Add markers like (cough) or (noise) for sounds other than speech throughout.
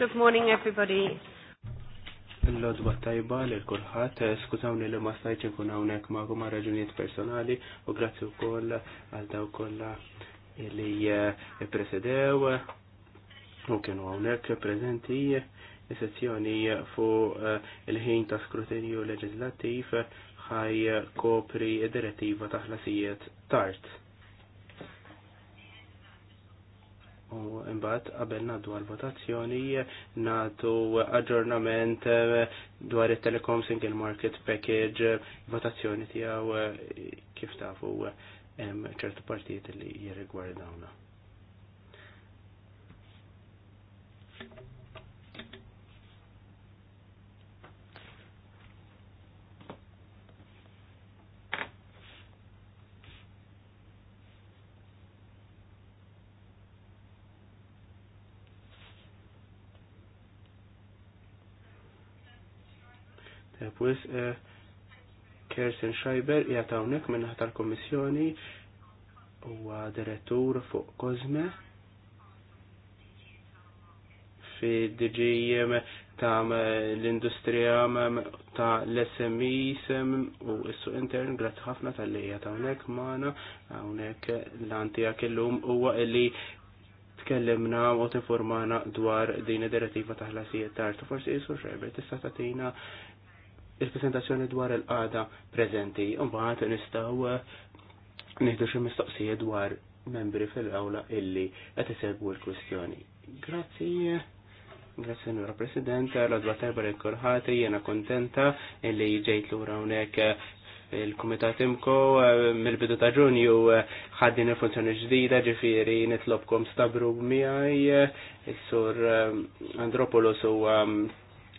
Good morning everybody. il lodba tajba li l-kulħat, skużawni li ma stajċi nkun hawnhekk ma' għumma raġunijiet personali u grazzi wkoll għal daw kollha li eh, presedew u kienu hawnhekk prezenti is-sezzjoni fuq eh, il-ħin ta' skrutinju leġislattiv ħaj kopri id-direttiva ta' ħlasijiet tard. imbagħad qabel ngħaddu għal votazzjoni natu aġġornament eh, dwar it-Telecom Single Market Package votazzjoni tiegħu eh, kif tafu eh, ċertu partijiet li jirrigwardawna. Wis eh, Kersen Schreiber jgħat hawnhekk minn tal-Kommissjoni huwa direttur fuq Kozme fi DGM ta' l-industrija ta' l-SMEs u issu intern grazzi ħafna tal li ta' unek maħna hawnhekk l-antija kellum huwa li tkellimna u t-informana dwar din id-direttiva ta' ħlasijiet tard. Forsi jisur xejber tista' tagħtina il-presentazzjoni dwar il-qada prezenti, mbagħad nistgħu eh, nieħdu xi mistoqsija dwar membri fil-awla illi qed isegwu l-kwistjoni. Grazzi. n-għura President, l-għadba tajba li kolħati, jena kontenta illi ġejt l għura unek il-Komitat Imko eh, mill-bidu ta' ġunju eh, ħaddin il-funzjoni ġdida ġifiri nitlobkom stabru miħaj, il-sur Andropolos u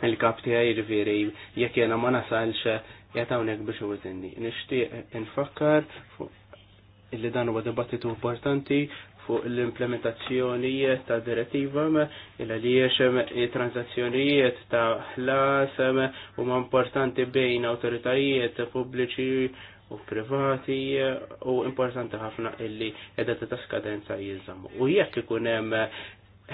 il-kap tiegħi jirviri jekk jena ma nasalx jagħtawnek biex użinni. Nixtieq infakkar fuq illi dan huwa dibattitu importanti fuq l implementazzjonijiet ta' direttiva il għaliex e, transazzjonijiet ta' ħlasem u ma' importanti bejn autoritajiet pubbliċi u privati u importanti ħafna illi edha ta' skadenza jizzamu. U jekk ikun hemm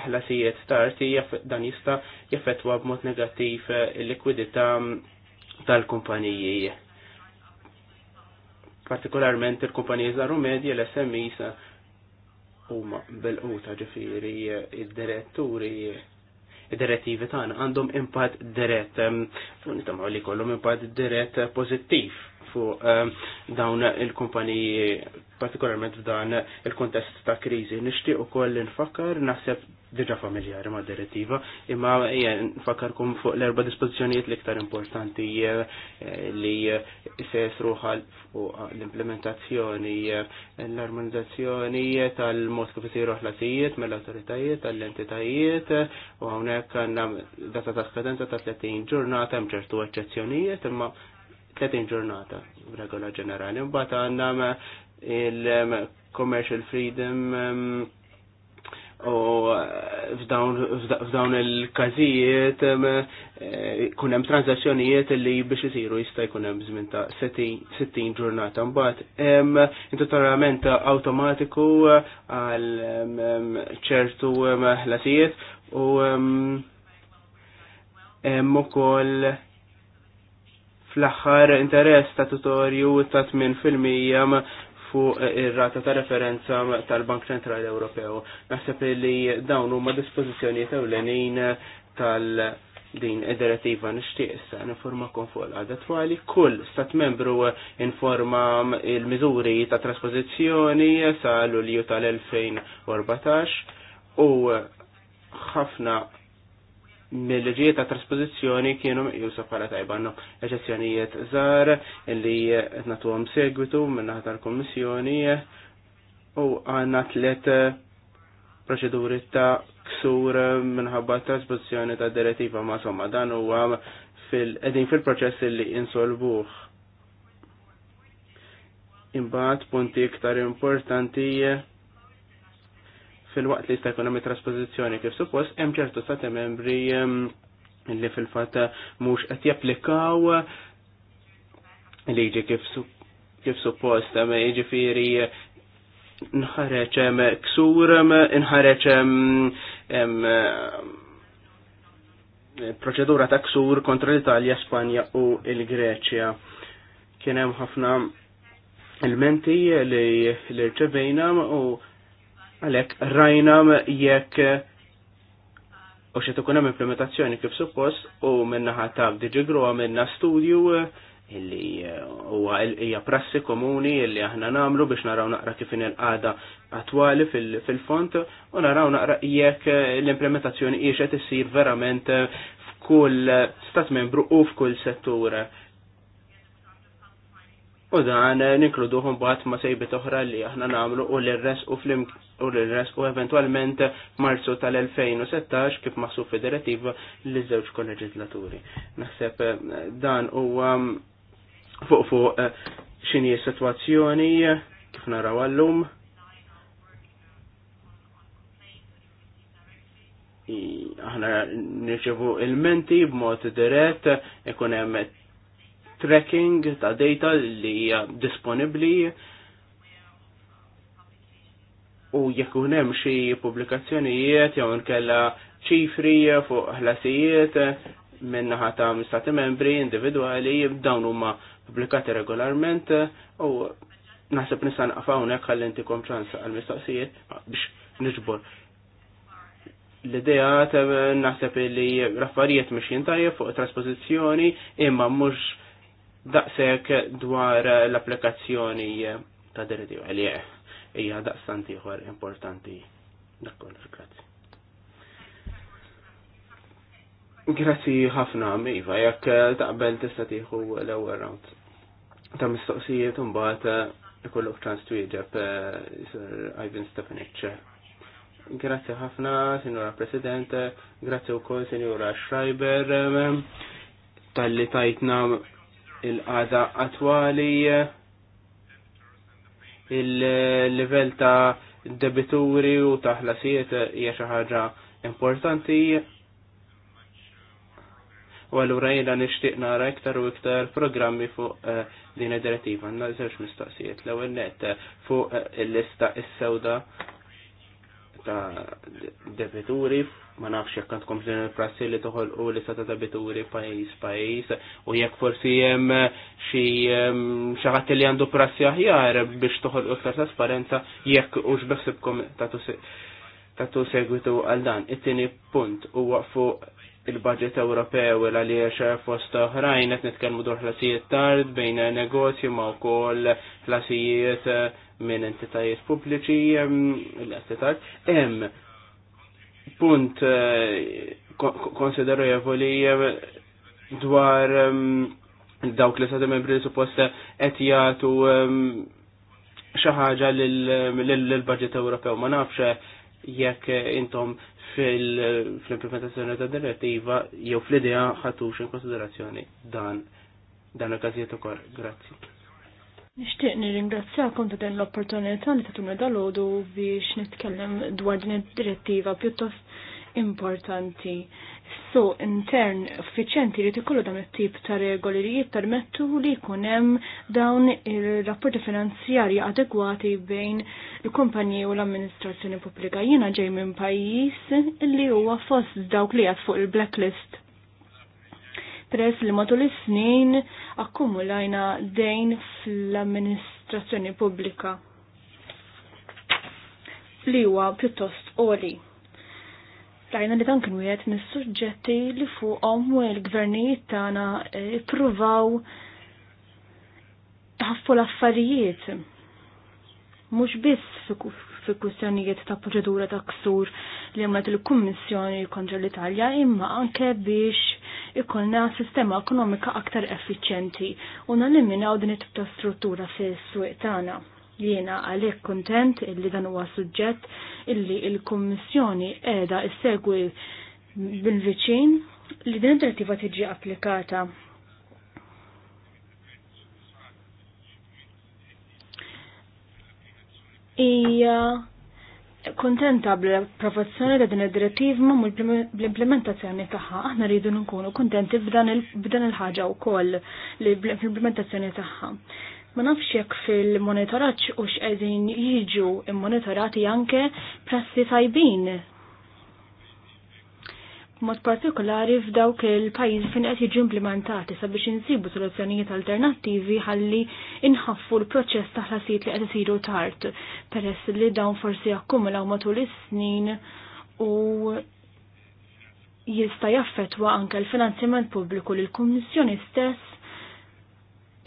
ħlasijiet ta' dan jista' jaffetwa b'mod negattiv eh, il-likwidità mm, tal-kumpaniji. Partikolarment il-kumpaniji żaru medji l-SMIs huma bil-quta ġifieri eh, id-diretturi id-direttivi tagħna għandhom impatt dirett eh, u li kollhom impatt dirett pożittiv fuq dawn il-kumpaniji partikolarment f'dan il-kontest ta' kriżi. Nixtieq ukoll infakkar naħseb diġa familjari ma' direttiva, imma eh, nfakkarkom fuq l-erba dispożizzjonijiet l-iktar importanti eh, li eh, fuq l-implementazzjoni, l-armonizzazzjoni tal-mod kif isiru ħlasijiet mill-autoritajiet, tal-entitajiet, u hawnhekk għandna data ta' skadenza ta' 30 ġurnata hemm ċertu eċċezzjonijiet, imma 30 ġurnata regola ġenerali. Mbagħad għandna il-commercial freedom ehm, u eh, f'dawn il-każijiet eh, kunem hemm transazzjonijiet li biex isiru jista' jkun hemm żmien ta' 60 ġurnata. Mbagħad hemm intitolarment awtomatiku eh, għal ċertu ħlasijiet u hemm ukoll fl-aħħar interess ta' tutorju ta' 8% fuq ir-rata ta' referenza tal-Bank Centrali Ewropew. Naħseb li dawn huma dispożizzjonijiet ewlenin tal- din id-direttiva nixtieq issa nifurmakom fuq l-għada twali kull stat membru informa il-miżuri ta' trasposizjoni sa' l-ulju tal-2014 u ħafna mill ġiet ta' trasposizjoni kienu jusa bħala tajba eċezzjonijiet żgħar li qed nagħtuhom segwitu minnaħa tal-Kummissjoni u għanna tlet proċeduri ta' ksur minħabba trasposizjoni ta' direttiva ma' somma dan huwa fil-qegħdin fil-proċess li insolbuh. Imbagħad punti iktar importanti fil-waqt li jista' jkun hemm trasposizzjoni kif suppost hemm ċertu stati membri ehm, li fil-fatt mhux qed japplikaw liġi kif kif suppost hemm jiġifieri nħareġ ehm, ksur hemm ehm, proċedura ta' ksur kontra l-Italja, Spanja u l-Greċja. Kien hemm ħafna elementi li rċevejna u Għalek, rajna jekk u xe tukunem hemm implementazzjoni kif suppost u minna ħatab diġigru għamilna studju illi uh, huwa hija prassi komuni illi aħna namlu biex naraw naqra kif il-qada attwali fil-font u naraw naqra jekk l-implementazzjoni hija qed issir verament f'kull stat membru u f'kull settur. U dan eh, ninkluduhom bat ma sejbi oħra li aħna namlu u l-res u flim u l-res u eventualment marzu tal-2016 kif maħsub fi direttiva li żewġ leġislaturi. Naħseb eh, dan huwa mm, fuq fuq eh, x'inhi situazzjoni kif naraw għallum. aħna nirċevu il-menti b'mod dirett, ikun hemm tracking ta' data li hija disponibbli u jekk hemm xi pubblikazzjonijiet jew inkella ċifri fuq ħlasijiet minnaħa ta' stati membri individwali dawn huma pubblikati regolarment u naħseb nista' naqfa hawnhekk ħalli inti komplans għall-mistoqsijiet biex niġbor. L-idea naħseb li raffarijiet mhux jintajjeb fuq it-Traspożizzjoni imma mhux daqsek dwar l-applikazzjoni ta' derdi għalieħ eh, ija daqsanti għor importanti. Dak kollox, grazzi. Grazzi ħafna, Miva, jekk taqbel tista' tieħu l-ewwel round. Ta' mistoqsijiet imbagħad eh, ikollu ċans twieġeb eh, Sir Ivan Stefanic. Grazzi ħafna, Sinjora President, grazzi wkoll Sinjora Schreiber tal-li tajtna il-qada attwali il-level ta' debituri u ta' ħlasijiet hija xi ħaġa importanti. U allura jiena nixtieq nara iktar u iktar programmi fuq eh, din id-direttiva. Għandna żewġ mistaqsijiet l-ewwel net eh, fuq eh, il-lista is-sewda ta' debituri, ma nafx jekk għandkom din il-prassi li toħol u li ta' debituri pajis pajis, u jekk forsi jem xi xaħat li għandu prassi aħjar biex toħol u iktar trasparenza jekk u xbeħsibkom ta' tu segwitu għal dan. It-tieni punt huwa fuq il-budget Ewropew l għaliex fost oħrajn qed nitkellmu dwar ħlasijiet tard bejn negozju ma' wkoll ħlasijiet minn entitajiet pubbliċi l-entitat. Hemm punt eh, konsiderevoli dwar dawk li sa' membri suppost qed jagħtu xi ħaġa lill-budget Ewropew ma nafx jekk intom fil-implementazzjoni ta' direttiva jew fl-idea ħatux in konsiderazzjoni dan dan il-każijiet ukoll. Grazzi. Nixtieq nirringrazzjakom ta' din l-opportunità li tatuna dal biex nitkellem dwar din id-direttiva pjuttost importanti. So intern effiċenti li tikollu dan it-tip ta' regoli li jippermettu li jkun hemm dawn ir-rapporti finanzjarji adegwati bejn il-kumpanji u l-amministrazzjoni pubblika. Jiena ġej minn pajjiż li huwa fost dawk li għad fuq il-blacklist peress li matul is-snin akkumulajna dejn fl-amministrazzjoni pubblika li huwa pjuttost qoli. Rajna li dan kienu jgħet mis-suġġetti li fuqhom u l-gvernijiet tagħna eh, ippruvaw ħaffu l-affarijiet. Mhux biss fi kwistjonijiet ta' proċedura ta' ksur li għamlet il-Kummissjoni kontra l-Italja, imma anke biex ikollna sistema ekonomika aktar effiċjenti u naliminaw din it-tip ta' struttura fis-suq tagħna. Jiena għalek kontent illi dan huwa suġġett illi il-Kommissjoni qiegħda issegwi bil-viċin li din id-direttiva tiġi applikata. Ija kontenta bl-approvazzjoni ta' din id-direttiva ma' bl-implementazzjoni tagħha. Aħna rridu nkunu kontenti b'dan il-ħaġa wkoll li bl-implementazzjoni tagħha. Ma nafx jekk fil-monitoraġġ u x'qegħdin jiġu immonitorati anke prassi tajbin. Mod partikolari f'dawk il-pajjiż fejn qed jiġu implementati sabiex insibu soluzzjonijiet alternattivi ħalli inħaffu l-proċess ta' ħlasijiet li qed isiru tard peress li dawn forsi jakkumulaw matul is-snin u jista' jaffettwa anke l-finanzjament pubbliku li l-Kummissjoni stess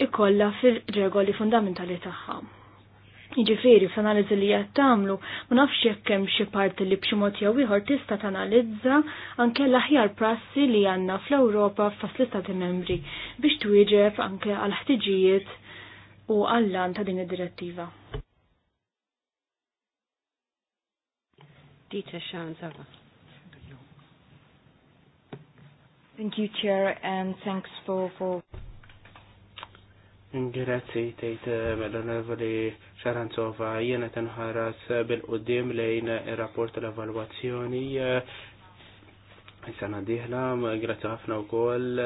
ikolla fil-regoli fundamentali tagħha. Jiġifieri f'analiżi li qed tagħmlu ma nafx jekk hemm xi parti li b'xi mod jew ieħor tista' tanalizza anke l-aħjar prassi li għandna fl-Ewropa f'fas l-Istati Membri biex twieġeb anke għal ħtiġijiet u għall-lan ta' din id-direttiva. Thank you, Chair, and thanks for, for Grazzi tejt eh, l evoli Sarantova jiena tenħaras eh, bil-qoddim lejn eh, il-rapport l-evaluazzjoni Sena diħla, grazzi ħafna u koll,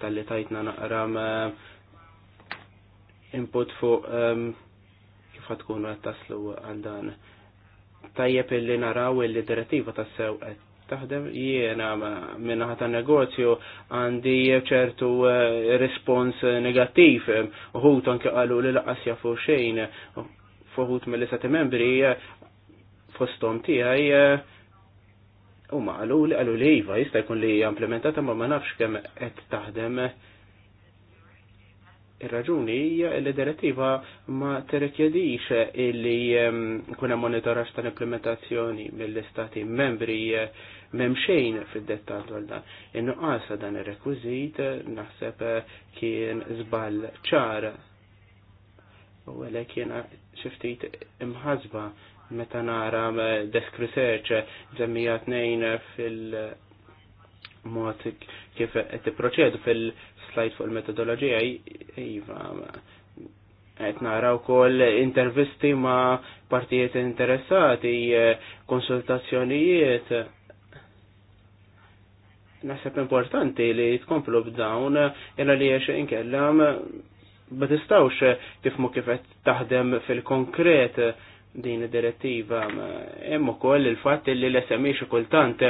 tal-li tajtna naqram input fuq kif ħatkunu għattaslu għal dan. Tajjeb illi naraw il-li direttiva tassew għed taħdem jiena minna ħata negozju għandi ċertu eh, respons negattiv uħut anke qalu li laqas jafu xejn fuħut mill-istati membri eh, fostom tiegħi eh, u ma qalu li qalu li iva jista' jkun li implementata ma ma nafx kemm qed taħdem Ir-raġuni hija li direttiva ma tirrikjedix illi ehm, kuna monitoraġġ tal-implementazzjoni mill-istati membri Mem xejn fil-dettal dwar dan. Innuqqas dan ir-rekwiżit eh, naħseb eh, kien żball ċar. U għalhekk kien xiftit imħasba meta nara eh, desk research żemmija tnejn fil- mod kif qed tipproċedu fil-slide fuq il-metodoloġija iva qed nara wkoll intervisti ma' partijiet interessati, konsultazzjonijiet naħseb importanti li tkomplu b'dawn illa li jiex inkellam ma tistawx tifmu kifet taħdem fil-konkret din id-direttiva hemm ukoll il fat li l-SMI e xi kultant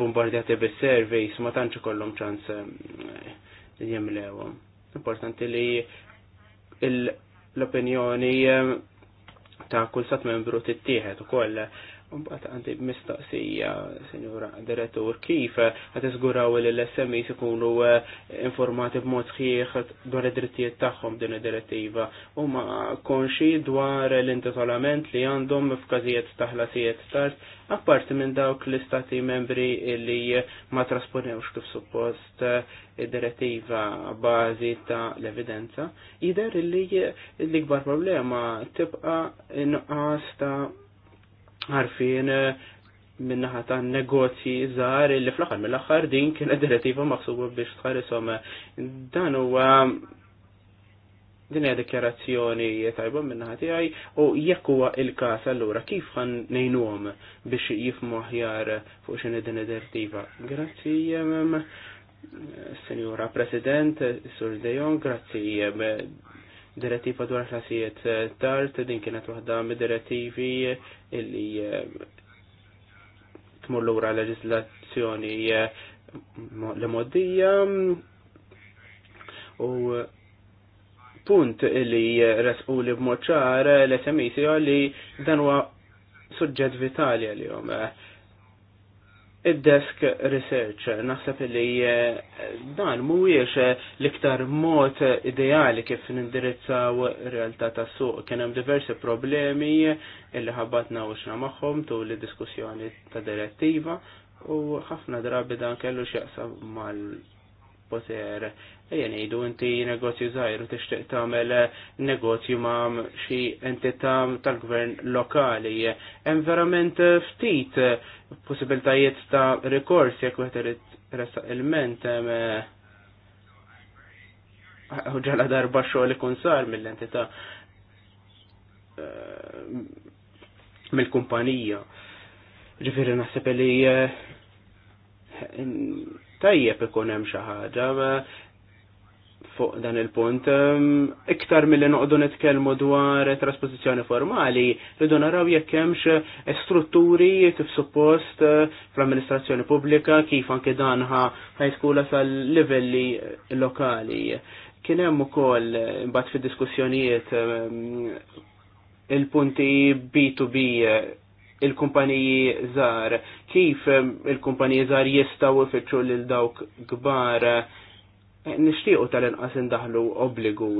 bombardjati bis servis ma tantx ikollhom ċans eh, jimlewhom. Importanti li l-opinjoni eh, ta' kull sat membru tittieħed ukoll Mbagħad għandi mistaqsija, Sinjura Direttur, kif għat izguraw li l-SMEs ikunu eh, informati b'mod sħiħ dwar id-drittijiet tagħhom din id-direttiva huma konxi dwar l-intitolament li għandhom f'każijiet taħla ħlasijiet tard, apparti minn dawk l-istati membri li ma trasponewx kif suppost eh, id-direttiva bażi ta' l-evidenza, jidher li l-ikbar problema tibqa' inqas ta' għarfin eh, minnaħa ta' negozji żgħar li fl-aħħar mill-aħħar din kienet direttiva maħsuba biex tħarisom dan u din hija dikjarazzjoni tajba minnaħa tiegħi u jekk huwa il-każ allura kif nejnu għom biex jifhmu aħjar fuq x'inhi din id-direttiva. Grazzi eh, Senjora President, Sur De Jong, grazzi eh, direttiva dwar ħlasijiet eh, tard, din kienet waħda mid-direttivi illi eh, tmur lura leġislazzjoni eh, l moddija u punt illi resqu li b'moċar l-SMIC li dan huwa suġġett vitali għal-jom id-desk research. Naħseb li eh, dan mhuwiex eh, l-iktar mod ideali kif nindirizzaw realtà tas suq. Kien hemm diversi problemi illi ħabbatna xna magħhom tul id-diskussjoni ta' direttiva u ħafna drabi dan kellu x'jaqsam mal poter. Ejja nejdu inti negozju zaħir u tixtieq tagħmel negozju ma' xi entità tal-gvern lokali. Hemm verament ftit possibiltajiet ta' rikors jekk wieħed irid il-ment eh, ġala darba xogħol ikun sar mill-entità eh, mill-kumpanija. Ġifieri naħseb li eh, tajjeb ikun hemm xi ħaġa fuq dan il-punt. Iktar mill-li noqdu nitkellmu dwar trasposizzjoni formali, rridu naraw jekk hemmx strutturi kif suppost eh, fl-amministrazzjoni pubblika kif anke dan ħajtkula sal-livelli lokali. Kien hemm ukoll imbagħad fid-diskussjonijiet il-punti B2B il-kumpaniji żgħar, kif il-kumpaniji żgħar jistgħu ifittxu lil dawk kbar eh, nixtiequ tal-inqas indaħlu obbligu.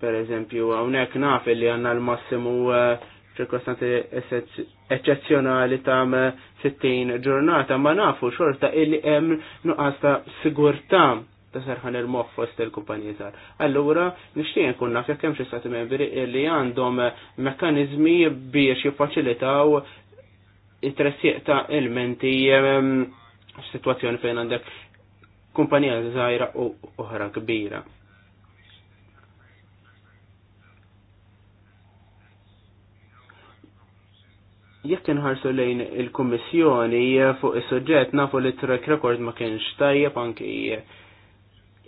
Per eżempju, hawnhekk naf li għandna l-massimu eh, ċirkostanti eccezzjonali ta' 60 ġurnata, ma nafu xorta illi hemm nuqqas ta' sigurtà ta' serħan il-mof fost il-kumpanija tal. Allura, nishtijen kunna fjek kemm stati membri li għandhom mekanizmi biex jiffaċilitaw it-tressiq ta' elementi ehm, situazzjoni fejn għandek kumpanija zaħira u oħra kbira. jekk inħarsu lejn il-Kummissjoni eh, fuq is-suġġett nafu li track record ma kienx tajjeb anki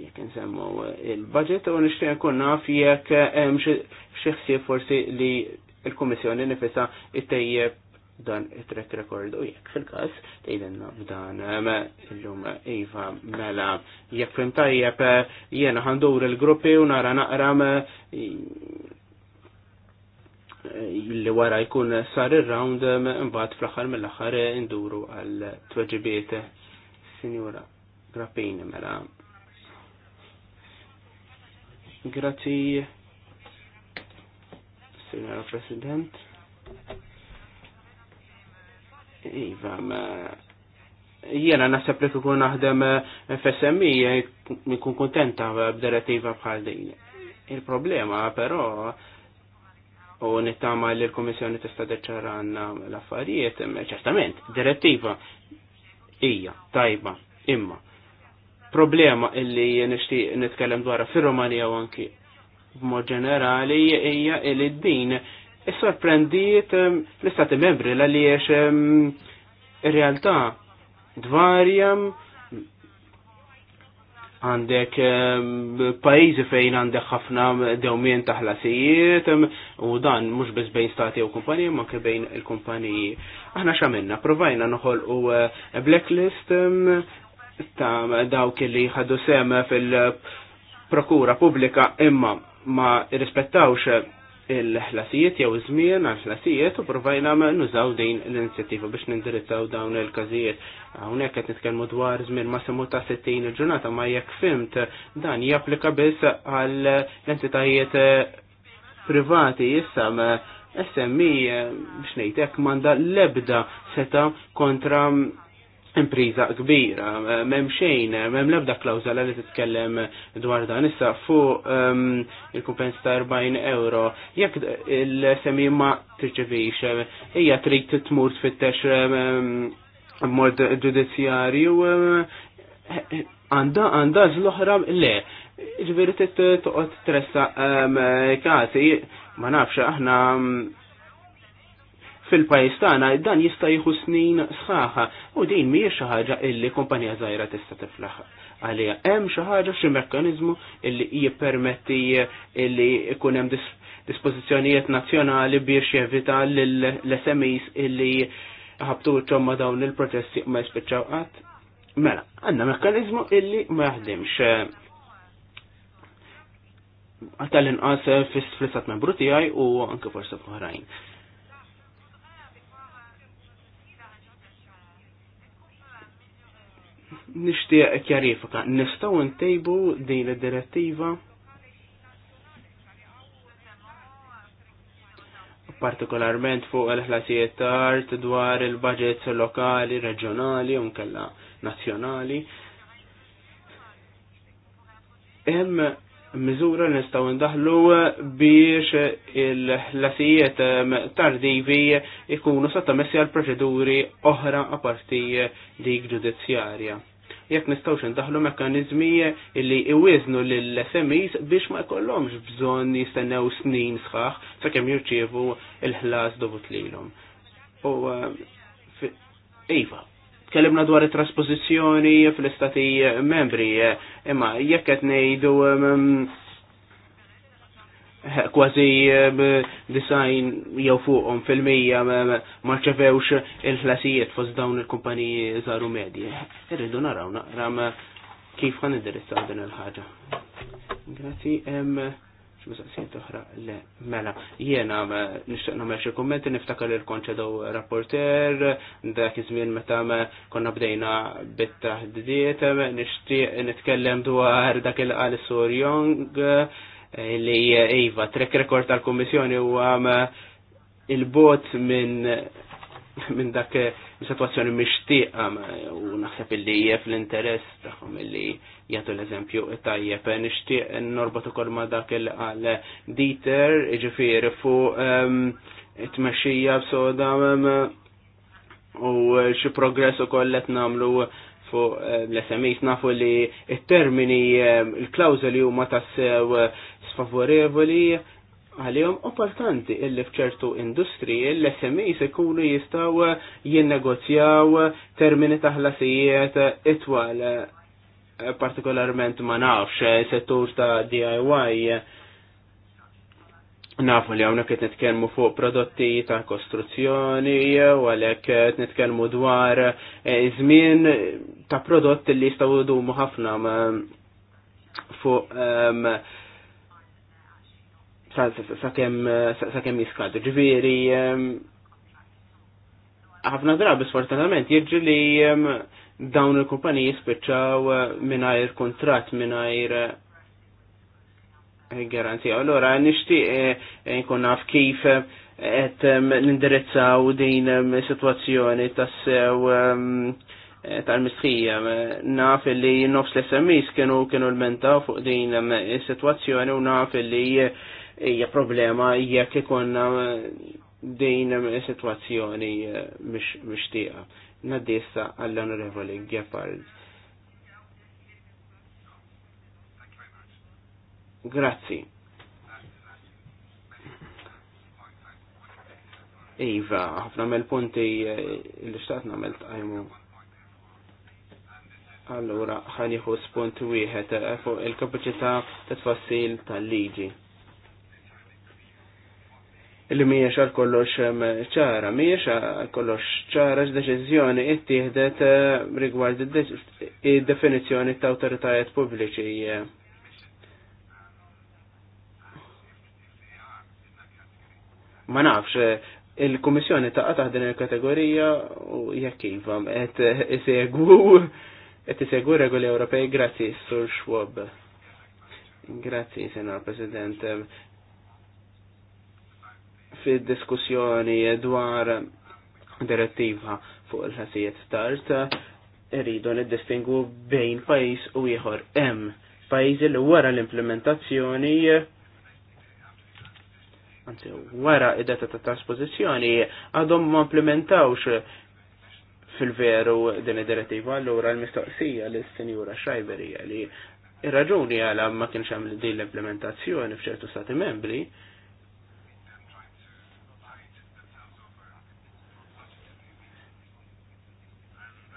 jekk nsemmu eh, il-budget u nishtiq nkun naf jekk eh, hemm xi ħsieb forsi li l-Kummissjoni nifisha ittejjeb dan it-track record u jekk fil-każ tgħidilna b'dan eh, illum iva mela jekk fim tajjeb jiena ħandur il-gruppi u nara naqra li wara jkun sar ir-round imbagħad fl-aħħar mill-aħħar induru għal tweġibiet Signora Grappini mela Grazzi, Signora President. Iva, ma jiena nasab li kikun naħdem FSMI kun kontenta b'direttiva bħal din. Il-problema però u nittama li l-Komissjoni tista' deċċaranna l-affarijiet, ċertament, direttiva hija tajba imma problema illi nixtieq nitkellem dwar fir-Romanija u anki b'mod ġenerali hija li din is-sorprendiet ehm, l-istati membri l għaliex ehm, ir-realtà dvarja għandek ehm, pajizi fejn għandek ħafna dewmien ta' ħlasijiet u dan mhux biss bejn stati u kumpaniji ma bejn il-kumpaniji. Aħna x'għamilna provajna noħol u eh, blacklist ta' dawk li ħadu sem fil-prokura pubblika imma ma rispettawx il-ħlasijiet jew żmien għal-ħlasijiet u provajna nużaw din l-inizjattiva biex nindirizzaw dawn il-każijiet. Hawnhekk qed nitkellmu dwar żmien massimu ta' 60 il-ġurnata ma jekk fimt dan japplika biss għal entitajiet privati issa SMI biex ngħid hekk manda l-ebda seta kontra impriża kbira, m'hemm xejn, mem lebda ebda li titkellem dwar dan issa fuq ehm, il-kumpens ta' 40 euro. Jekk il-semi ma tirċevix, hija trid tmur tfittex ehm, mod ġudizzjarju ehm, għanda għanda l le. Ġveri t t tressa kasi, ma nafx aħna fil-pajis tagħna dan jista' jieħu snin sħaħa u din mhijiex xi ħaġa illi kumpanija żgħira tista' tiflaħ għalija. Hemm xi ħaġa xi mekkaniżmu illi jippermetti illi jkun hemm dispożizzjonijiet nazzjonali biex jevita l-SMEs illi ħabtu ma dawn il-protesti ma jispiċċaw qatt. Mela, għandna mekkaniżmu illi ma jaħdimx Għatallin inqas fis-flissat membru tiegħi u anke forse f'ħrajn. nixtieq kjarifika, nistgħu ntejbu din id-direttiva partikolarment fuq il-ħlasijiet tard dwar il-budgets lokali, reġjonali u mkella nazzjonali. Hemm miżura li nistgħu ndaħlu biex il-ħlasijiet tardivi ikunu sottomessi għal proċeduri oħra parti dik ġudizzjarja jekk nistgħux indaħlu mekkaniżmi li iwiżnu lill smes biex ma jkollhomx bżonn jistennew snin sħaħ sakemm jirċievu il-ħlas dovut lilhom. U uh, iva, tkellimna dwar it traspożizzjoni fl-istati membri, uh, imma jekk qed ngħidu um, kważi design jew fuqhom fil-mija ma rċevewx il-ħlasijiet fost dawn il-kumpaniji żaru medji. Irridu naraw naqram kif ħan indirizzaw din il-ħaġa. Grazzi, hemm x'mistaqsijiet oħra le mela. Jiena nixtieq nagħmel xi kummenti niftakar il-konċedow rapporter dak iż-żmien meta konna bdejna bit-taħdidiet, nixtieq nitkellem dwar dak il-qal Sur Young li Iva, trek rekord tal-Kommissjoni u eh, il-bot minn minn dak eh, situazzjoni mixtieq eh, u naħseb il-li jef l-interess tagħhom li jagħtu l-eżempju tajjeb nixtieq norbot ukoll ma' dak il qal Dieter iġifir fuq ehm, it-tmexxija b'soda ehm, u xi progress ukoll qed nagħmlu fuq l-SMEs nafu li il-termini, ehm, il-klawzoli huma tassew sfavorevoli għalihom opportanti illi fċertu industriji l-SMEs ikunu jistaw jinnegozjaw termini ta' ħlasijiet itwal partikolarment ma nafx settur ta' DIY nafu li għawna kiet nitkelmu fuq prodotti ta' kostruzzjoni u għalek nitkelmu dwar izmin eh, ta' prodotti li jistaw dumu ħafna fuq ehm, sakemm jiskadu. Ġifieri ħafna drabi sfortunatament jiġri li dawn il-kumpaniji spiċċaw eh, mingħajr kuntratt mingħajr eh, garanzija. Allora nixtieq eh, nkun naf kif qed nindirizzaw din situazzjoni tassew tal-mistħija. Naf li nofs l-SMIs kienu kienu l-menta fuq din is-sitwazzjoni u naf li hija problema jekk ikonna eh, dejna eh, situazzjoni sitwazzjoni eh, mixtieqa. Nadissa għall-Onorevoli Gepard. Grazzi. Iva, ħafna mill punti l xtaqt namel tqajmu. Allura, ħaniħu punti wieħed fuq il-kapacità ta' tfassil tal-liġi li miex għal kollox ċara, miex għal kollox ċara x-deċizjoni it-tihdet eh, rigward id-definizjoni ta' autoritajiet pubbliċi. Ma nafx, eh, il-Komissjoni ta' din il-kategorija u jekk iva, et isegwu, (laughs) et isegwu regoli Ewropej, grazzi, Sur Xwob. Grazzi, Senor President fid-diskussjoni dwar direttiva fuq il-ħasijiet tard irridu niddistingu bejn pajis u ieħor hemm pajjiżi li wara l-implementazzjoni anzi wara id-data ta' trasposizzjoni għadhom ma implementawx fil-veru din id-direttiva allura l-mistoqsija l sinjura senjura xajberi li ir-raġuni għala ma kienx hemm din l-implementazzjoni f'ċertu stati membri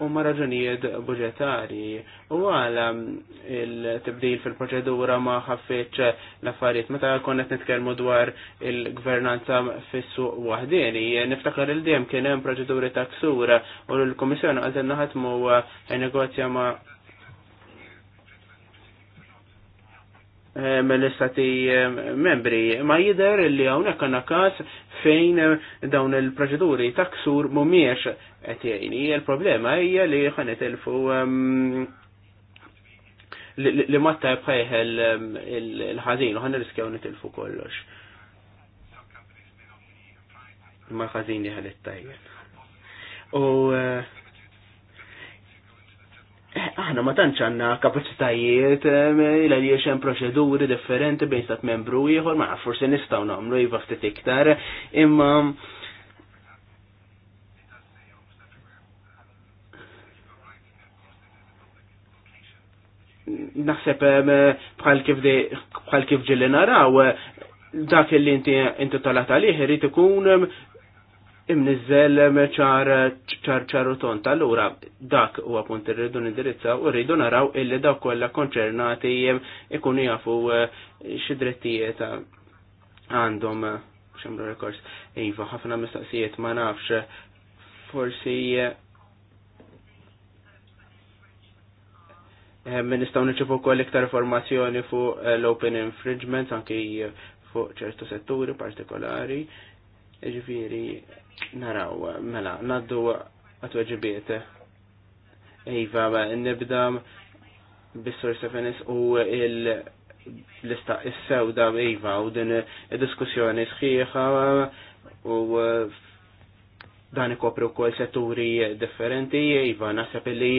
u ma raġunijiet budgetari. U għala il-tibdil fil-proċedura ma ħaffieċ l-affarijiet. Meta konnet nitkellmu dwar il-gvernanza fissu wahdini, niftakar il-dem kien hemm proċeduri ta' ksura u l-Komissjoni għazel naħatmu negozja ma' Eh, mill-istati eh, membri. Ma jider li hawnhekk għandna każ fejn eh, dawn il-proċeduri ta' ksur mhumiex qed Il-problema hija li il-fu ehm, li ma tajb ehm, il-ħażin u ħan riskjaw fu kollox. Ma ħażin li għanet tajjen. U Eh, aħna ma tantx għandna kapaċitajiet il għaliex hemm proċeduri differenti bejn stat membru ieħor ma forsi nistgħu nagħmlu iva ftit iktar imma naħseb bħal kif bħal kif ġilli naraw dak li inti inti talat għalih irid ikun imnizzel eh, ċar ċaru tont. Allura, dak u appunt irridu nindirizza u rridu naraw illi dak kollha konċernati ikun jafu eh, xi drittijiet għandhom eh, xemru rekors. Iva, ħafna mistaqsijiet ma nafx forsi nistaw nċifu kol iktar informazzjoni fuq l-open infringement anki fuq ċertu setturi partikolari. Ġifiri, naraw, mela, naddu għatweġibiet. Iva, nibda bis-sur sefenis u l-lista is-sewda Iva u din id-diskussjoni sħiħa u dan ikopru wkoll setturi differenti, Iva, naħseb li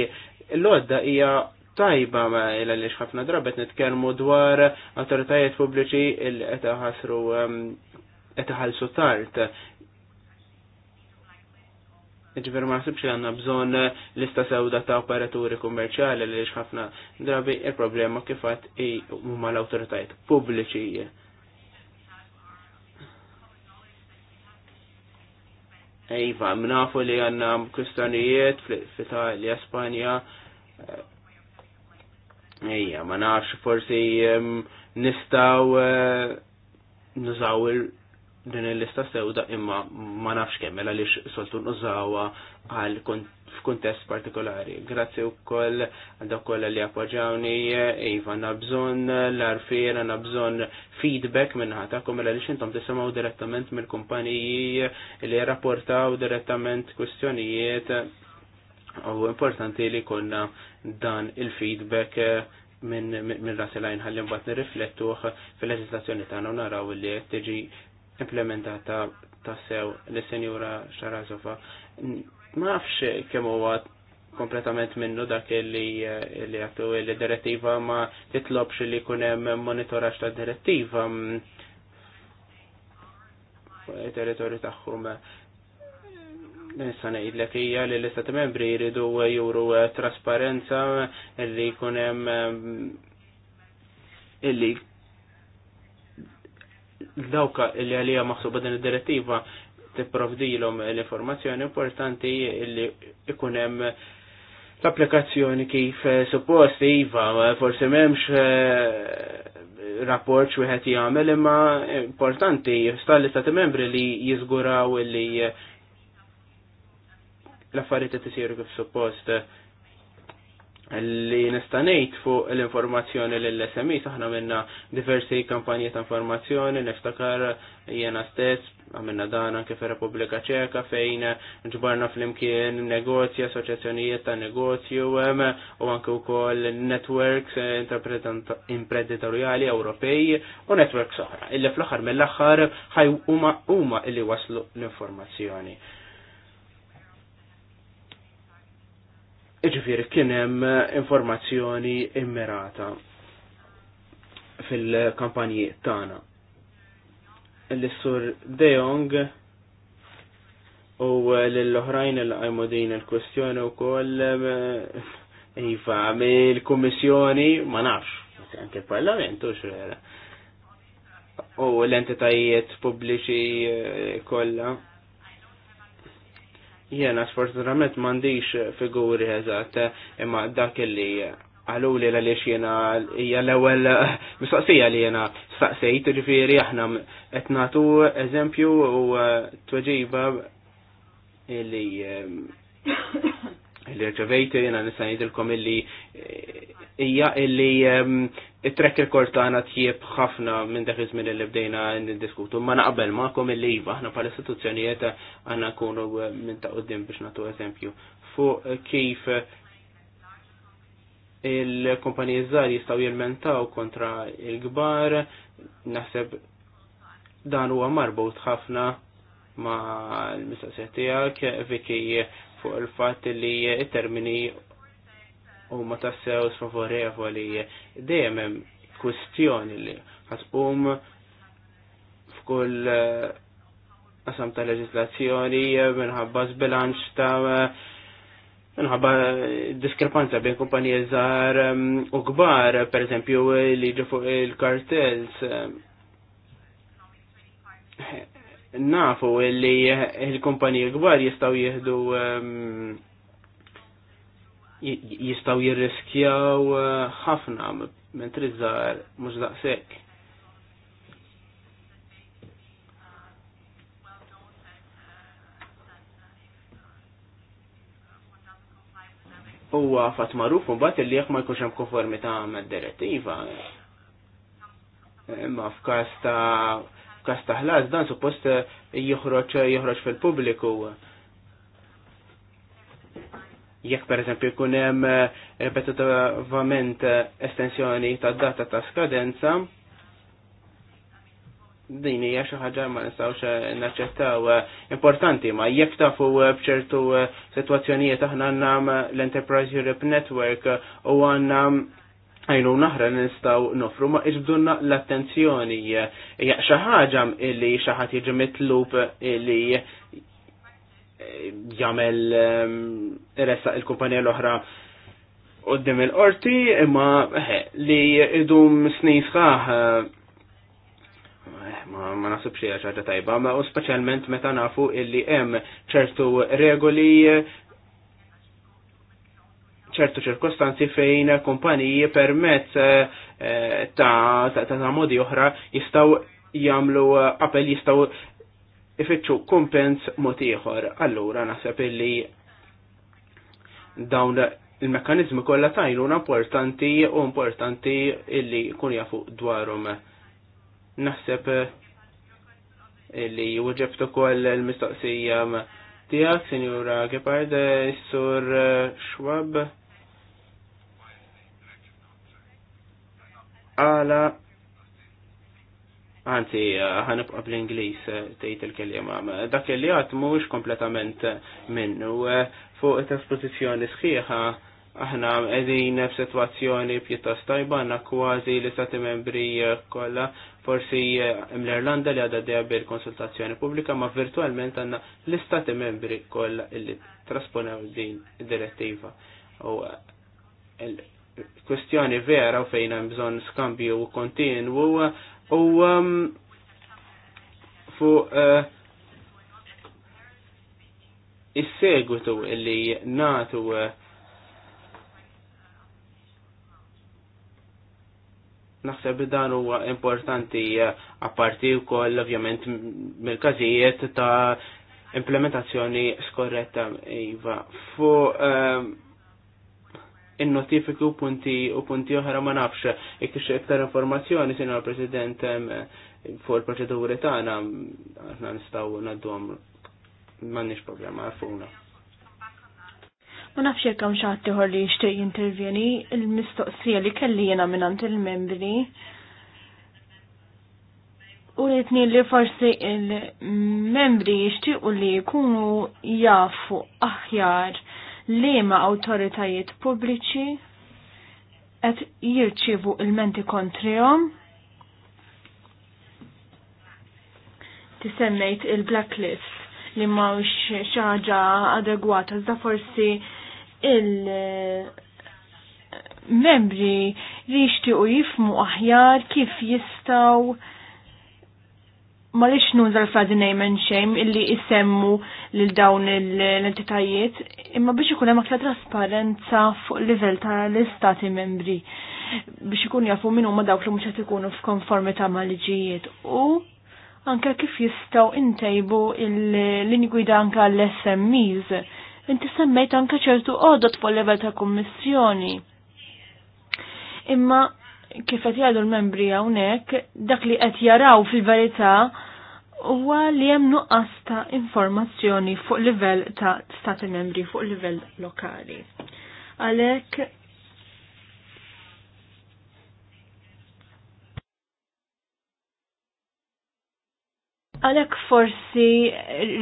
l-odda hija tajba ma illa li xħafna drabet nitkelmu dwar autoritajiet pubbliċi il-qed ħasru um, qed iħallsu tard. Ġifieri ma nasibx li għanna bżon lista sewda ta' operaturi kummerċjali li xħafna drabi il-problema kifat i mumma l autoritajt pubbliċi. Ejva, mnafu li għanna kustanijiet fl-Italja, Spanja. Ejja, ma nafx forsi nistaw eh, nużaw din il-lista sewda imma ma nafx kemm mela li soltu nużawa għal f'kuntest partikolari. Grazzi wkoll koll dawk kollha li appoġġawni, iva għandna bżonn l-arfien, għandna bżonn feedback minn tagħkom mela li intom tisimgħu direttament mill-kumpaniji li rapportaw direttament kwistjonijiet u importanti li konna dan il-feedback minn min, min rasilajn ħalli mbagħad nirriflettuh fil-leġislazzjoni tagħna u naraw li tiġi implementata ta' sew li senjura Xarazova. Ma nafx kemm huwa kompletament minnu dak li li għattu li direttiva ma titlobx li kunem monitoraġġ ta' direttiva mm, territorju tagħhom. Nista' ngħidlek hija li l-istati membri jridu juru trasparenza li jkun hemm illi dawka li għalija maħsuba din id-direttiva tipprovdilhom l-informazzjoni importanti li ikun hemm l-applikazzjoni kif suppost iva forsi m'hemmx eh, rapport wieħed jagħmel imma importanti stalli stati membri li jiżguraw li l-affarijiet isiru kif suppost li nistanejt fuq l-informazzjoni l-SMI, saħna minna diversi kampanji ta' informazzjoni, niftakar jena stess, għamilna dan anke fir Repubblika Ċeka fejn ġbarna fl-imkien negozji, assoċjazzjonijiet ta' negozju u anke wkoll networks imprenditoriali Ewropej u networks oħra, illi fl-aħħar mill-aħħar ħaj huma illi waslu l-informazzjoni. iġifir kienem eh, informazzjoni immirata fil-kampanji tana. L-sur Deong u eh, l-oħrajn l-għajmu din il-kwestjoni u koll eh, Iva, il-Kommissjoni ma nafx, anke il-Parlament u U l-entitajiet pubbliċi kollha Jena sfortunatament m'għandix figuri eżatt imma dak li għalu li għaliex jena hija l-ewwel mistoqsija li jena staqsejt ġifieri aħna qed nagħtu eżempju u tweġiba li l-irġevejtu jena nisa jidilkom illi eh, ija illi ehm, it-track record tagħna tjieb ħafna minn dak iż-żmien li bdejna niddiskutu. Ma naqbel magħkom illi iva aħna bħala istituzzjonijiet għandna nkunu eh, minn ta' quddiem biex nagħtu eżempju. Fuq eh, kif il-kumpaniji żgħar jistgħu jilmentaw kontra il-kbar, naħseb dan huwa marbut ħafna ma l-mistaqsija tiegħek, Viki fuq il-fat li termini u ma tassew sfavorevoli dejjem hemm kwistjoni li ħatqum f'kull eh, qasam ta' leġislazzjoni minħabba zbilanċ ta' minħabba diskrepanza bejn kumpanija żgħar eh, u kbar, pereżempju li ġu fuq il-kartels nafu li il-kumpanija kbar jistaw jihdu um, jistaw jirriskjaw uh, ħafna mentri mux mhux daqshekk. fat fatt magħruf imbagħad li jekk ma jkunx hemm konformità mad-direttiva. Imma eh, f'każ ta' f'każ ta' ħlas dan suppost eh, joħroġ eh, joħroġ fil-pubbliku. Jekk pereżempju jkun hemm repetitivament eh, estensjoni ta' data ta' skadenza, din hija xi ħaġa ma nistgħux naċċettaw importanti ma jekk tafu b'ċertu sitwazzjonijiet aħna għandna l-Enterprise Europe Network u għandna għajnu naħra nistaw nofru ma iġbdunna l-attenzjoni. ħaġam illi xaħat jieġi mitlub illi eh, jamel eh, resa il-kumpanija l-oħra qoddim il-qorti imma eh, li idum snin sħaħ ma ma nasibx li ħaġa tajba, ma u speċjalment meta nafu illi hemm ċertu regoli ċertu ċirkostanzi fejn kumpaniji permezz eh, eh, ta' ta' modi oħra jistaw jamlu eh, appell jistaw ifittxu kompens mod ieħor. Allura naħseb illi dawn il-mekkanizmi kollha tajluna importanti u importanti illi jkun jafu dwarhom. Naħseb illi wġebtu koll il-mistoqsija tijak, Senjura Gepard, Sur Schwab. għala Anzi, ħanibqa bl ingliż eh, tgħid il-kelima. Dak li għad mhux kompletament minnu eh, fuq it-esposizzjoni sħiħa aħna qegħdin f'sitwazzjoni pjuttost tajba għandna kważi li stati membri eh, kollha forsi mill-Irlanda li għadha dejja bil-konsultazzjoni pubblika ma virtualment għandna l-istati membri kollha li trasponew din id-direttiva kwestjoni vera u fejn hemm bżonn skambju kontinwu u um, uh, is-segwitu li natu uh, naħseb dan huwa importanti uh, apparti wkoll ovvjament mill-każijiet ta' implementazzjoni skorretta iva. Fu um, il notifiku punti u punti oħra ma nafx jekk iktar informazzjoni l President fuq il-proċeduri tagħna aħna nistgħu ngħadduhom m'għandniex problema għarfuna. Ma nafx jekk hemm xi ieħor li jixtieq jintervjeni, il-mistoqsija li kelli jiena mingħand il-membri u rritni li forsi il-membri jixtiequ li jkunu jafu aħjar liema awtoritajiet pubbliċi qed jirċievu il-menti kontrihom. Tisemmejt il-blacklist li ma ux xaġa adegwata, iżda forsi il- membri li u jifmu aħjar kif jistaw ma li xnu l-frazi xejn illi jisemmu lil dawn l-entitajiet imma biex ikun hemm aktar trasparenza fuq livell tal-istati membri biex ikun jafu minn huma dawk li mhux qed ikunu f'konformità ma' liġijiet u anke kif jistgħu intejbu l-linji gwida anke għall-SMEs. Inti semmejt anke ċertu għodot fuq livell ta' kummissjoni. Imma kif qed jgħidu l-membri hawnhekk dak li qed jaraw fil-verità huwa li hemm nuqqas ta' informazzjoni fuq livell ta' stati membri fuq livell lokali. Għalhekk Għalek forsi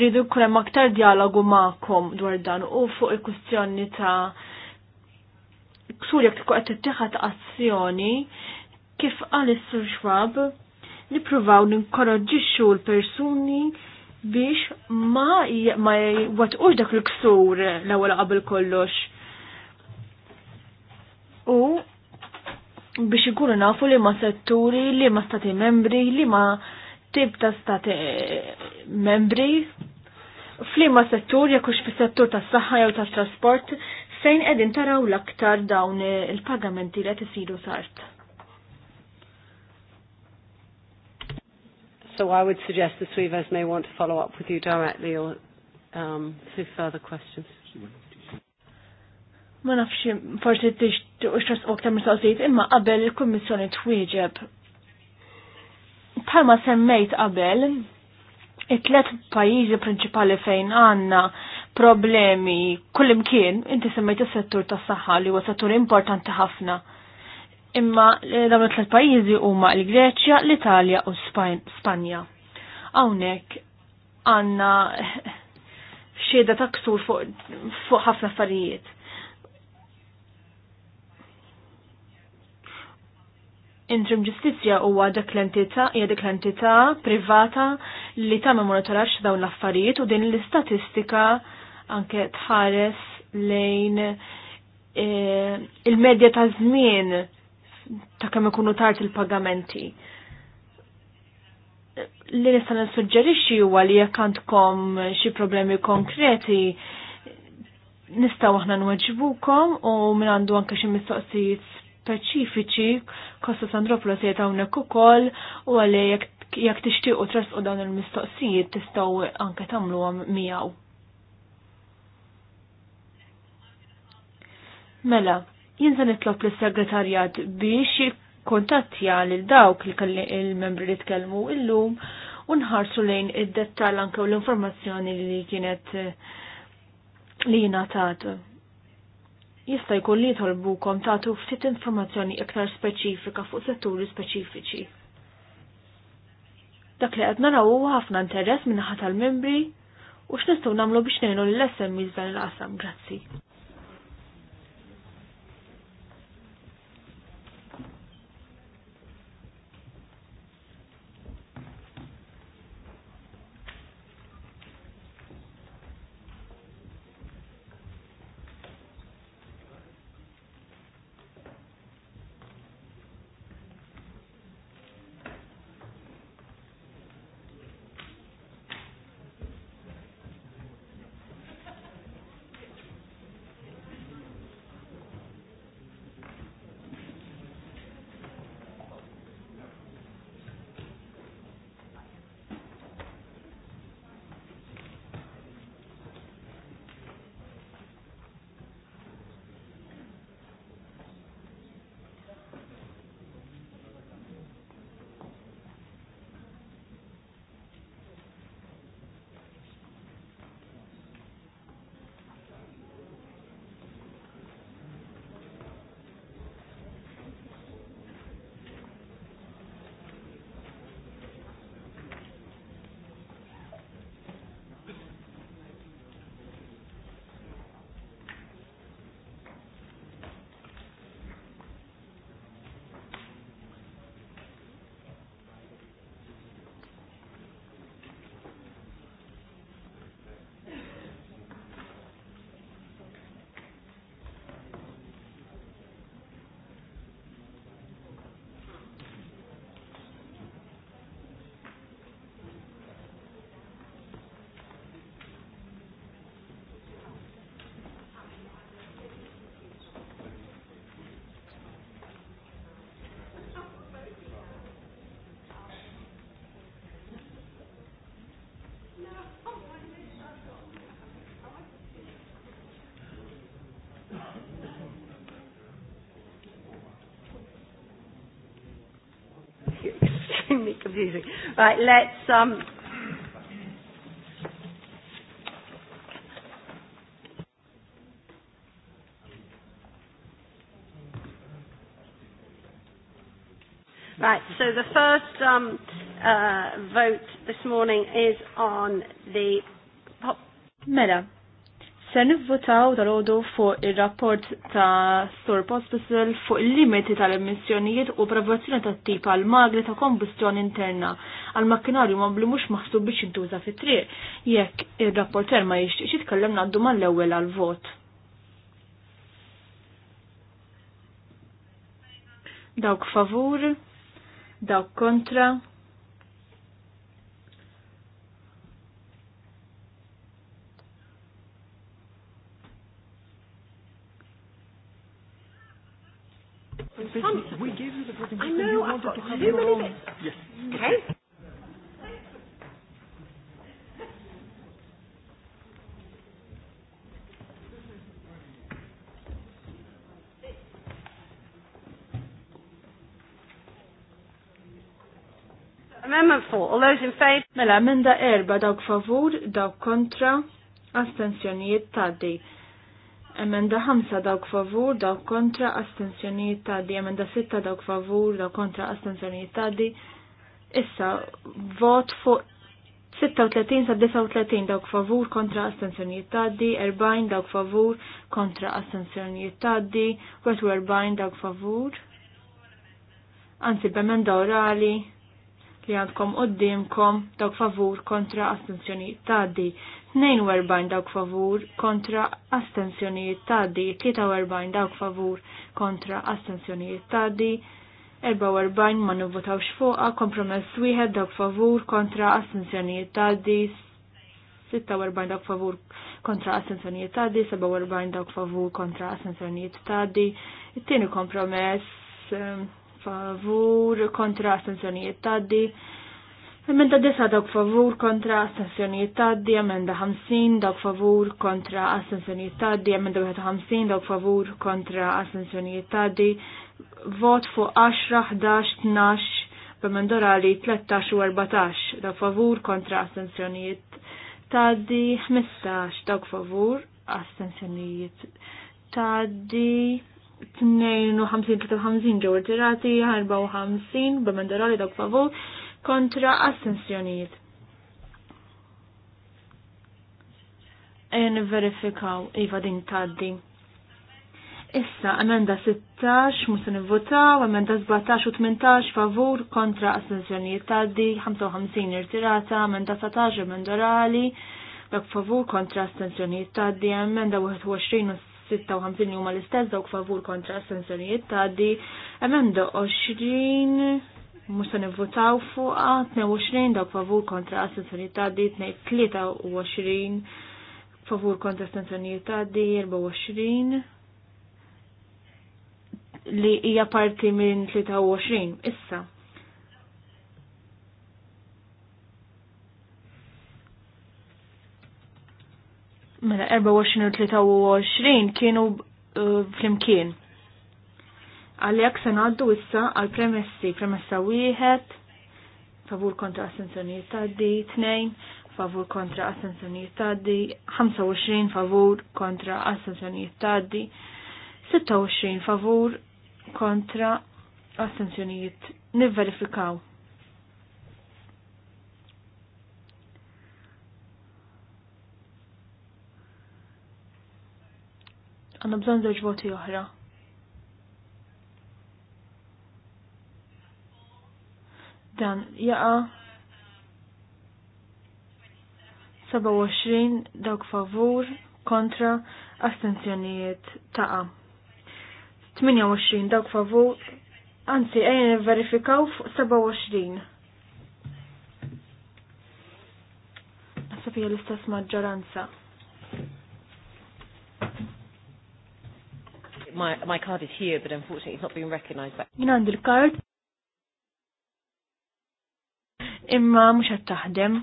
rridu kurem aktar dialogu ma'kom dwar dan u fuq il-kustjoni ta' ksur jek tkun qed tittieħed azzjoni kif qal sur Schwab nippruvaw ninkoraġġixxu l-persuni biex ma ma watqux dak il-ksur l-ewwel qabel kollox. U biex ikunu nafu li ma setturi, li ma stati membri, li ma tip ta' stati eh, membri, flima settur, jekux fi settur ta' saħħa jew ta' trasport, fejn edin taraw l-aktar dawn il-pagamenti li isiru sart. So I would suggest the three of us may want to follow up with you directly or um, through further questions. Ma nafx forsi tixtuq xtrasqok ta' mistoqsijiet imma qabel il-Kummissjoni twieġeb. Palma semmejt qabel, it-tlet pajjiżi prinċipali fejn għandna problemi kullimkien, inti semmejt is-settur tas-saħħa li huwa settur importanti ħafna Imma eh, dawn it-tlet pajjiżi huma l-Greċja, l-Italja u Spanja. Hawnhekk għandna (laughs) xhieda ta' ksur fuq ħafna affarijiet. Interim ġustizzja huwa dak l-entità hija dik l-entità privata li ma monitorax dawn l-affarijiet u din l-istatistika anke tħares lejn eh, il-medja ta' żmien ta' kemm ikunu tard il-pagamenti. Li nista' nissuġġerixxi huwa li jekk għandkom xi problemi konkreti nistgħu aħna nweġbukom u minn għandu anke xi mistoqsijiet speċifiċi Kosta Sandropoulos jgħid hawnhekk ukoll u għalli jekk tixtiequ tresqu dawn il-mistoqsijiet tistgħu anke tagħmluhom miegħu. Mela, Jinsa nitlob l-segretarjat biex kontattja lil dawk il-membri li tkellmu illum u nħarsu lejn id-dettal anke l-informazzjoni li kienet eh, li jingħatat. Jista' jkun li jitolbukom tagħtu ftit informazzjoni iktar speċifika fuq setturi speċifiċi. Dak li qed naraw huwa ħafna interess minn naħa tal-membri u x'nistgħu nagħmlu biex ngħinu lill-SMEs dan il-qasam. Grazzi. easy. Right, let's. Um, Right, so the first um, uh, vote this morning is on the... Mela, Se nivvotaw tal ħodu fuq il-rapport ta' Sur Pospisil fuq il-limiti tal-emissjonijiet u provazzjoni ta' tip għal magri ta' kombustjoni interna għal makkinarju mobli mux maħsub biex jintuża fit triq jekk il-rapporter ma jixtieqx jitkellem naddu mal-ewwel għal vot. Dawk favur, dawk kontra, Amendment 4. All those in favor? Mela, amenda erba dawk favur, dawk kontra, astensjonijiet taddi. Emenda ħamsa dawk favur, dawk kontra, astensjonijiet taddi. Emenda sitta dawk favur, dawk kontra, astensjonijiet taddi. Issa, vot fuq 36 sa 39 dawk favur kontra astensjonijiet taddi, 40 dawk favur kontra astensjonijiet taddi, 40 dawk favur. Anzi, b'emenda orali li għandkom qoddimkom dawk favur kontra astenzjoni tadi. 42 dawk favur kontra astenzjoni tadi. 43 dawk favur kontra astenzjoni tadi. 44 ma nivvotawx fuqa, kompromess wieħed dawk favur kontra astenzjoni tadi. 46 dawk favur kontra astenzjonijiet tadi. 47 dawk favur kontra astenzjonijiet tadi. It-tieni kompromess ehm, favur kontra astensjonijiet taddi. Emenda disa dawk favur kontra astensjonijiet taddi, emenda 50 dawk favur kontra astensjonijiet taddi, emenda 50 dawk favur kontra astensjonijiet taddi, vot fuq 10, 11, 12, li 13 u 14 dawk favur kontra astensjonijiet taddi, 15 dawk favur astensjonijiet taddi. 52-53 ġew irtirati, 54 b'emendorali dak favur kontra astensjonijiet. En verifikaw iva din taddi. Issa, emenda 16, musa nivvotaw, emenda 17 u 18, favur, kontra, astenzjonijiet taddi, 55 irtirata, emenda 17, emenda dak favur, kontra, astenzjonijiet taddi, emenda 21 u 56 huma l-istess dawk favur kontra astensjonijiet tgħaddi, emenda 20 mhux se nivvotaw fuqha, 22 dawk favur kontra ta' tgħaddi, 23 favur kontra ta' tgħaddi, 24 li hija parti minn 23 issa. mela 24 u 23 kienu uh, flimkien. jak se għaddu issa għal premessi, premessa wieħed, favur kontra assenzjonijiet taddi, 2, favur kontra assenzjonijiet taddi, 25 favur kontra assenzjonijiet taddi, 26 favur kontra assenzjonijiet nivverifikaw. għanna bżon żewġ voti oħra. Dan jaqa' 27 dawk favur kontra astenzjonijiet taqa. 28 dawk favur, anzi għajn verifikaw fuq 27. Nasab l-istess maġġoranza. my, my card is here, but unfortunately it's not being recognized. Jina għandi l card Imma mhux qed taħdem.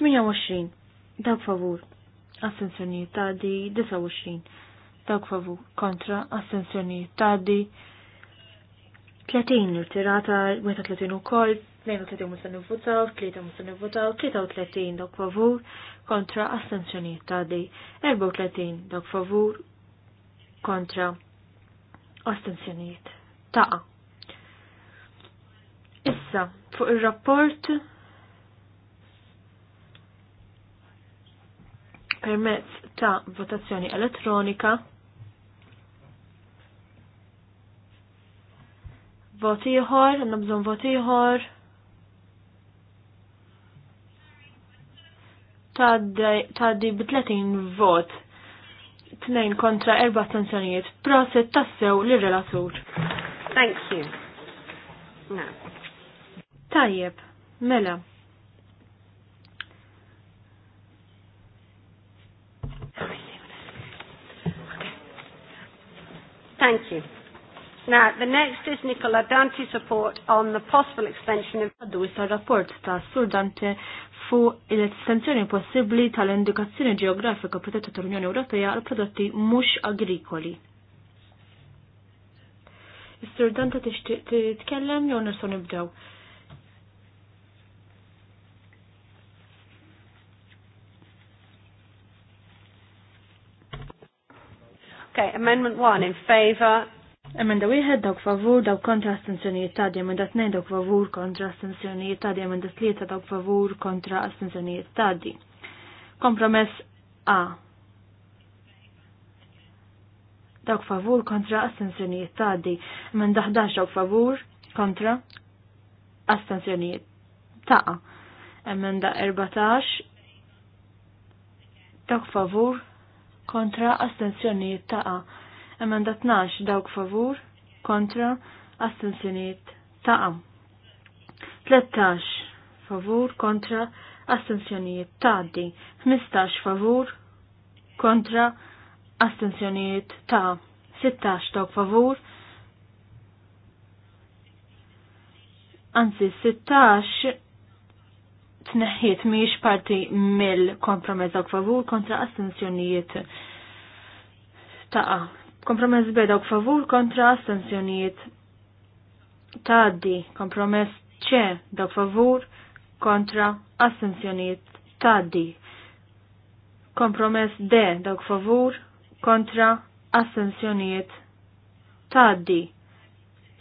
28. Dawk favur. Assenzjoni tadi 29. Dawk favur. Kontra. assenzjonijiet tadi 30. Irtirata 30 u ukoll. 32 musa nivvutaw, 3 musa nivvutaw, 33 dok favur kontra astenzjoniet tadi, 34 dok favur kontra astenzjoniet ta'. Issa, fuq il-rapport permezz ta' votazzjoni elettronika voti ieħor, għandna bżonn voti ieħor. tgħaddi b 30 vot tnejn kontra erba' attenzjonijiet. Proset tassew li relatur Thank you. No. Tajjeb, mela. Thank you. Now, the next is Nicola Dante's report on the possible extension of... Għaddu issa rapport ta' Sur Dante fuq l-estensjoni possibbli tal-indikazzjoni ġeografika protetta tal-Unjoni Ewropea għal prodotti mhux agrikoli. Is-Sur Danta titkellem jew nistgħu nibdew. Okay, Amendment 1 in favour, Emenda wieħed dawk favur dawk kontra astensjonijiet dejjem da tnejn dawk favur kontra astensjonijiet dejjem da tlieta dawk favur kontra astensjonijiet tgħaddi. Kompromess A. Dawk favur kontra astensjonijiet tgħaddi, emenda 11 dawk favur kontra astensjonijiet Emmen Emenda 14 dawk favur kontra astensjonijiet a. Emenda 12 dawk favur kontra astensjoniet taqa. 13 favur kontra astensjoniet taddi. 15 favur kontra astensjoniet ta'. 16 dawk favur Anzi, 16 tneħħiet miex parti mill-kompromess dawk favur kontra astensjonijiet ta'. Kompromess B u favur kontra astensjonijiet taddi. Kompromess C dawk favur kontra astensjonijiet taddi. Kompromess de da favur kontra astensjonijiet taddi.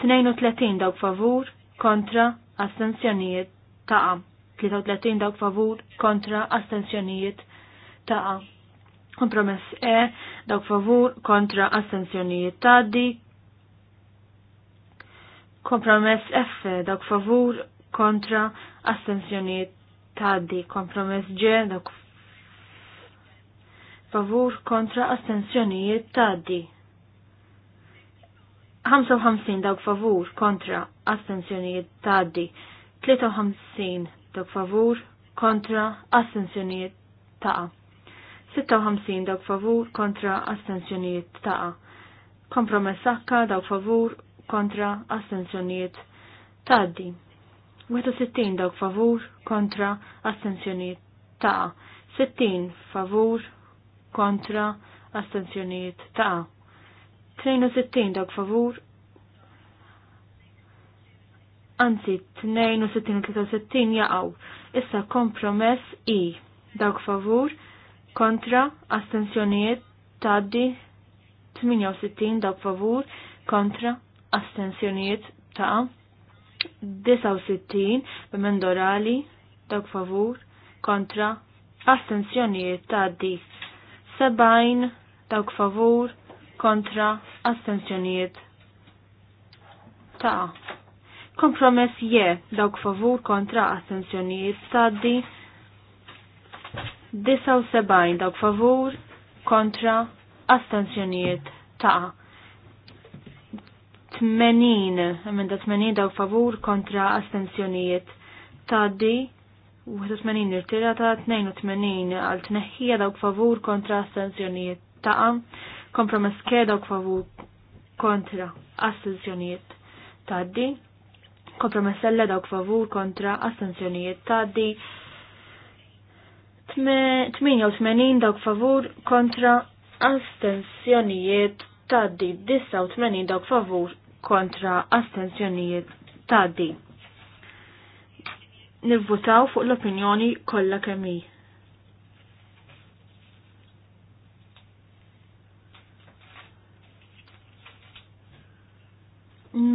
32 dawk favur kontra astensjonijiet taqa. 33 dawk favur kontra astensjonijiet taqa. Kompromess E, dawk favur kontra astensjonijiet tadi. Kompromess F, dawk favur kontra astensjonijiet tadi. Kompromess G, dawk favur kontra astensjonijiet tadi. 55 dawk favur kontra astensjonijiet tadi. 53 dawk favur kontra astensjonijiet ta'. 56 dawk favur kontra astensjonijiet taqa. Kompromess sakka, dawk favur kontra astensjonijiet taddi. 61 dawk favur kontra astensjonijiet taqa. 60 favur kontra astensjonijiet taqa. 62 dawk favur anzi 62 u 63 jaqaw. Issa kompromess i dawk favur kontra astensjonijiet taddi 68 dak favur kontra astensjonijiet ta' 69 b'mendorali dak favur kontra astensjonijiet taddi 70 dak favur kontra astensjonijiet ta' kompromess je dawk favur kontra astensjonijiet taddi 79 dawk favur kontra astensjonijiet ta' 80 emenda 80 dawk favur kontra astenzjonijiet ta' di 81 irtira ta' 82 għal tneħħija dawk favur kontra astensjonijiet ta' kompromess ke dawk favur kontra astenzjonijiet ta' di kompromessella dawk favur kontra astenzjonijiet ta' di 88 dawk favur kontra astensjonijiet taddi 89 dawk favur kontra astensjonijiet taddi. Nivvutaw fuq l-opinjoni kollha kemm hi.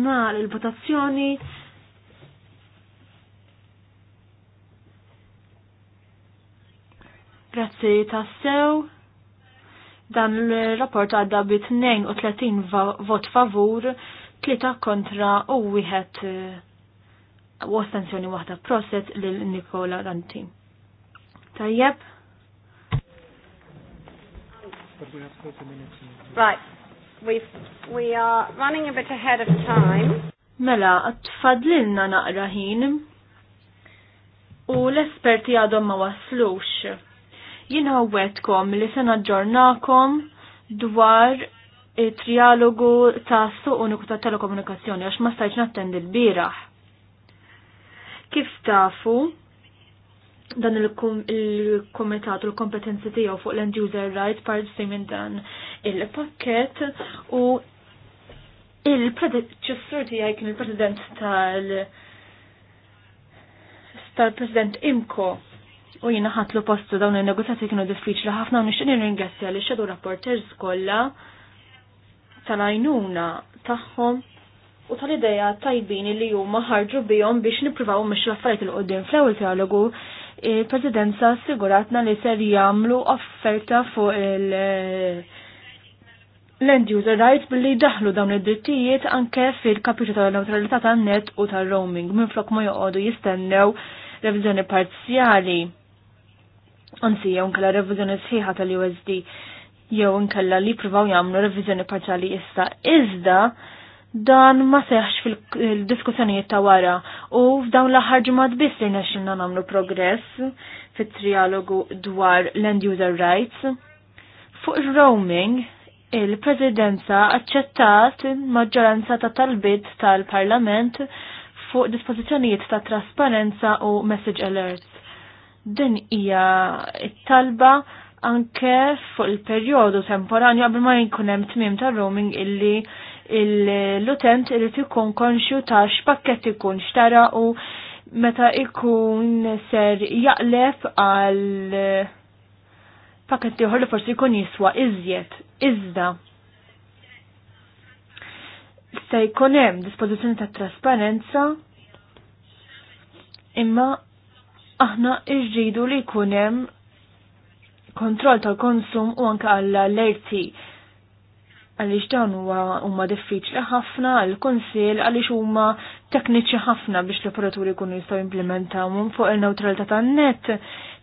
Nar il-votazzjoni Grazzi tassew. Dan l-rapport għadda bi 32 vot favur, 3 kontra u wieħed eh, u astensjoni waħda proset lil Nikola Ranti. Tajjeb. Right. We've, we are running a bit ahead of time. Mela, tfadlilna naqra ħin u l-esperti għadhom ma waslux Jina għawetkom li sena ġornakom dwar trialogu ta' suq uniku ta' telekomunikazzjoni għax ma stajċ nattend il-biraħ. Kif tafu dan il-komitat u l-kompetenzi tiegħu fuq l-end user rights parti minn dan il-pakket u il-predeċessur tiegħi kien il-president tal- tal-president Imko u jina ħatlu postu dawn il-negozjati kienu diffiċli ħafna u nixtieq nirringrazzja li xedu rapporters kollha tal-għajnuna tagħhom u tal-ideja tajbini li huma ħarġu bihom biex nippruvaw mhix l-affarijiet il qudiem fl-ewwel dialogu il-Presidenza assiguratna li ser jagħmlu offerta fuq il- Land user rights billi daħlu dawn id-drittijiet anke fil kapitu tal-neutralità tan-net u tal-roaming minflok ma joqogħdu jistennew reviżjoni parzjali anzi jew nkella revizjoni sħiħa tal-USD jew nkella li provaw jagħmlu revizjoni paċali issa. Iżda dan ma seħx fil-diskussjonijiet ta' wara u f'dawn l-aħħar ġimgħat biss li nexxilna nagħmlu progress fit-trialogu dwar land user rights. Fuq roaming il-Presidenza aċċettat maġġoranza ta' talbit tal-Parlament fuq dispożizzjonijiet ta' trasparenza u message alerts Din hija talba anke fuq il-perjodu temporanju qabel ma jkun hemm tmiem tar roaming illi l-utent irid ikun konxju ta' x'pakket ikun xtara u meta ikun ser jaqlef għal pakket ieħor li forsi jkun jiswa iżjed iżda se jkun hemm dispożizzjoni ta' trasparenza imma aħna irridu li kunem kontroll tal-konsum u anka għall-alerti għalix dan huwa huma diffiċli ħafna għal konsil għalix huma tekniċi ħafna biex l-operaturi jkunu jistgħu implementawhom fuq il-neutralità tan-net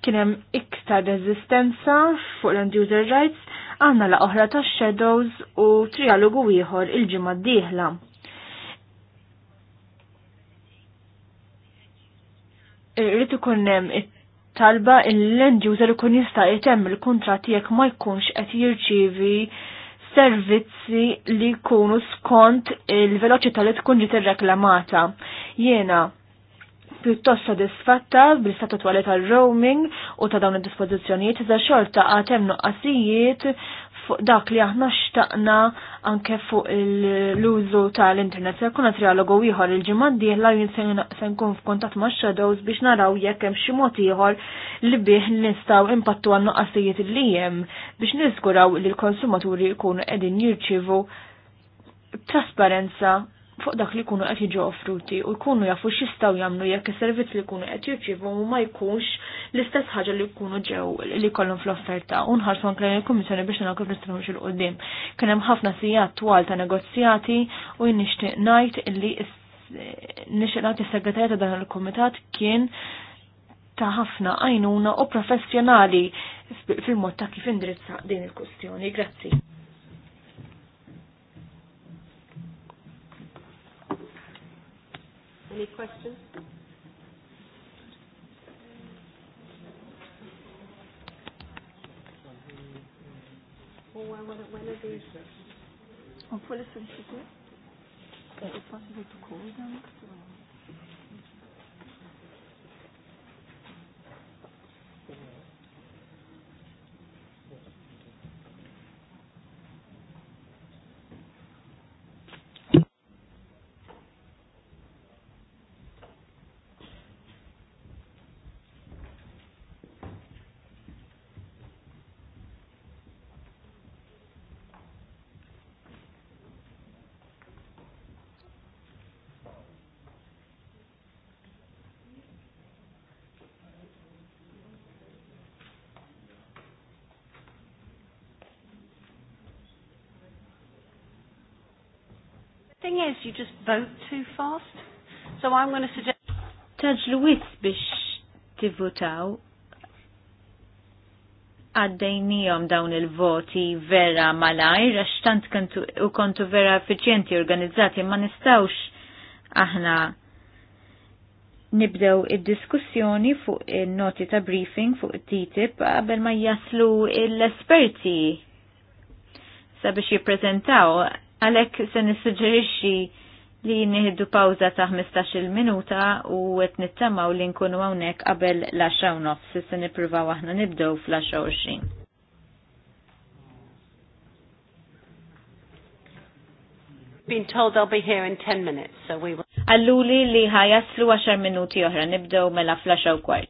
kien hemm iktar resistenza fuq l-end user rights għandna la oħra tax-shadows u trialogu ieħor il-ġimgħa d-dieħla. irrid ikun hemm talba l-end user ikun jista' jitem il-kuntratt jekk ma jkunx qed jirċievi servizzi li jkunu skont il-veloċità li tkun ġiet irreklamata. Jiena pjuttost sodisfatta bil-statutwali tal-roaming u ta' dawn id-dispożizzjonijiet iżda xorta għad hemm noqqasijiet fuq dak li aħna xtaqna anke fuq l-użu tal-internet. Se kuna trialogu ieħor il-ġimgħa dieħla jien se nkun f'kuntatt ma' shadows biex naraw jekk hemm xi mod ieħor li bih nistgħu impattu għan noqqasijiet li hemm biex niżguraw li l-konsumaturi jkunu qegħdin jirċivu trasparenza fuq dak li kunu qed jiġu offruti u jkunu jafu x'istgħu jagħmlu jekk is-servizz li kunu qed jirċievu ma jkunx l-istess ħaġa li jkunu ġew li kollhom fl-offerta u nħarsu anke il-Kummissjoni biex nagħmlu kif xil il qudiem. Kien hemm ħafna sijat twal ta' negozjati u nixtieq ngħid li nixtieq nagħti segretarja ta' dan il-kumitat kien ta' ħafna għajnuna u professjonali fil-mod ta' kif indirizza din il-kustjoni. Grazzi. Any questions? Well, when, when, are these? On peut les solliciter. Je pense qu'il faut thing is, you just vote too fast. So I'm going to suggest... Taġlu wis biex tivvotaw. għaddejnijom dawn il-voti vera malajr, għax tant u kontu vera effiċjenti organizzati, ma nistawx aħna nibdew id-diskussjoni fuq il-noti ta' briefing fuq TTIP qabel ma jaslu l-esperti sabiex jiprezentaw Għalek se nissuġerixi li nieħdu pawza ta' 15-il minuta u għet nittamaw li nkunu għawnek qabel l-10 nofs se nippruvaw aħna nibdew fl 20 been told they'll be here in 10 minutes, so we will. Alluli li ħajaslu 10 minuti oħra, nibdew mela flasha u kwart.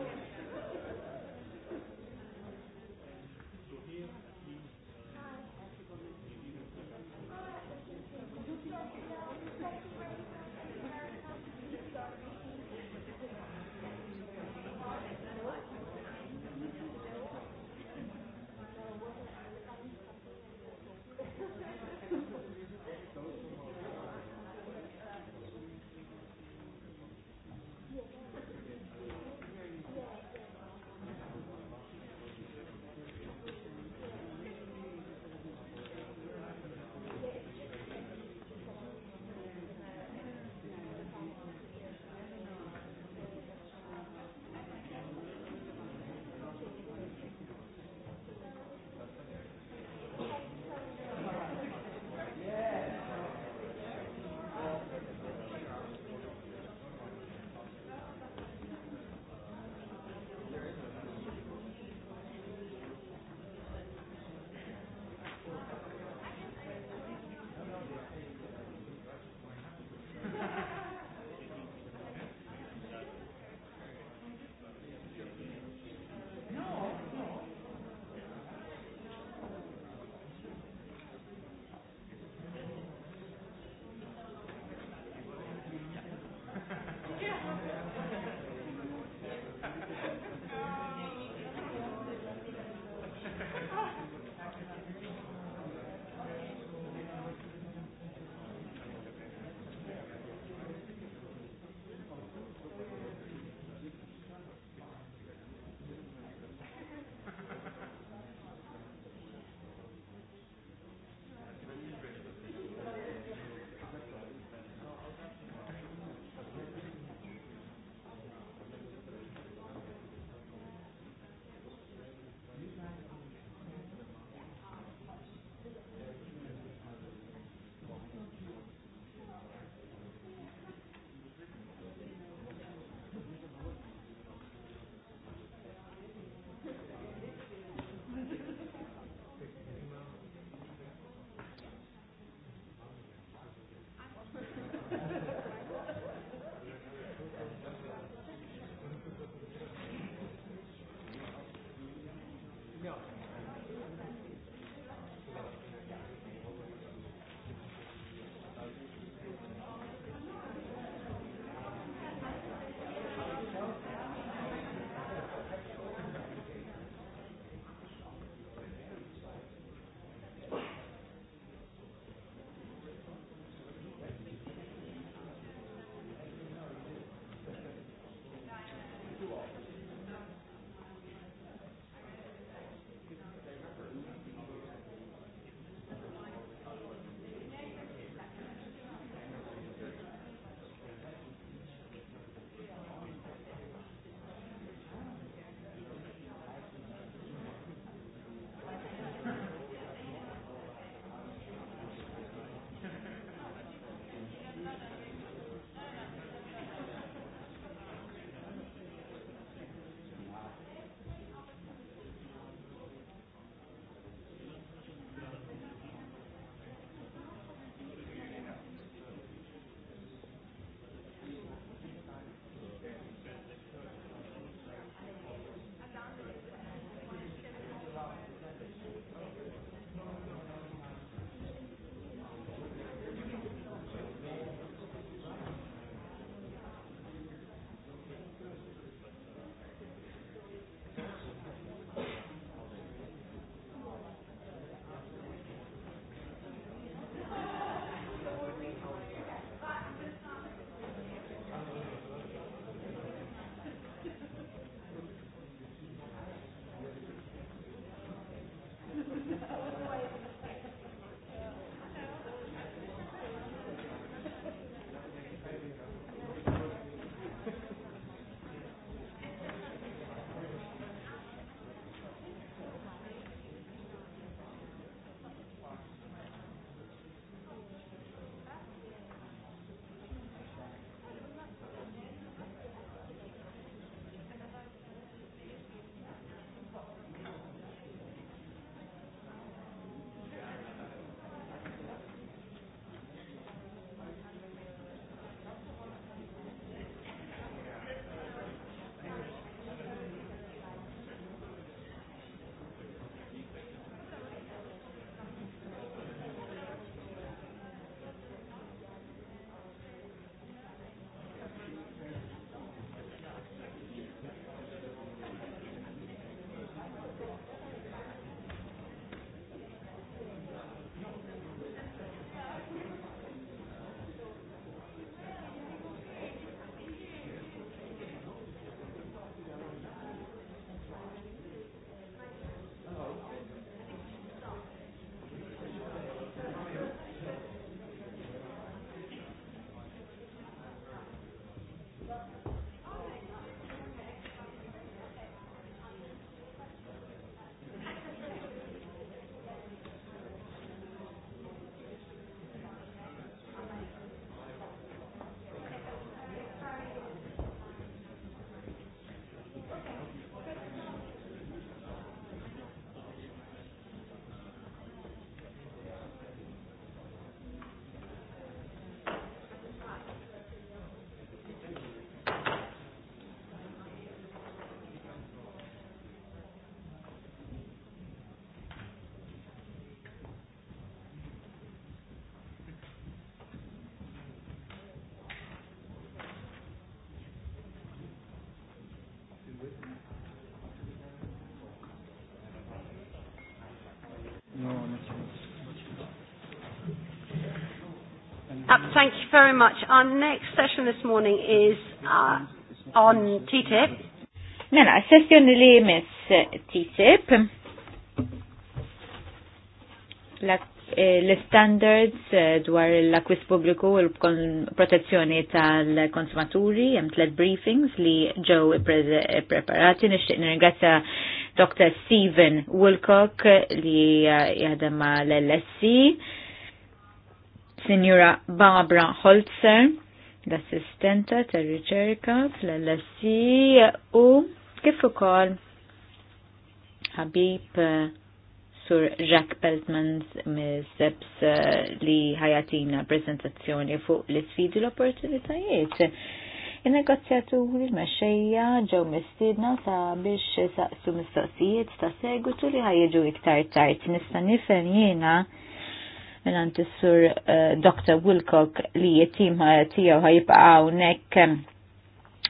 Uh, thank you very much. Our next session this morning is uh, on TTIP. Mela, session li jmiss uh, TTIP, l-standards eh, eh, dwar l-akwis publiku u l-protezzjoni tal-konsumaturi, jem tlet briefings li ġew preparati. Nishtiq nirringrazzja Dr. Stephen Wilcock li eh, jgħadem ma l-LSC Signora Barbara Holzer, l-assistenta tar riċerka fl-LSI u kif ukoll ħabib eh, Sur Jack Beltman mis-sebs eh, li ħajatina prezentazzjoni fuq l isfidi l-opportunitajiet. Il-negozjaturi l-mexxejja ġew mistiedna ta' biex saqsu mistoqsijiet ta' segwitu li ħajġu iktar tard. Nista' nifhem jiena minant sur eh, Dr. Wilcock li jittim tijaw ħajibqaw nek eh,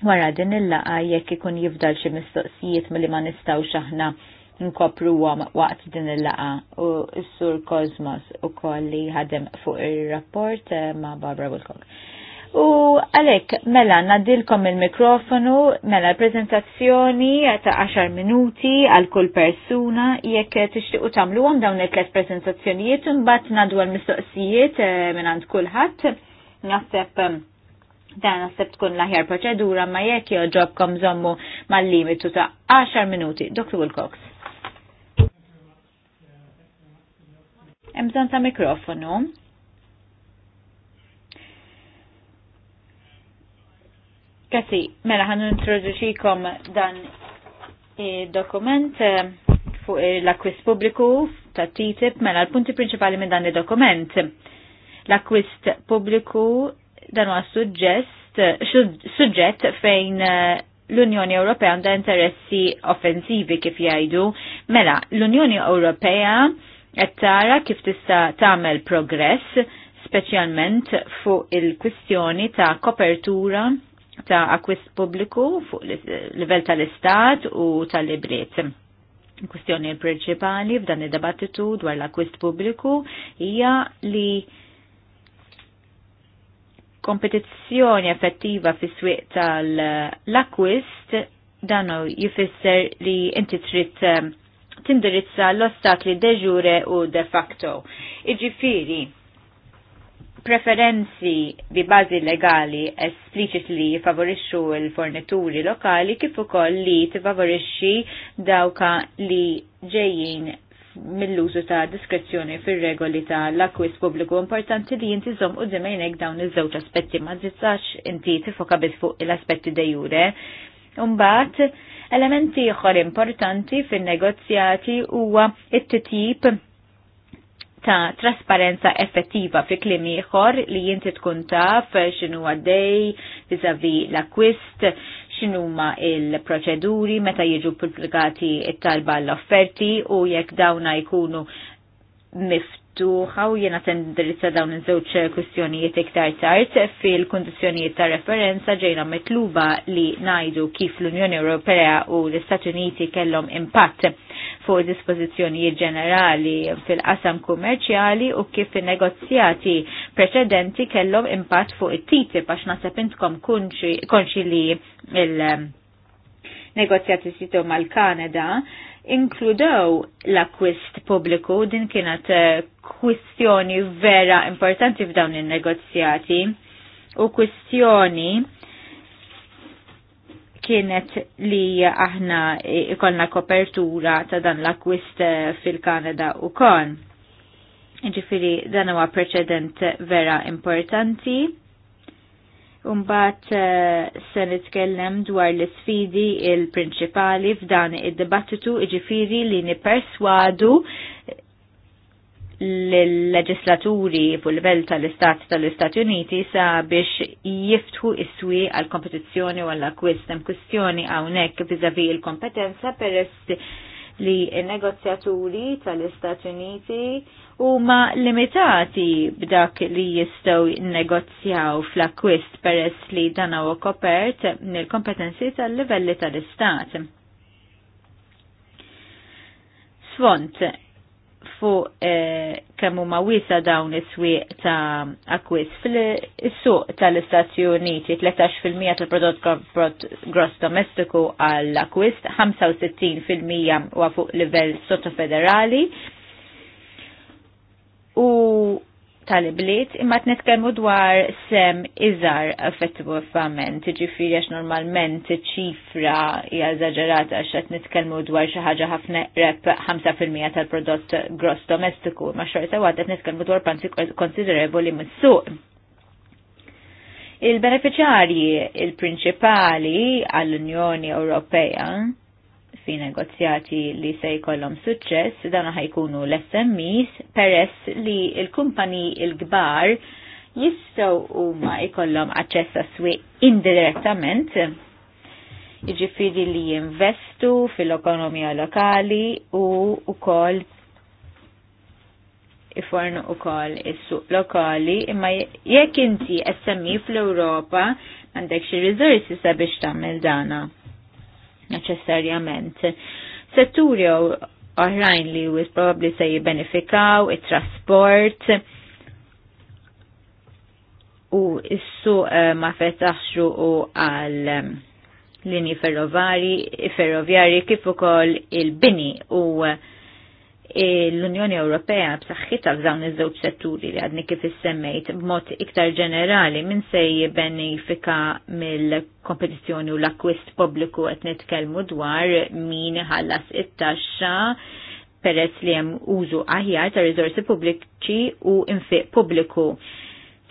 wara din il-laqa jekk ikun jifdal xi mistoqsijiet milli ma nistgħux aħna nkopruhom waqt din il-laqa u s-sur Cosmos ukoll li ħadem fuq ir-rapport eh, ma' Barbara Wilcock. U għalek, mela, naddilkom il-mikrofonu, mela, prezentazzjoni ta' 10 minuti għal kull persuna, jekk tixtiqu tamlu għom dawn it-tlet prezentazzjonijiet, unbat naddu għal-mistoqsijiet eh, minn għand kullħat. Naħseb eh, dan naħseb tkun laħjar proċedura ma jekk joġobkom zommu mal-limitu ta' 10 minuti. Dr. Wilcox. Emżan ta' mikrofonu. Kasi, mela ħan introduċikom dan eh, dokument eh, fuq eh, l-akwis publiku ta' TTIP, mela l-punti principali minn dan il-dokument. L-akwis publiku dan huwa suġġest, suġġett fejn l-Unjoni Ewropea għandha interessi offensivi kif jgħidu. Mela, l-Unjoni Ewropea qed tara kif tista' tagħmel progress, speċjalment fuq il-kwistjoni ta' kopertura ta' akwist pubbliku fuq livell tal-istat u tal-libriet. Kwestjoni principali f'dan id-dibattitu dwar l-akwist pubbliku hija li kompetizzjoni effettiva fis swieq tal-akwist dan jifisser li inti trid eh, tindirizza l-ostakli de jure u de facto. Iġifiri, preferenzi bi bażi legali espliċit li jifavorixxu l-fornituri lokali kif ukoll li tifavorixxi dawka li ġejjin mill-użu ta' diskrezzjoni fir-regoli ta' l-akwis pubbliku importanti li jinti zom u dimajnek dawn iż-żewġ aspetti ma' zizzax inti tifoka bit fuq l-aspetti dejjure. Umbat, elementi oħor importanti fin-negozjati huwa it-titjib ta' trasparenza effettiva fi klim ieħor li jinti tkun taf x'inhu għaddej viżavi l-akwist, x'inhuma l proċeduri meta jiġu pubblikati t talba l-offerti u jekk dawna jkunu miftuħa u jiena tendrizza dawn iż-żewġ kwistjonijiet iktar tard fil-kundizzjonijiet ta' referenza ġejna mitluba li najdu kif l-Unjoni Ewropea u l-Istati Uniti kellhom impatt fuq dispożizzjonijiet ġenerali fil-qasam kummerċjali u kif in-negozjati preċedenti kellhom impatt fuq it titi għax naħseb intkom konxi li il-negozjati situ mal-Kanada inkludew l-akwist pubbliku din kienet eh, kwistjoni vera importanti f'dawn in-negozjati u kwistjoni kienet li aħna ikollna kopertura ta' dan l-akwist eh, fil-Kanada u kon. Ġifiri, dan huwa preċedent vera importanti. Umbat eh, se nitkellem dwar l-sfidi il-prinċipali f'dan id-dibattitu ġifiri li niperswadu l-leġislaturi fuq livell tal-Istat tal-Istati Uniti sa biex jiftħu iswi għal kompetizzjoni u għall akwist hemm kwistjoni hawnhekk viżavi l-kompetenza peress li n negozjaturi tal-Istati Uniti huma limitati b'dak li jistgħu negozjaw fl-akwist peress li dan huwa kopert mill-kompetenzi tal-livelli tal-Istat. Svont, fuq kemmu eh, kemm huma wiesa dawn is-swieq ta' akwis fil-suq tal-Istati Uniti 13% tal-prodott gross domestiku għall akwis 65% huwa fuq livell sottofederali u tal-bliet imma t-netkelmu dwar sem iżar effettivament, ġifiri għax normalment ċifra hija għax qed nitkellmu dwar xi ħaġa ħafna rep 5% tal-prodott gross domestiku, ma xorta għadda t nitkellmu dwar panzi konsiderevoli mis-suq. Il-beneficjarji il-prinċipali għall-Unjoni Ewropea fi negozjati li se jkollhom suċċess dan ħajkunu l-SMEs peress li l-kumpani il kbar jistgħu huma jkollhom aċċess għas indirettament jiġifieri li jinvestu fil-ekonomija lokali u wkoll ifornu u kol il-suq lokali imma jekk inti SMI e fl-Europa għandek xi resources sabiex tagħmel dana neċessarjament. Setturi oħrajn li wis probabli se jibbenefikaw, it-trasport, u issu uh, ma fetaħxu u għal eh, linji ferrovari, ferrovjari kif ukoll il-bini u uh, l-Unjoni Ewropea b'saħħitha f'dawn iż-żewġ setturi li għadni kif issemmejt b'mod iktar ġenerali minn se jibbenifika mill-kompetizzjoni u l-akwist pubbliku qed nitkellmu dwar min ħallas it-taxxa peress li hemm użu aħjar ta' riżorsi pubbliċi u infiq pubbliku.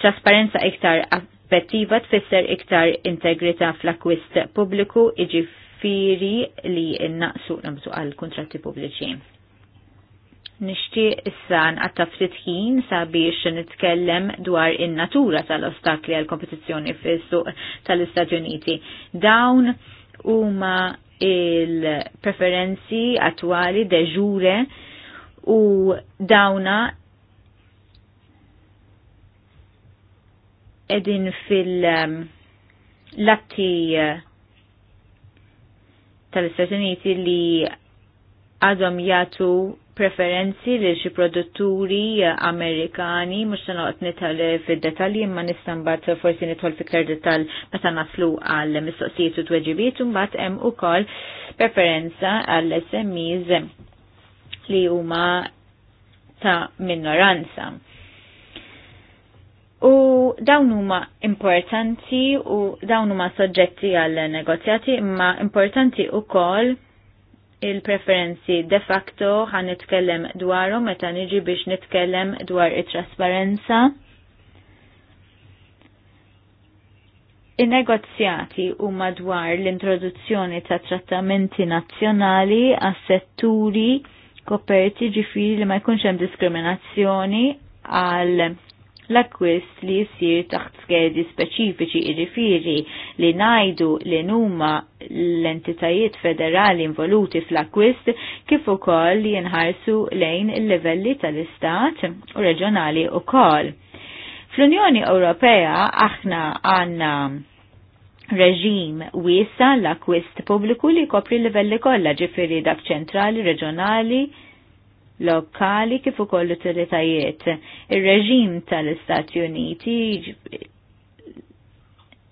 Trasparenza iktar appettiva tfisser iktar integrità fl-akwist pubbliku iġifieri li naqsu nabżu għall kuntratti pubbliċi. Nixtieq issa nqatta' ftit ħin sabiex nitkellem dwar in-natura tal-ostakli għal kompetizzjoni fis-suq tal-Istati Uniti. Dawn huma il-preferenzi attwali de jure u dawna edin fil-latti eh, tal-Istati Uniti li għadhom jagħtu preferenzi li xi produtturi Amerikani mhux se noqgħod nidħol fid-detalji imma nista' mbagħad forsi nidħol fiktar dettall meta naslu għal mistoqsijiet u tweġibiet u mbagħad hemm ukoll preferenza għall SMEs li huma ta' minoranza. U dawn huma importanti u dawn huma soġġetti għal negozjati imma importanti ukoll il-preferenzi de facto ħan nitkellem dwarhom meta niġi biex nitkellem dwar it-trasparenza. In-negozjati u madwar l-introduzzjoni ta' trattamenti nazzjonali għas setturi koperti ġifiri li ma jkunx hemm diskriminazzjoni għal l-akwist li jisir taħt skedi speċifiċi irrifiri li najdu li numa l-entitajiet federali involuti fl-akwist kif ukoll li jinħarsu lejn il-livelli tal-istat u reġjonali ukoll. Fl-Unjoni Ewropea aħna għanna reġim wiesa l-akwist pubbliku li kopri livelli kollha ġifiri dak ċentrali, reġjonali, lokali kif ukoll utilitajiet. Ir-reġim tal-Istati Uniti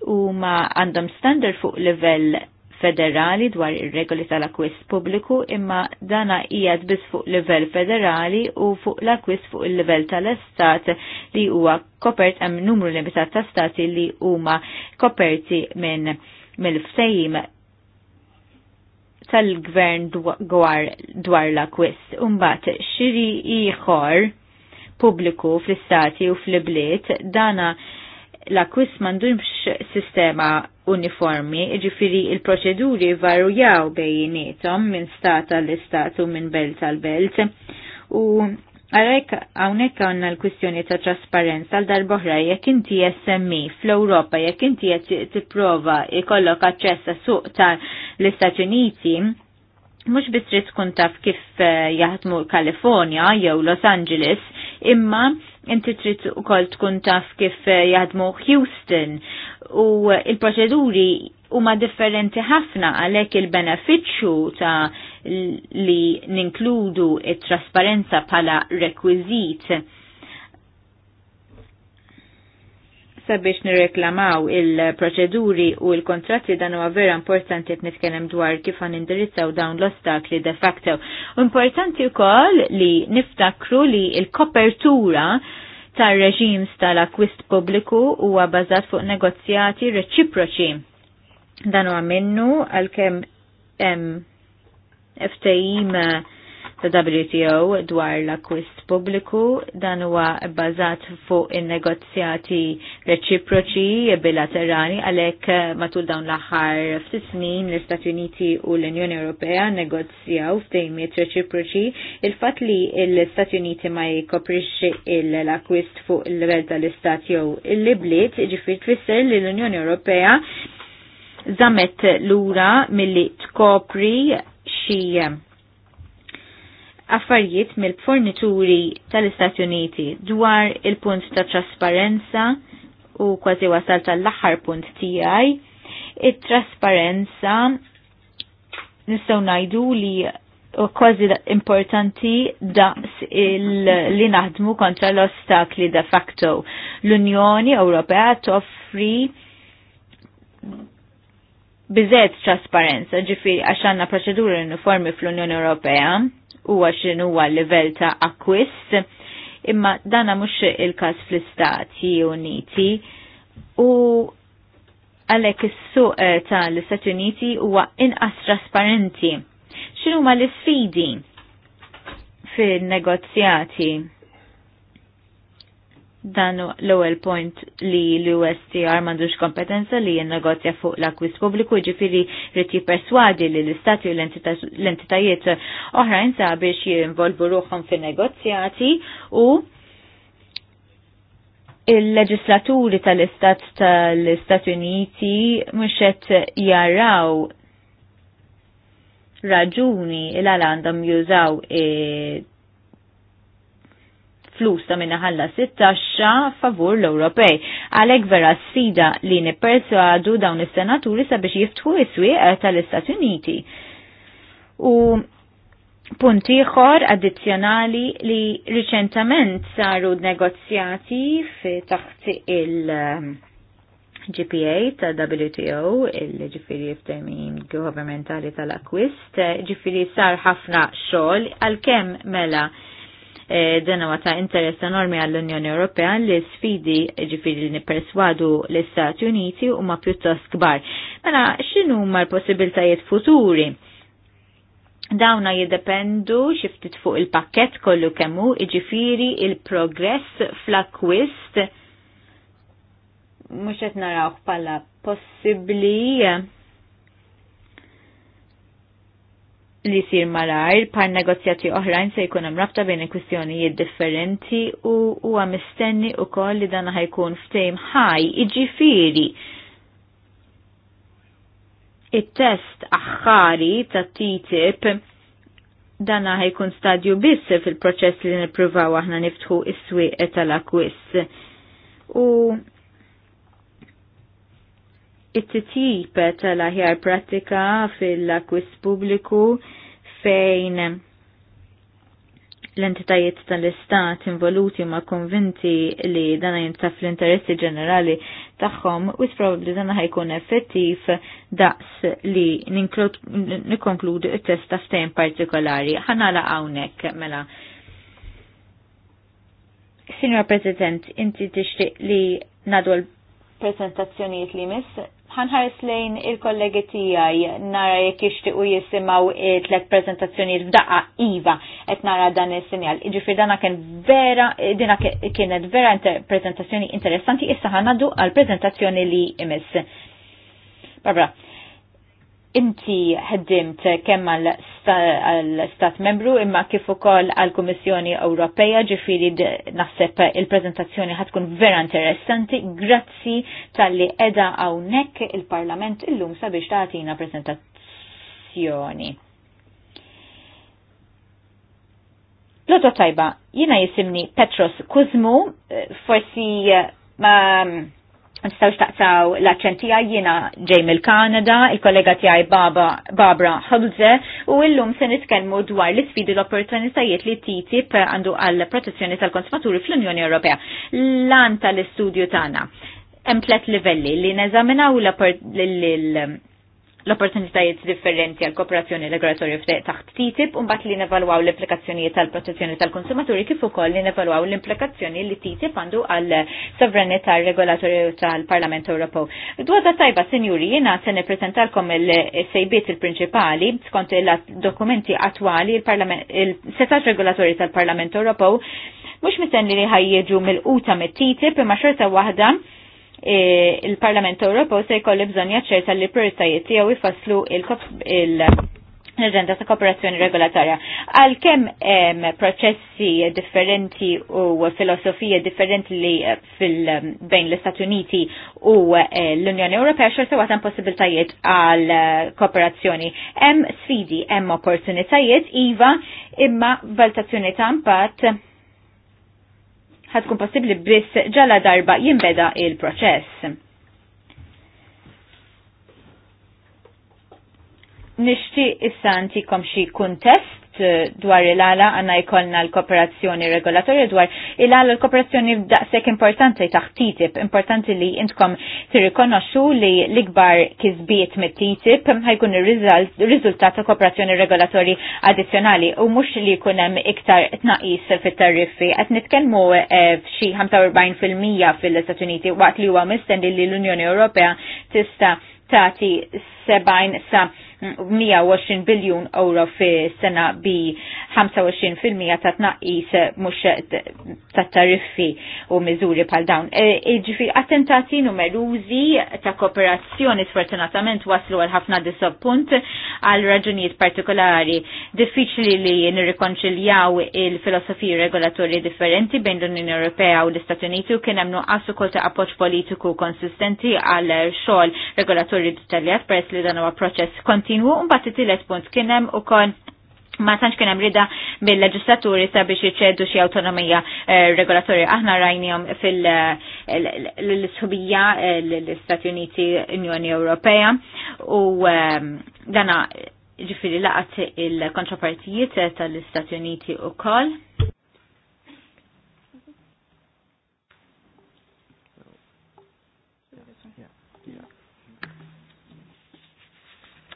huma għandhom standard fuq livell federali dwar ir-regoli tal-akwist pubbliku imma dana hija biss fuq livell federali u fuq l-akwist fuq il-livell tal-estat li huwa kopert hemm numru limitat ta' stati li huma koperti minn mill fsejjim tal-gvern dwar la kwis. Umbat, xiri iħor publiku fl-istati u fl-bliet dana la kwis mandumx sistema uniformi, ġifiri il-proċeduri varjaw bejnietom minn stat tal-istat u minn belt tal-belt u Għalek għawnek għanna l-kwistjoni ta' trasparenza għal darboħra jekk inti SMI e fl-Europa jekk inti t tipprova ikollok għacċessa suq ta' l-Istati Uniti, mux biss trid tkun taf kif eh, jaħdmu Kalifornja jew Los Angeles, imma inti trid ukoll tkun taf kif eh, jaħdmu Houston u il-proċeduri ma differenti ħafna għalhekk il-benefiċċju ta' li ninkludu il trasparenza bħala rekwiżit sabiex nirreklamaw il-proċeduri u il-kontratti dan huwa vera importanti qed nitkellem dwar kif għan indirizzaw dawn l-ostakli de facto. Importanti wkoll li niftakru li il-kopertura tar reġims tal-akwist pubbliku huwa bażat fuq negozjati reċiproċi Dan huwa minnu għalkemm hemm ta' eh, WTO dwar l-akwist pubbliku dan huwa bbażat fuq in-negozjati reċiproċi bilaterali għalhekk eh, matul dawn l-aħħar ftit snin l-Istati Uniti u l-Unjoni Ewropea negozjaw ftehimiet reċiproċi il-fatt li l-Istati Uniti ma jkoprix l-akwist fuq il-level tal-istat jew il-libliet ġifier tfisser li l-Unjoni Ewropea zamet lura milli tkopri xi affarijiet mill-fornituri tal-Istati Uniti dwar il-punt ta' trasparenza u kważi wasal tal-aħħar punt tiegħi. It-trasparenza nistgħu ngħidu li kważi importanti daqs li naħdmu kontra l-ostakli de facto. L-Unjoni Ewropea toffri bizet trasparenza ġifiri għax proċeduri uniformi fl-Unjoni Ewropea u għax huwa l-level ta' akwist imma dana mhux il-każ fl-Istati Uniti u għalhekk is-suq eh, tal-Istati Uniti huwa inqas trasparenti. X'inhuma l-isfidi fin-negozjati? dan l-ewwel point li l-USTR m'għandux kompetenza li jinnegozja fuq l akwis pubbliku, jiġifieri rid jipperswadi li l-istati u l-entitajiet oħrajn sabiex jinvolvu ruhom fin-negozjati u il-leġislaturi tal-Istat tal-Istat Uniti mhux qed jaraw raġuni il għal għandhom jużaw flus ta' minna ħalla 16 favur l-Ewropej. Għalek vera sfida li nipersuadu dawn is-senaturi sabiex jiftħu is-swieq eh, tal-Istati Uniti. U punti ħor addizzjonali li riċentament saru negozjati fi taħt il- eh, GPA ta' WTO, il-ġifiri f'termin governmentali tal-akwist, eh, ġifiri sar ħafna xol, għal-kem mela Eh, Dena ma ta' interess enormi għall-Unjoni Ewropea li sfidi ġifiri li nipperswadu l-Istati Uniti huma pjuttost kbar. Mela xinu ma l-possibiltajiet futuri? Dawna jiddependu xiftit fuq il-pakket kollu kemmu, iġifiri il-progress fl-akwist mux qed narawh bħala possibbli li sir malajr, par negozjati oħrajn se jkun hemm bejn bejn kwistjonijiet differenti u huwa mistenni wkoll li dan ħajkun ftejm ħaj, iġifieri. It-test aħħari ta' TTIP dana ħajkun stadju biss fil-proċess li nippruvaw aħna niftħu is swieqet tal-akwiss. U it-titjib tal-aħjar pratika fil-akwis publiku fejn l-entitajiet tal-istat involuti ma konvinti li dana jintaf l-interessi ġenerali tagħhom u probabli dana ħajkun effettiv daqs li nikonkludu il test ta' partikolari. partikolari. Ħanala hawnhekk mela. Signor President, inti tixtieq li nadu l presentazzjoniet li miss ħanħares lejn il-kollegi tijaj nara jek u jisimaw tlet prezentazzjoniet f'daqqa IVA et nara dan il-sinjal. Iġifir dana kien vera, dina kienet vera inter prezentazzjoni interessanti, issa ħanaddu għal prezentazzjoni li imis. Barbara, inti ħeddimt kemm għal-Stat membru imma kif ukoll għal-Kummissjoni Ewropea ġifiri naħseb il-prezentazzjoni ħatkun vera interessanti. Grazzi tal-li edha hawnhekk il-Parlament illum sabiex tagħtina prezentazzjoni. Lodo tajba, jina jisimni Petros Kuzmu, eh, forsi eh, ma Nistaw taqtaw l-accent jiena ġej mill-Kanada, il-kollega tiegħi Barbara Hulze u llum se nitkellmu dwar l-isfidi l-opportunitajiet li TTIP għandu għall protezzjoni tal-konsumaturi fl-Unjoni Ewropea. L-anta l istudju tagħna hemm tliet livelli li neżaminaw l-opportunitajiet differenti għal kooperazzjoni regolatorju taħt TTIP un bat li nevalwaw l-implikazzjonijiet tal-protezzjoni tal-konsumaturi kif ukoll li nevalwaw l-implikazzjoni li TTIP għandu għal sovranità regolatorju tal-Parlament Ewropew. Dwa da tajba, senjuri, jiena se nippreżentalkom il-sejbiet il-prinċipali skont il-dokumenti attwali il-setat regolatorju tal-Parlament Ewropew mhux mistenni li ħajjeġu mill-quta mit-TTIP imma xorta waħda E, il-Parlament Ewropew se jkolli bżonn jaċċerta li prioritajiet tiegħu jfasslu il l-agenda ta' kooperazzjoni regolatorja. Għal kem proċessi differenti u filosofija differenti li eh, fil-bejn l-Istati Uniti u eh, l-Unjoni Ewropea xorta għatan possibiltajiet għal eh, kooperazzjoni. Hemm sfidi, hemm opportunitajiet, iva, imma valutazzjoni ta' impatt ħatkun possibli biss ġala darba jimbeda il-proċess. Nishti issa antikom xi kuntest Eh, dwar il-għala għanna jkollna l-kooperazzjoni regolatorja dwar il-għala l-kooperazzjoni daqsek importanti taħt TTIP, importanti li intkom tirrikonoxxu li l-ikbar kizbiet mit TTIP ħajkun il-riżultat ta' kooperazzjoni regolatorji addizzjonali u mux li kunem iktar tnaqis fit-tariffi. għat nitkelmu eh, f'xi 45% fil-Stati Uniti waqt li huwa mistenni li l-Unjoni Ewropea tista' tati 70 sa 120 biljun euro fi sena bi 25% ta' tnaqis mux ta' tariffi u miżuri pal dawn. E, iġifi attentati numerużi ta' kooperazzjoni sfortunatament waslu għal ħafna disappunt għal raġunijiet partikolari. Diffiċli li nirrikonċiljaw il-filosofiji regolatorji differenti bejn l-Unjoni Ewropea u l-Istati Uniti u kien hemm nuqqas ta' appoġġ politiku konsistenti għal xogħol regolatori dettaljat peress li li dan huwa proċess kontinwu, u mbagħad it-tielet punt kien hemm ukoll ma tantx kien hemm rida mill-leġislaturi sabiex iċedu xi awtonomija eh, regolatorja. Aħna rajnihom fil-sħubija eh, l-Istati Uniti Unjoni Ewropea u ehm, dana ġifiri laqat il-kontrapartijiet eh, tal-Istati Uniti u koll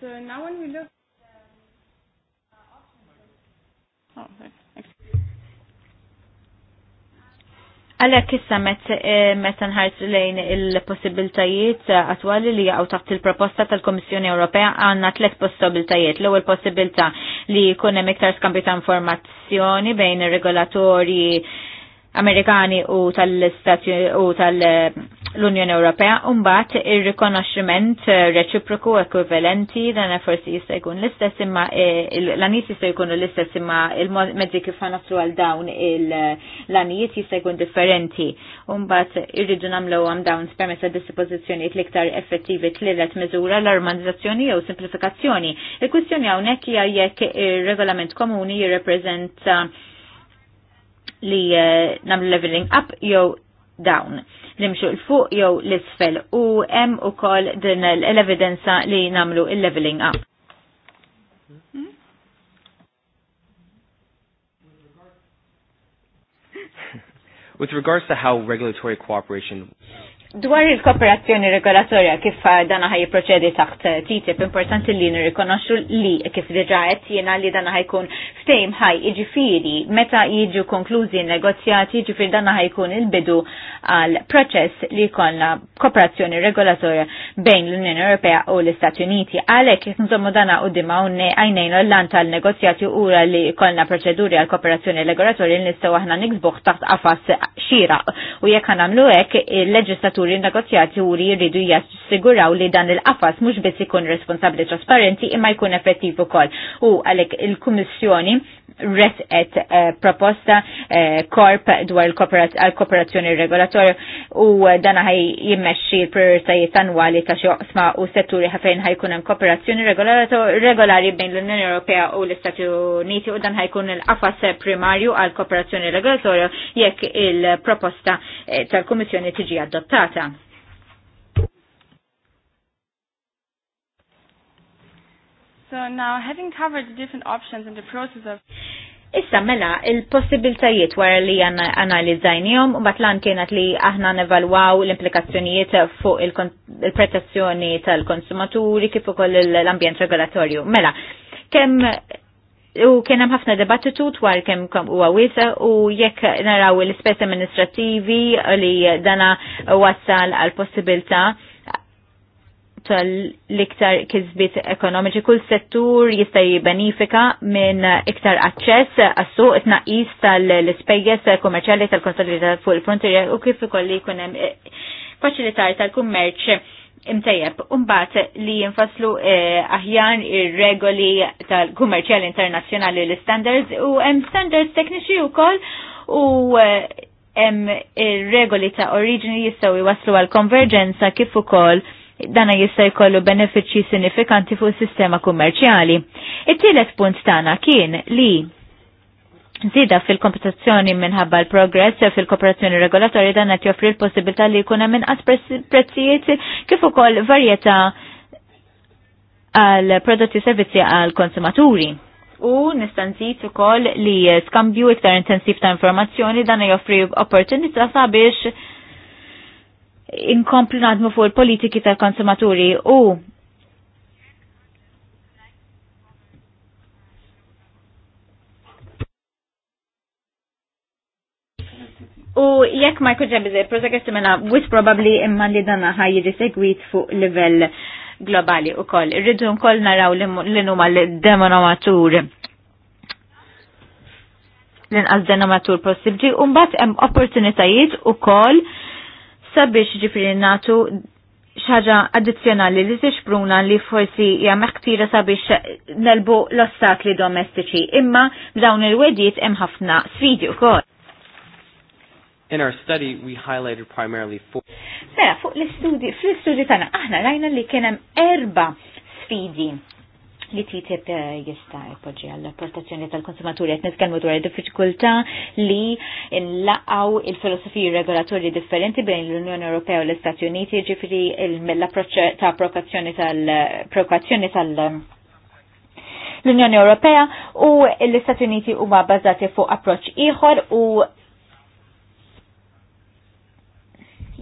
uh, now when we look oh, Għalek issa eh, meta nħarsu lejn il-possibiltajiet eh, attwali li għaw taħt il-proposta tal-Komissjoni Ewropea għandna tliet possibiltajiet. L-ewwel possibilità li jkun hemm iktar skambju ta' informazzjoni bejn ir-regolatorji Amerikani u tal istati u tal-Unjoni l-Unjoni Ewropea umbat ir-rikonoxximent eh, reċiproku ekwivalenti dan forsi jista' jkun l-istess imma eh, l-anijiet jista' jkunu l-istess imma il-mezzi kif ħanaslu għal dawn l-anijiet jista' jkun differenti. Umbat irridu nagħmlu għam dawn spermessa dispożizzjonijiet l-iktar effettivi tlilet miżura l-armonizzazzjoni jew simplifikazzjoni. Il-kwistjoni hawnhekk hija jekk ir-regolament komuni jirrepreżenta li eh, namlu leveling up jew dawn nimxu l-fuq jew l-isfel u hemm ukoll din l-evidenza li namlu il-leveling up. With regards to how regulatory cooperation Dwar il-kooperazzjoni regolatorja kif dana ħaj proċedi taħt TTIP, importanti li nirrikonoxxu li kif diġa għet jiena li dana kun ftejm ħaj iġifiri, meta jiġu konklużi negozjati jiġifier dana kun il-bidu għal proċess li jkollna kooperazzjoni regolatorja bejn l-Unjoni Ewropea u l-Istati Uniti. Għalhekk kif nżommu dana qudiema unne għajnejn l-lan tal-negozjati ura li jkollna proċeduri għal kooperazzjoni regolatorja li nistaw aħna niksbuħ taħt qafas xieraq u jekk nagħmlu hekk il-leġislatur matul il-negozjati u li jridu jassiguraw li dan il-qafas mhux biss ikun responsabbli trasparenti imma jkun effettiv ukoll. U għalhekk il-Kummissjoni et eh, proposta eh, korp dwar l-kooperazzjoni regolatorju u eh, dana ħaj jimmexxi l-prioritajiet annwali ta' xi oqsma u setturi ħafejn ħajkun hemm kooperazzjoni regolari bejn l-Unjoni Ewropea u l-Istati Uniti u dan ħajkun il-qafas primarju għal kooperazzjoni regolatorju jekk il-proposta tal-Kummissjoni tiġi adottata. So now, having covered the different options and the process of Issa mela, il-possibiltajiet wara li analizzajnijom, u batlan kienet li aħna nevalwaw l-implikazzjonijiet fuq il-protezzjoni tal-konsumaturi kif ukoll l-ambjent regolatorju. Mela, kemm u kien hemm ħafna dibattitu dwar kemm huwa wiesa u jekk naraw l-ispess amministrattivi li dana wassal għal possibilità tal-iktar kizbit ekonomiċi. Kull settur jista' jibbenifika minn iktar aċċess għassu suq naqis tal-ispejjeż kommerċjali tal-konsolidat fuq il-frontier u kif ikolli jkun hemm eh, faċilitar tal-kummerċ imtejjeb. Umbagħad li jinfaslu eh, aħjar ir-regoli tal-kummerċjali internazzjonali l-standards u hemm standards tekniċi wkoll u eh, hemm ir-regoli ta' oriġini jistgħu jwaslu għal konverġenza kif ukoll dana jista' jkollu benefiċċji sinifikanti fuq sistema kummerċjali. It-tielet punt tagħna kien li Zida fil-kompetizzjoni minħabba l-progress fil-kooperazzjoni regolatorja dan qed joffri l-possibilità li jkun hemm inqas prezzijiet kif ukoll varjetà għal prodotti servizzi għal konsumaturi. U nistanzit ukoll li skambju iktar intensiv ta' informazzjoni dan joffri opportunità sabiex inkompli nadmu fuq il-politiki tal-konsumaturi u U jekk ma jkunx hemm biżejjed protegetti minna mela, wis probabbli imma li dan ħaj jiġi segwit fuq livell globali wkoll. Irridu nkoll naraw li huma l-denominatur l-inqas denominatur possibbli u mbagħad hemm opportunitajiet ukoll sabiex ġifri natu xaġa addizzjonali li tixpruna li forsi hija meħktira sabiex nelbu l-ostakli domestiċi, imma b'dawn il-wedjiet hemm ħafna sfidi wkoll. In our study we highlighted primarily four. Mela fuq l-istudji, fl-istudji tagħna aħna rajna li kien hemm erba' sfidi li TTIP eh, jista' jpoġġi għall protezzjoni tal-konsumaturi qed nitkellmu dwar id-diffikultà li nlaqgħu il-filosofiji regolatorji differenti bejn l-Unjoni Ewropea u l-Istati Uniti, ġifieri l-approċċ ta' prokazzjoni tal-prokazzjoni tal-, -prokazzjoni tal l unjoni Ewropea u l-Istati Uniti huma bbażati fuq approċċ ieħor u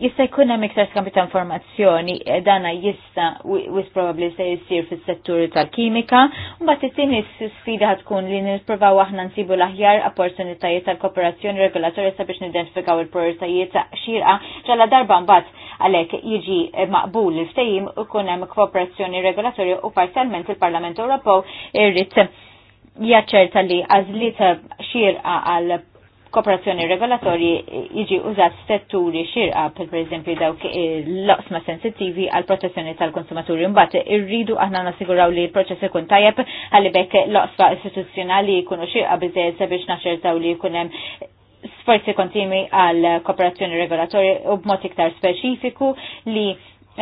jista' jkun hemm iktar skambi ta' informazzjoni eh, dana jista' wis probabbli se jsir fis-settur tal-kimika, mbagħad it-tieni sfida tkun li nispruvaw aħna nsibu l-aħjar opportunitajiet tal-kooperazzjoni regolatorja sabiex nidentifikaw il-prioritajiet xirqa ġala darba mbagħad għalhekk jiġi eh, maqbul il-ftehim ikun hemm kooperazzjoni regolatorja u parzjalment il-Parlament Ewropew irrid jaċċerta li għażliet xirqa għal kooperazzjoni regolatorji jiġi użat setturi xirqa per eżempju dawk l-oqsma sensittivi għal protezzjoni tal-konsumaturi mbagħad irridu aħna nassiguraw li l-proċess ikun tajjeb ħalli bekk l-oqsma istituzzjonali jkunu xirqa biżejjed sabiex naxxertaw li jkun hemm sforzi kontinwi għal kooperazzjoni regolatorji u b'mod iktar speċifiku li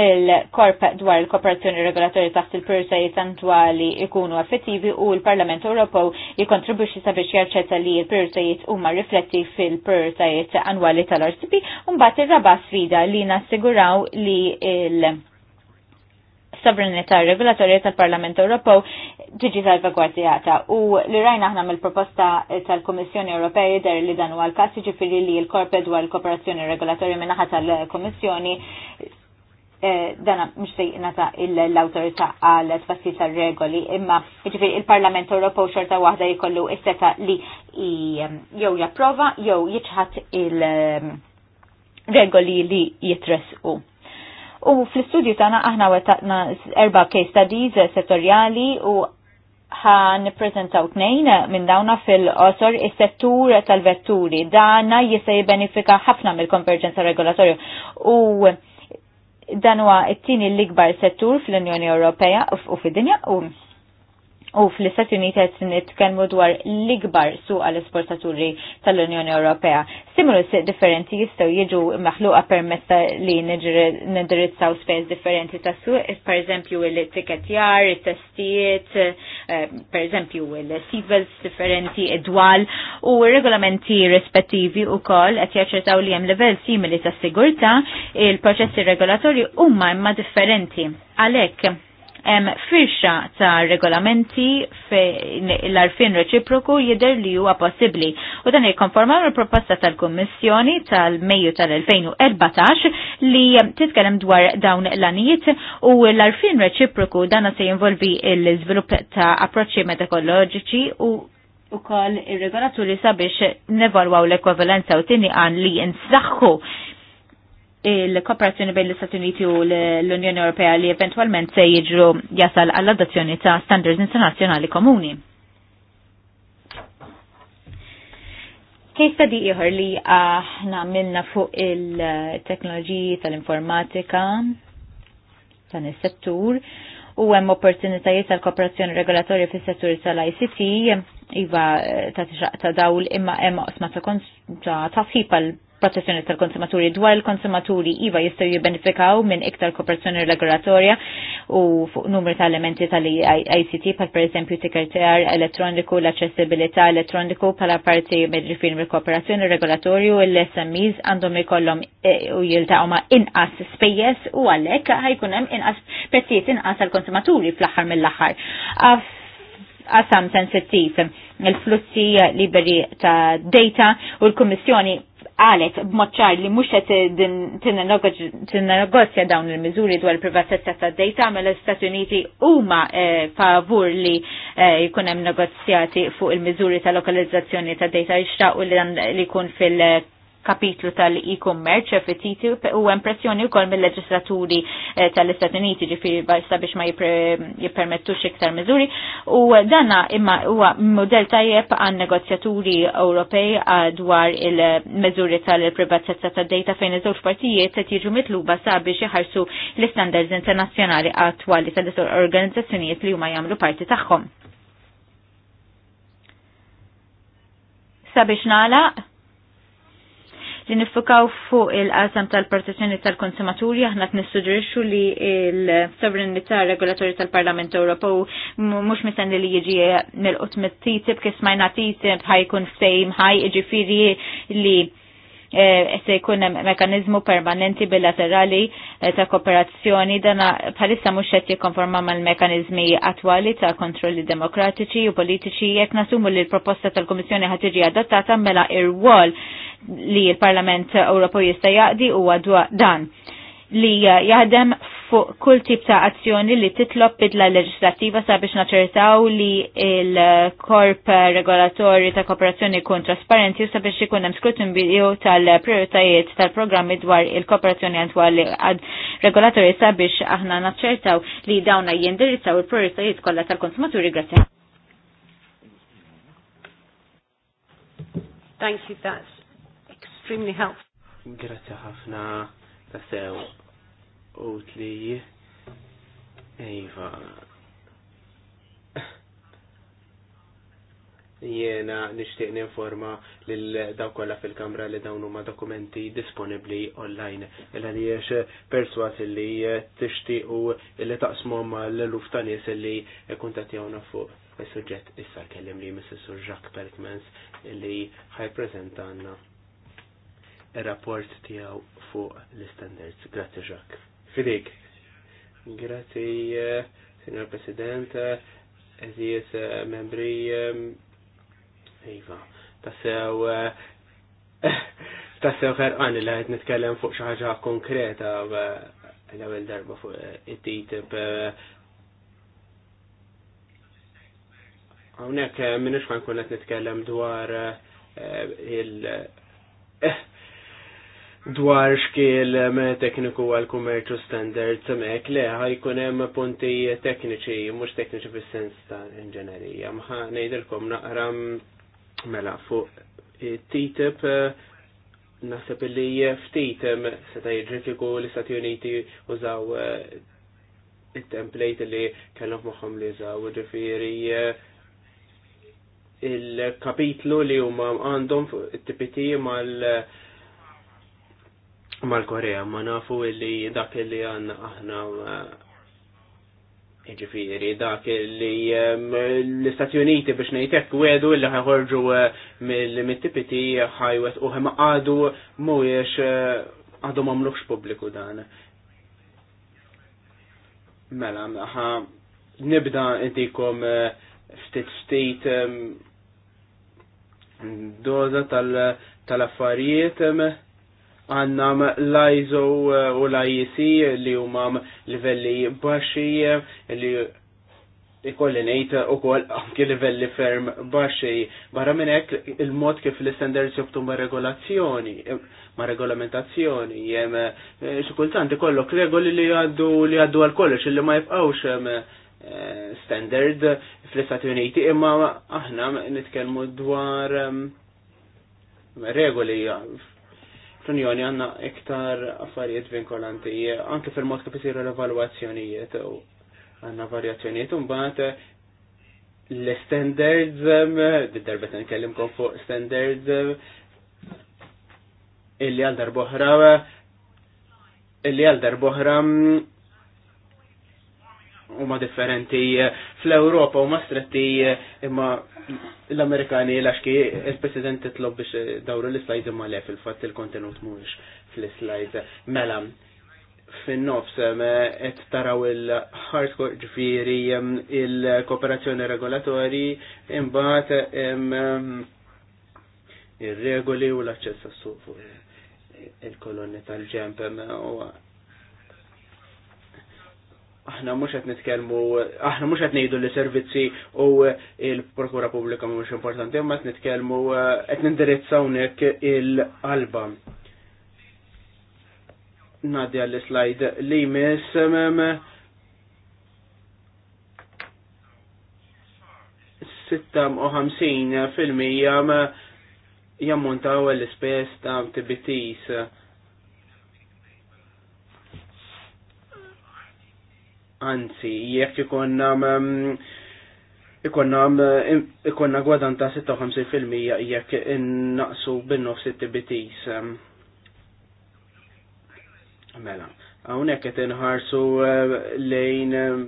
il-korp dwar il-kooperazzjoni regolatorja taħt il-prioritajiet antwali ikunu effettivi u l-Parlament Ewropew jikontribwixxi sabiex jarċetta li l-prioritajiet huma rifletti fil-prioritajiet annwali tal-RCP u mbagħad ir-raba sfida li nassiguraw li il- sovranità regolatorja tal-Parlament Ewropew tiġi salvagwardjata u li rajna aħna mill-proposta tal-Kummissjoni Ewropea der li dan huwa l-każ jiġifieri li l-korp dwar il-kooperazzjoni regolatorja minaħa tal-Kummissjoni Eh, dana mux sejqna ta' l-autorita għal tfassi ta' regoli imma ġifir il-Parlament u xorta wahda jikollu is-seta li jew japprova jew jiċħat il-regoli li jitresqu. U fl-istudju tagħna aħna wettaqna erba' case studies settorjali u ħan prezentaw tnejn minn dawna fil-qosor is-settur tal-vetturi. Dana jista' jibbenifika ħafna mill-konverġenza regolatorju. U dan huwa t-tieni l-ikbar settur fl-Unjoni Ewropea u fid-dinja u U fl-Istati Uniti qed nitkellmu dwar l-ikbar su għal esportaturi tal-Unjoni Ewropea. Stimulus differenti jistgħu jiġu maħluqa permessa li nindirizzaw spejs differenti ta' suq, eżempju il-tikketjar, it-testijiet, pereżempju il sivels eh, differenti id-dwal u regolamenti rispettivi wkoll qed jaċċertaw li hemm livell simili ta' sigurtà, il-proċessi regolatorji huma imma differenti. Għalhekk Em, firxa ta' regolamenti l-arfin reċiproku jider li huwa possibbli u dan jikkonformaw il proposta tal-Kummissjoni tal-Mejju tal-2014 li titkellem dwar dawn l-anijiet u l-arfin reċiproku dana se jinvolvi l-iżvilupp ta' approċċi metakoloġiċi u u kol il-regolaturi sabiex nevalwaw l-ekwivalenza u tini għan li nsaxħu il-kooperazzjoni bejn l-Istati Uniti u l-Unjoni Ewropea li eventualment se jiġru jasal għall-adozzjoni ta' standards internazzjonali komuni. Case study ieħor li aħna minna fuq il-teknoloġiji tal-informatika tan is-settur u hemm opportunitajiet tal-kooperazzjoni regolatorja fis-settur tal-ICT iva eh, ta' dawl imma hemm oqsma ta' tasħib għal protezzjoni tal-konsumaturi dwar il-konsumaturi iva jistgħu jibbenefikaw minn iktar kooperazzjoni regolatorja u fuq numru ta' elementi tal-ICT pal pereżempju tikertejar elettroniku, l-aċċessibilità elettroniku bħala parti mid-rifin mill-kooperazzjoni regolatorju l-SMEs għandhom ikollhom e, u jiltaqgħu ma' inqas spejjeż u għalhekk ħajkunem inqas prezzijiet inqas tal konsumaturi fl-aħħar mill-aħħar Għasam sensittiv il-flussi liberi ta' data u l-Kummissjoni għalet b-moċċar li mux t-negozja dawn il-mizuri dwar privatezza ta' dejta ma mela l-Stati Uniti huma eh, favur li eh, jkunem negozjati fuq il-mizuri ta' lokalizzazzjoni ta' dejta jixtaqu li li kun fil- kapitlu tal-e-commerce FTT u impressjoni wkoll mill-leġislaturi eh, tal-Istati Uniti ġifieri sabiex ma jippermettux iktar miżuri u danna imma huwa model tajjeb għan negozjaturi Ewropej dwar il-meżuri tal-privatezza tad-data fejn iż-żewġ partijiet qed jiġu mitluba sabiex jħarsu l-istandards internazzjonali attwali tal-organizzazzjonijiet li huma jagħmlu parti tagħhom. Sabiex nagħlaq li nifukaw fuq il-qasam tal-protezzjoni tal-konsumaturi aħna nissuġġerixxu li il sovranità regolatorja tal-Parlament Ewropew mhux mistenni li jiġi mill-qutm TTIP kif smajna ħaj ħajkun fejm, ħaj jiġifieri li Eh, se jkun hemm mekanizmu permanenti bilaterali eh, ta' kooperazzjoni dana bħalissa mhux qed jikkonforma mal-mekanizmi attwali ta' kontrolli demokratiċi u politiċi jekk nasumu li l-proposta tal-Kummissjoni ħad tiġi adattata mela ir-wol li l-Parlament Ewropew jista' jaqdi huwa dan li jaħdem fuq kull tip ta' azzjoni li titlob bidla sa' sabiex naċertaw li il-korp regolatori ta' kooperazzjoni kun trasparenti u sabiex ikun hemm skrutinju tal-prioritajiet tal-programmi dwar il-kooperazzjoni antwali għad regolatori sabiex aħna naċċertaw li dawna jindirizzaw il-prioritajiet kollha tal-konsumaturi grazzi. Thank you, that's extremely helpful. Grazie ħafna, tassew utli. Iva. Jena nishtiq ninforma lil daw kollha fil-kamra li dawn huma dokumenti disponibbli online. Illa li jiex perswas li tixtiequ li taqsmhom l-luf ta' nies li kuntatjawna fuq is-suġġett issa kellim li Mrs. Jacques Perkmans li ħajpreżentanna ir-rapport tiegħu fuq l-standards. Grazzi Jacques. Fidik. Grazzi, Signor Presidente, eżijiet eh, membri, eh, Iva, tassew, eh, (laughs) tassew għani la għed nitkellem fuq xaħġa konkreta l-ewel darba fuq it-titib Għawnek, minnix għan kunet nitkellem dwar il- dwar xkiel eh, tekniku għal kummerċu standard semek le ħajkun hemm punti tekniċi mhux tekniċi fis-sens ta' inġenerija. Mħa ngħidilkom naqra mela fuq eh, TTIP eh, naħseb li ftit seta' jiġri l-Istati Uniti użaw il-template li kellhom moħħom li użaw ġifieri il-kapitlu li huma għandhom it-TPT mal- mal-Korea, ma nafu illi dak illi għanna aħna eh, ġifiri, dak illi eh, l-Istati Uniti biex nejtek għedu illi ħajħorġu eh, mill-mittipiti ħajwet u ħema għadu mujiex għadu mamluħx publiku dan. Mela, ħa nibda intikom ftit ftit doza tal-affarijiet tal għanna l-ISO eh, u l-IEC li huma livelli baxi eh, li ikolli nejt u kol anki livelli ferm baxi. Barra minn hekk il-mod kif l-standards jobtu ma' regolazzjoni, ma' regolamentazzjoni, jem eh, xikultanti kollok regoli li għaddu li għaddu għal kollox li ma' jibqawx standard fl-Istati Uniti imma aħna nitkellmu dwar regoli fl-Unjoni għanna iktar affarijiet vinkolanti, anke fil-mod kif isiru l evaluazzjonijiet u għanna varjazzjonijiet un mbagħad l-standards, ehm, d darbet nkellimkom fuq standards illi għal darboħra illi għal darboħra ehm, ma differenti fl-Europa u ma stretti eh, imma l-Amerikani laxki il-President titlob biex eh, dawru l-slajd imma le fil-fat il-kontenut mux fl-slajd. Mela, fin-nofs eh, qed taraw il-hardcore ġifiri, il-kooperazzjoni regolatori imbagħad ir-regoli u l-aċċess s sufu il-kolonni tal-ġemp u aħna mhux qed nitkellmu aħna mhux qed ngħidu li servizzi u l-Prokura Pubblika mhux importanti, imma qed nitkellmu qed nindirizzaw hawnhekk il-qalba. Nadja l-slide li miss ħamsin fil-mija jammontaw l-ispess ta' tibitis anzi, jekk ikonna mm, ikonna mm, ikonna gwadan ta' 56% jekk innaqsu bin-nofs it-tibitis. Mm. Mela, hawnhekk qed inħarsu eh, lejn eh,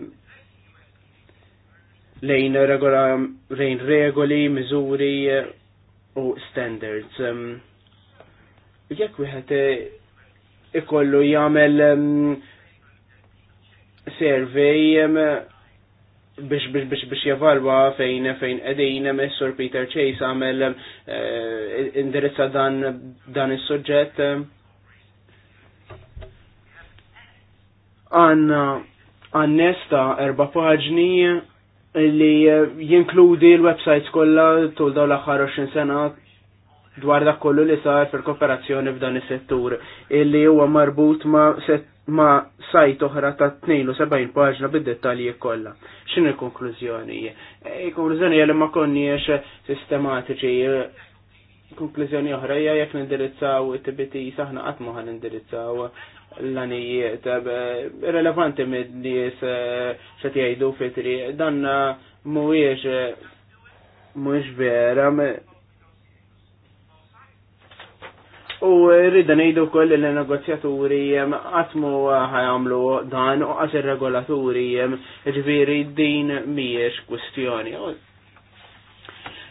lejn regola lejn regoli, miżuri eh, u standards. Jekk wieħed ikollu jagħmel survey biex biex biex biex javalwa fejn fejn edin Sir Peter Chase għamel eh, indirizza dan dan is-suġġett. Għanna għannesta erba paġni li eh, jinkludi l-websites kollha tul daw l-aħħar 20 sena dwar dak kollu li sar fil-kooperazzjoni f'dan is-settur illi huwa marbut ma' set ma sajt oħra ta' 72 paġna bid-dettalji kollha. X'inhi l-konklużjoni? Il-konklużjoni e, li ma konniex sistematiċi konklużjoni oħra hija jekk nindirizzaw it-tibiti saħna qatt ma nindirizzaw l-anijiet relevanti mid-nies e, xed jgħidu fitri dan mhuwiex mhuwiex vera U rridda ngħidu wkoll li negozjaturi għatmu ħajamlu dan u għas ir-regolaturi ġviri din mhijiex kustjoni.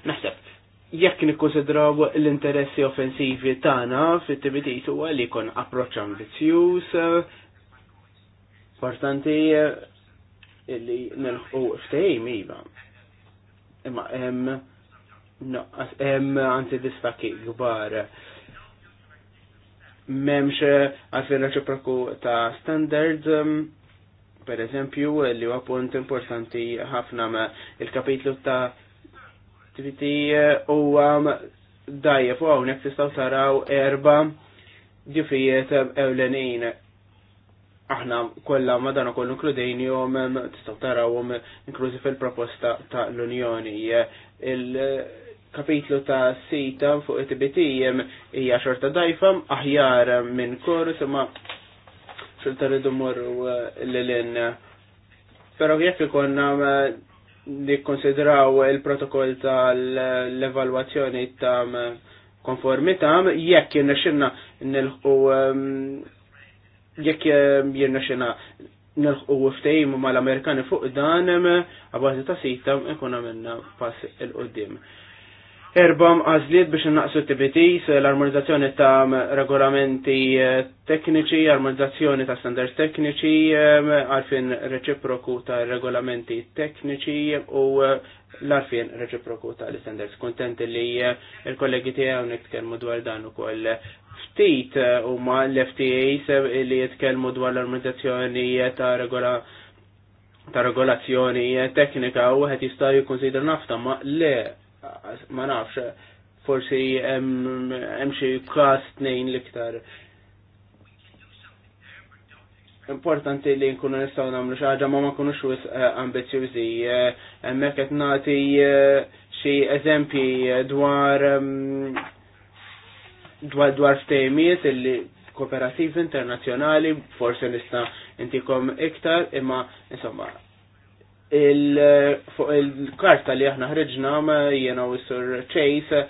Naħseb, jekk nikkonsidraw l-interessi offensivi tagħna fit-tibitit huwa li jkun approċċ ambizjus, importanti eh, li nilħu ftehim iva. Imma hemm anzi disfakki kbar memx eh, għasir reċiproku ta' standards, ehm, per eżempju, eh, li huwa punt importanti ħafna il-kapitlu ta' TVT eh, u ehm, dajjef u għawnek tistaw taraw erba ġifijiet ewlenin. Aħna kollha madana kollu ukoll jom ehm, tistgħu tarawhom inklużi fil-proposta ta' l-Unjoni kapitlu ta' sita fuq it-tibitijem hija xorta dajfam, aħjar minn kors ma xorta rridu morru eh, l-lin. Pero jekk ikonna eh, nikkonsidraw il-protokoll tal-evalwazzjoni ta' konformita, jekk jenna xinna nilħu eh, jekk jenna xinna nilħu ftejim mal-Amerikani fuq dan, għabazi ta' sita ikun għamilna pass il-qoddim erba' għażliet biex innaqsu t-TBTs, l-armonizzazzjoni ta' regolamenti eh, tekniċi, armonizzazzjoni ta' standards tekniċi, eh, għalfin reċiproku ta' regolamenti tekniċi u eh, l-arfien reċiproku ta' l-standards. Kontent li il-kollegi għaw nitkellmu dwar dan ukoll ftit u ma l-FTAs li jitkellmu dwar l-armonizzazzjoni ta' regolamenti ta' regolazzjoni teknika u għet jista' jikkonsidra nafta ma le ma nafx, forsi hemm xi klas tnejn l-iktar. Importanti li nkunu nistgħu nagħmlu xi ħaġa ma ma nkunux wis eh, ambizjużi. Eh, hemmhekk qed nagħti eh, xi eżempji dwar mm, dwar dwar ftehimiet illi kooperativi internazzjonali, forse nista' intikom iktar, imma insomma il-karta li aħna ma jena u sur Chase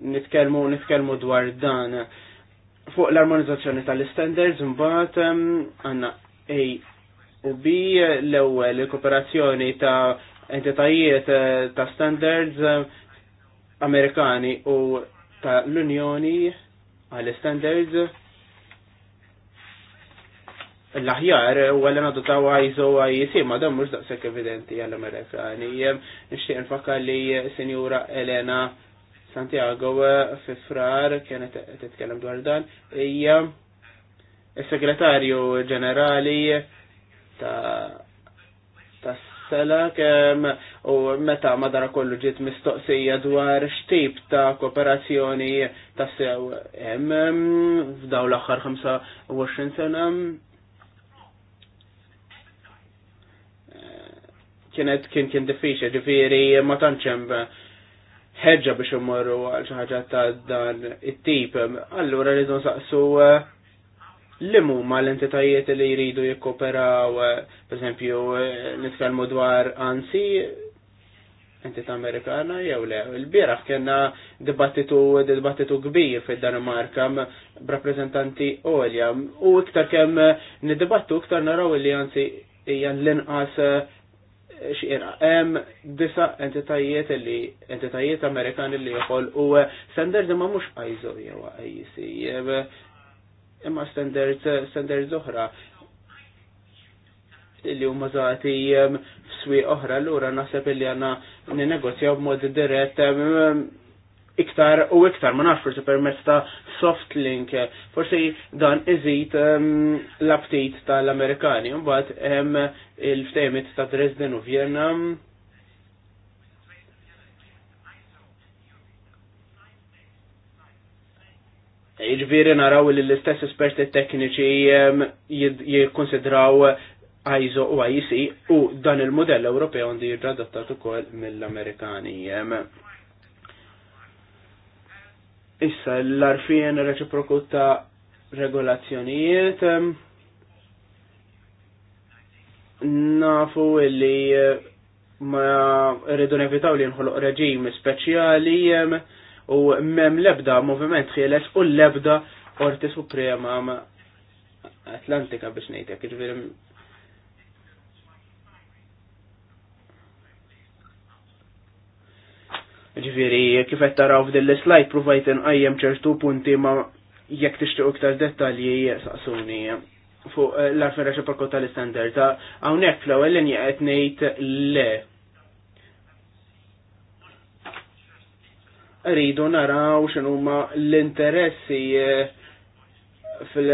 nitkelmu nitkelmu dwar dan fuq l-armonizzazzjoni tal-standards mbagħad għandna A u B l-ewwel il-kooperazzjoni ta' entitajiet eh, ta' standards eh, Amerikani u ta' l-Unjoni għall standards l-aħjar u għallan għadu ta' għajzu għajsi, ma dan mux daqsek evidenti għall-Amerikani. Nishtiq nfakka li senjura Elena Santiago eh, Fifrar, kienet kienet titkellem dwar dan, hija il-segretarju ġenerali ta' ta' kem u meta madara kollu ġiet mistoqsija dwar xtip ta' kooperazzjoni ta' sew hemm f'daw l-aħħar 25 sena kienet kien kien diffiċli ġifieri ma tantx hemm ħeġġa biex immorru għal xi ħaġa ta' dan it-tip. Allura rridu nsaqsu eh, li huma l-entitajiet li jridu jikkoperaw, eh, pereżempju eh, nitkellmu dwar ansi entità Amerikana jew le. Il-bieraħ kellna dibattitu dibattitu kbir fid-Danimarka b'rappreżentanti Olja u iktar kemm nidibattu iktar naraw li anzi hija l-inqas xirqa. Hemm disa entitajiet li entitajiet amerikan li jħol u eh, standard ma mux ISO jew IEC. Eh, imma standards standards oħra li huma żgħati f'swieq oħra, l-ura naħseb li għandna ninegozjaw b'mod dirett iktar u iktar, ma nafx forsi permezz ta' soft link, eh, forsi dan iżid ehm, l-update tal-Amerikani, mbagħad hemm il ftehmit ta' Dresden u Vienna. Iġviri naraw li l-istess esperti tekniċi ehm, jikkonsidraw ISO u IEC u dan il-modell Ewropew għandi jirradattat ukoll mill-Amerikani. Ehm. Issa l-arfien reċiproku ta' regolazzjonijiet nafu illi eh, ma rridu nevitaw li nħoloq reġimi speċjali u mem lebda moviment ħieles u lebda Orti Suprema Atlantika biex nejtek, ġviri Ġifiri, qed taraw f'din l-slide provajt inqajjem ċertu punti ma jekk tixtiequ iktar dettalji saqsuni fuq l-arfin reċiproko tal-standard. Hawnhekk fl-ewwel linja qed ngħid le. Rridu naraw x'inhuma l-interessi fil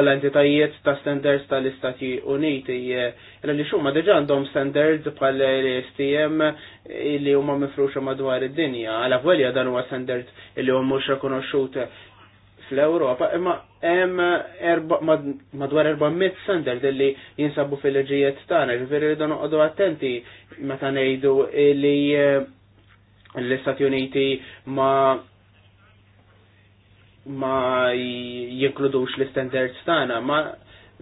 l entitajiet ta' standards tal-Istati Uniti. l li xumma deġa għandhom standards bħal l-STM li huma mifruxa madwar id-dinja. Għala għalja dan huwa standard li huma mhux rikonoxxut fl-Ewropa, imma hemm madwar 400 standard li jinsabu fil ta' tagħna, ġifieri li dan noqogħdu attenti meta ngħidu li eh, l-Istati Uniti ma' ma jinkludux l-standards tagħna, ma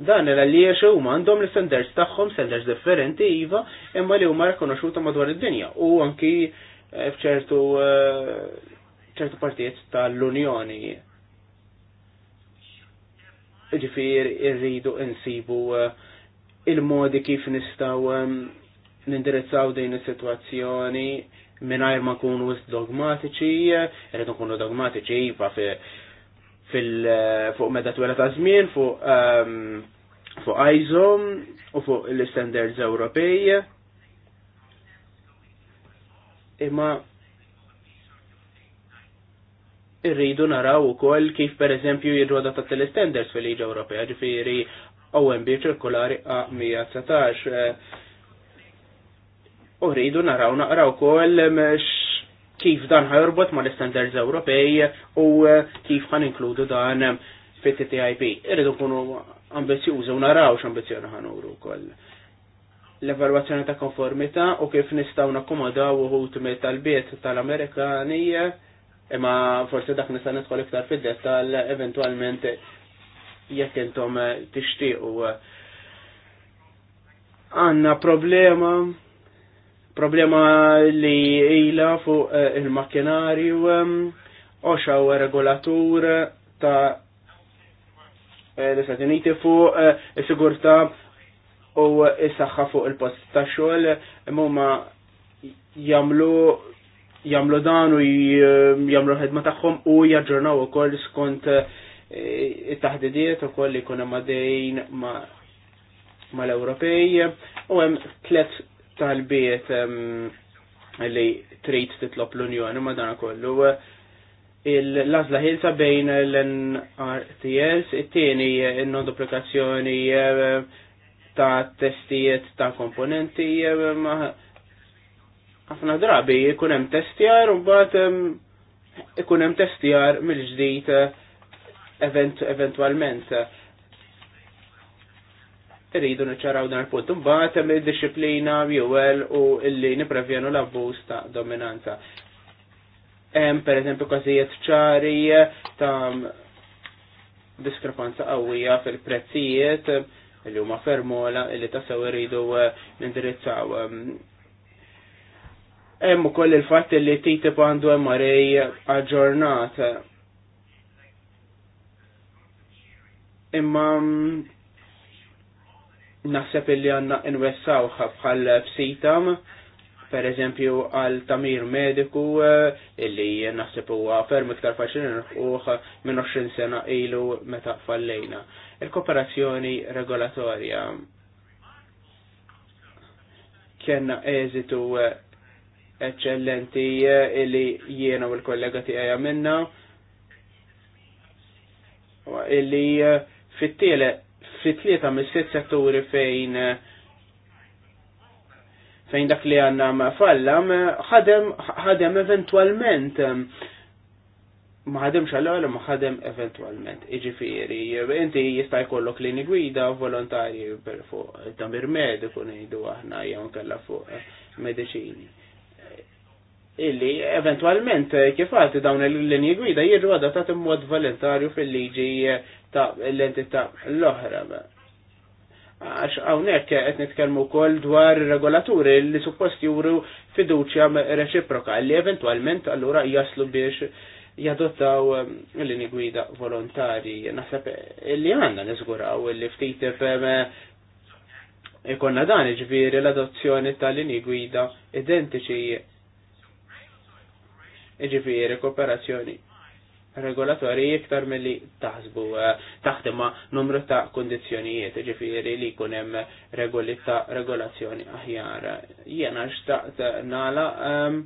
dan l jiexu huma għandhom l-standards tagħhom, standards differenti iva, imma li huma rekonoxuta madwar id-dinja u anki eh, f'ċertu eh, ċertu partijiet tal-Unjoni. Ġifir irridu insibu eh, il-modi kif nistaw nindirizzaw din is-sitwazzjoni mingħajr ma kunu dogmatiċi, irridu kunu dogmatiċi iva fi fil eh, fuq meta twela ta' żmien fuq ehm, fuq ISO u fuq l-standards Ewropej. Imma irridu naraw ukoll kif pereżempju jiġu ta' l-standards fil-liġa Ewropea, ġifieri OMB ċirkolari A119. Eh, u rridu naraw naqraw kol kif dan ħajorbot ma l-standards Ewropej u eh, kif ħan inkludu dan fit-TTIP. Irridu kunu ambizjużi u naraw x'ambizzjoni ħanuru wkoll. L-evalwazzjoni ta' konformità u kif nistgħu nakkomodaw uħut tal-biet tal-Amerikani imma forsi dak nista' nidħol iktar fid-dettal eventwalment jekk intom tixtiequ għanna problema problema li ila fuq eh, il-makkinarju ehm, oxa u regolatur ta' eh, l Uniti fuq eh, is-sigurtà u il saħħa fuq il-post ta' xogħol imma jagħmlu jamlu dan u jagħmlu ħedma tagħhom u jaġġornaw ukoll skont it-taħdidiet ukoll li jkun hemm ma' l-Ewropej u hemm tliet tal-biet li trid titlob l-Unjoni ma dan kollu l-azla ħilsa bejn l nrts it it-tieni noduplikazzjoni ta' testijiet ta' komponenti, ħafna drabi ikun hemm testjar u mbagħad ikun hemm testjar mill-ġdid event eventwalment. Iridu niċċaraw dan il-punt. Mbagħad hemm id-disciplina jewel u illi nipprevjenu l-abbuż ta' dominanza. Hemm pereżempju każijiet ċari ta' diskrepanza qawwija fil-prezzijiet li huma fermola illi tasew iridu eh, nindirizzaw. Hemm ukoll il-fatt li TTIP għandu MRA aġġornat. Imma mm, naħseb illi għanna nwessaw bħal bsitam, per eżempju għal tamir mediku eh, illi naħseb huwa ferm iktar faċli u minn 20 sena ilu meta fallejna. Il-kooperazzjoni regolatorja kienna eżitu eh, eccellenti eh, illi jiena u l-kollega tiegħi minna illi fit-tielet fi tlieta mis-sitt setturi fejn fejn dak li għanna fallam, ħadem, ħadem eventualment, ma ħadem għal ma ħadem eventualment, iġifiri, inti jista' jkollok lini gwida volontari per fuq tamir mediku nejdu aħna jew kalla fuq medicini. Illi, eventualment, kif kifat dawn l-linji gwida jirru għadatat mod volontarju fil-liġi ta' l-entità l-oħra. Għax hawnhekk qed nitkellmu wkoll dwar regolaturi li suppost juru fiduċja reċiproka li eventwalment allura jaslu biex jadottaw ehm, l-lini gwida volontari. nasab li għanna niżguraw li ftit eh, ikonna dan iġviri l-adozzjoni ta' lini gwida identiċi iġviri kooperazzjoni regolatorji iktar mill-li taħsbu eh, taħdema numru ta' kondizjonijiet, ġifiri li kunem regoli ta' regolazzjoni aħjar. Jena xtaqt nala ehm,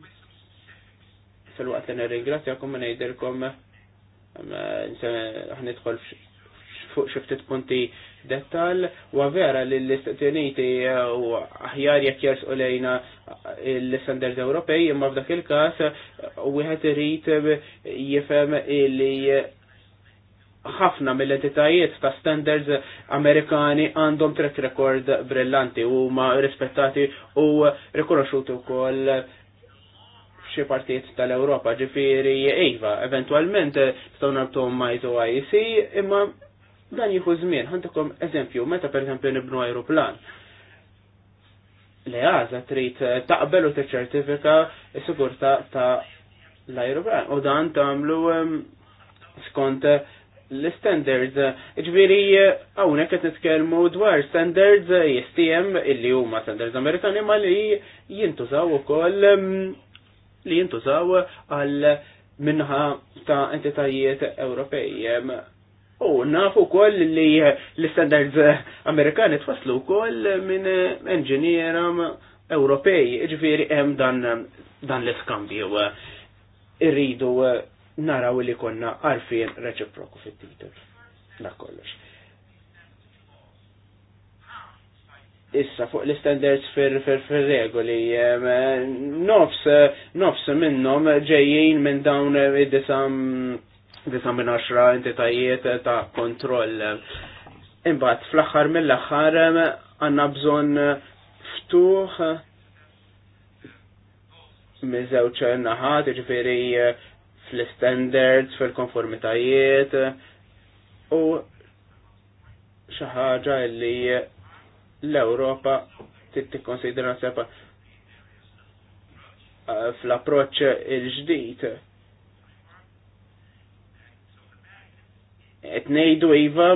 fil-waqt li nirringrazzjakom ngħidilkom ehm, ħnidħol fuq xi ftit punti dettal u vera li l-Istati Uniti eh, u aħjar jekk jersqu lejna eh, l-standards Ewropej imma f'dak il-każ eh, wieħed irid jifhem li ħafna mill-entitajiet ta' standards Amerikani għandhom track record brillanti u ma rispettati u rikonoxuti wkoll xie partijiet tal-Ewropa ġifieri Eva, eventualment stawna b'tom ma IC imma Dan jieħu żmien, ħantakom eżempju, meta pereżempju nibnu aeroplan. Le easa trid taqbel u tiċċertifika s-sigurta ta' l-aeroplan. U dan tagħmlu ehm, skont l-standards. Ġviri, hawnhekk qed nitkelmu dwar standards jistiem e illi huma standards Amerikani ma li jintużaw u koll ehm, li jintużaw għal minħa ta' entitajiet Ewropej. Ehm, U nafu koll li l-standards Amerikani tfaslu koll minn enġiniera Ewropej, ġifiri hemm dan, dan l-iskambju. Irridu naraw li konna għarfien reċiproku fit-titol. Da kollox. Issa fuq l-standards fir-regoli, nofs, nofs minnom ġejjin minn dawn id-disam disa minn 10 entitajiet ta' kontroll. Imbagħad fl-aħħar mill-aħħar għandna bżonn ftuħ miżewġ naħat, ġifieri eh, fl-standards, fil-konformitajiet u xi ħaġa li l-Ewropa tikkonsidra sepa eh, fl-approċċ il-ġdid qed ngħidu iva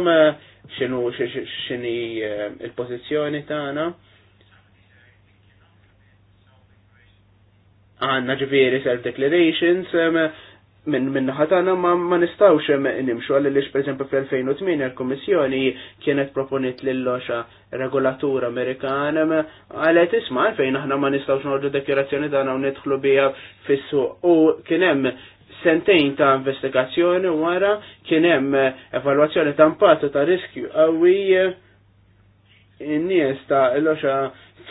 xinu x'inhi eh, il pożizzjoni tagħna. Għanna ġifieri self-declarations eh, minn minn ħatana ma, ma nistawx eh, nimxu għalli lix per esempio fl-2008 il-Komissjoni kienet proponit l-loxa regolatura amerikana għalet isma għalfejn aħna ma nistawx norġu dekjerazzjoni dana u nidħlu bija fissu u kienem sentejn ta' investigazzjoni wara kien hemm eh, evalwazzjoni ta' impatt ta' riskju qawwi eh, in-nies ta' l-oxa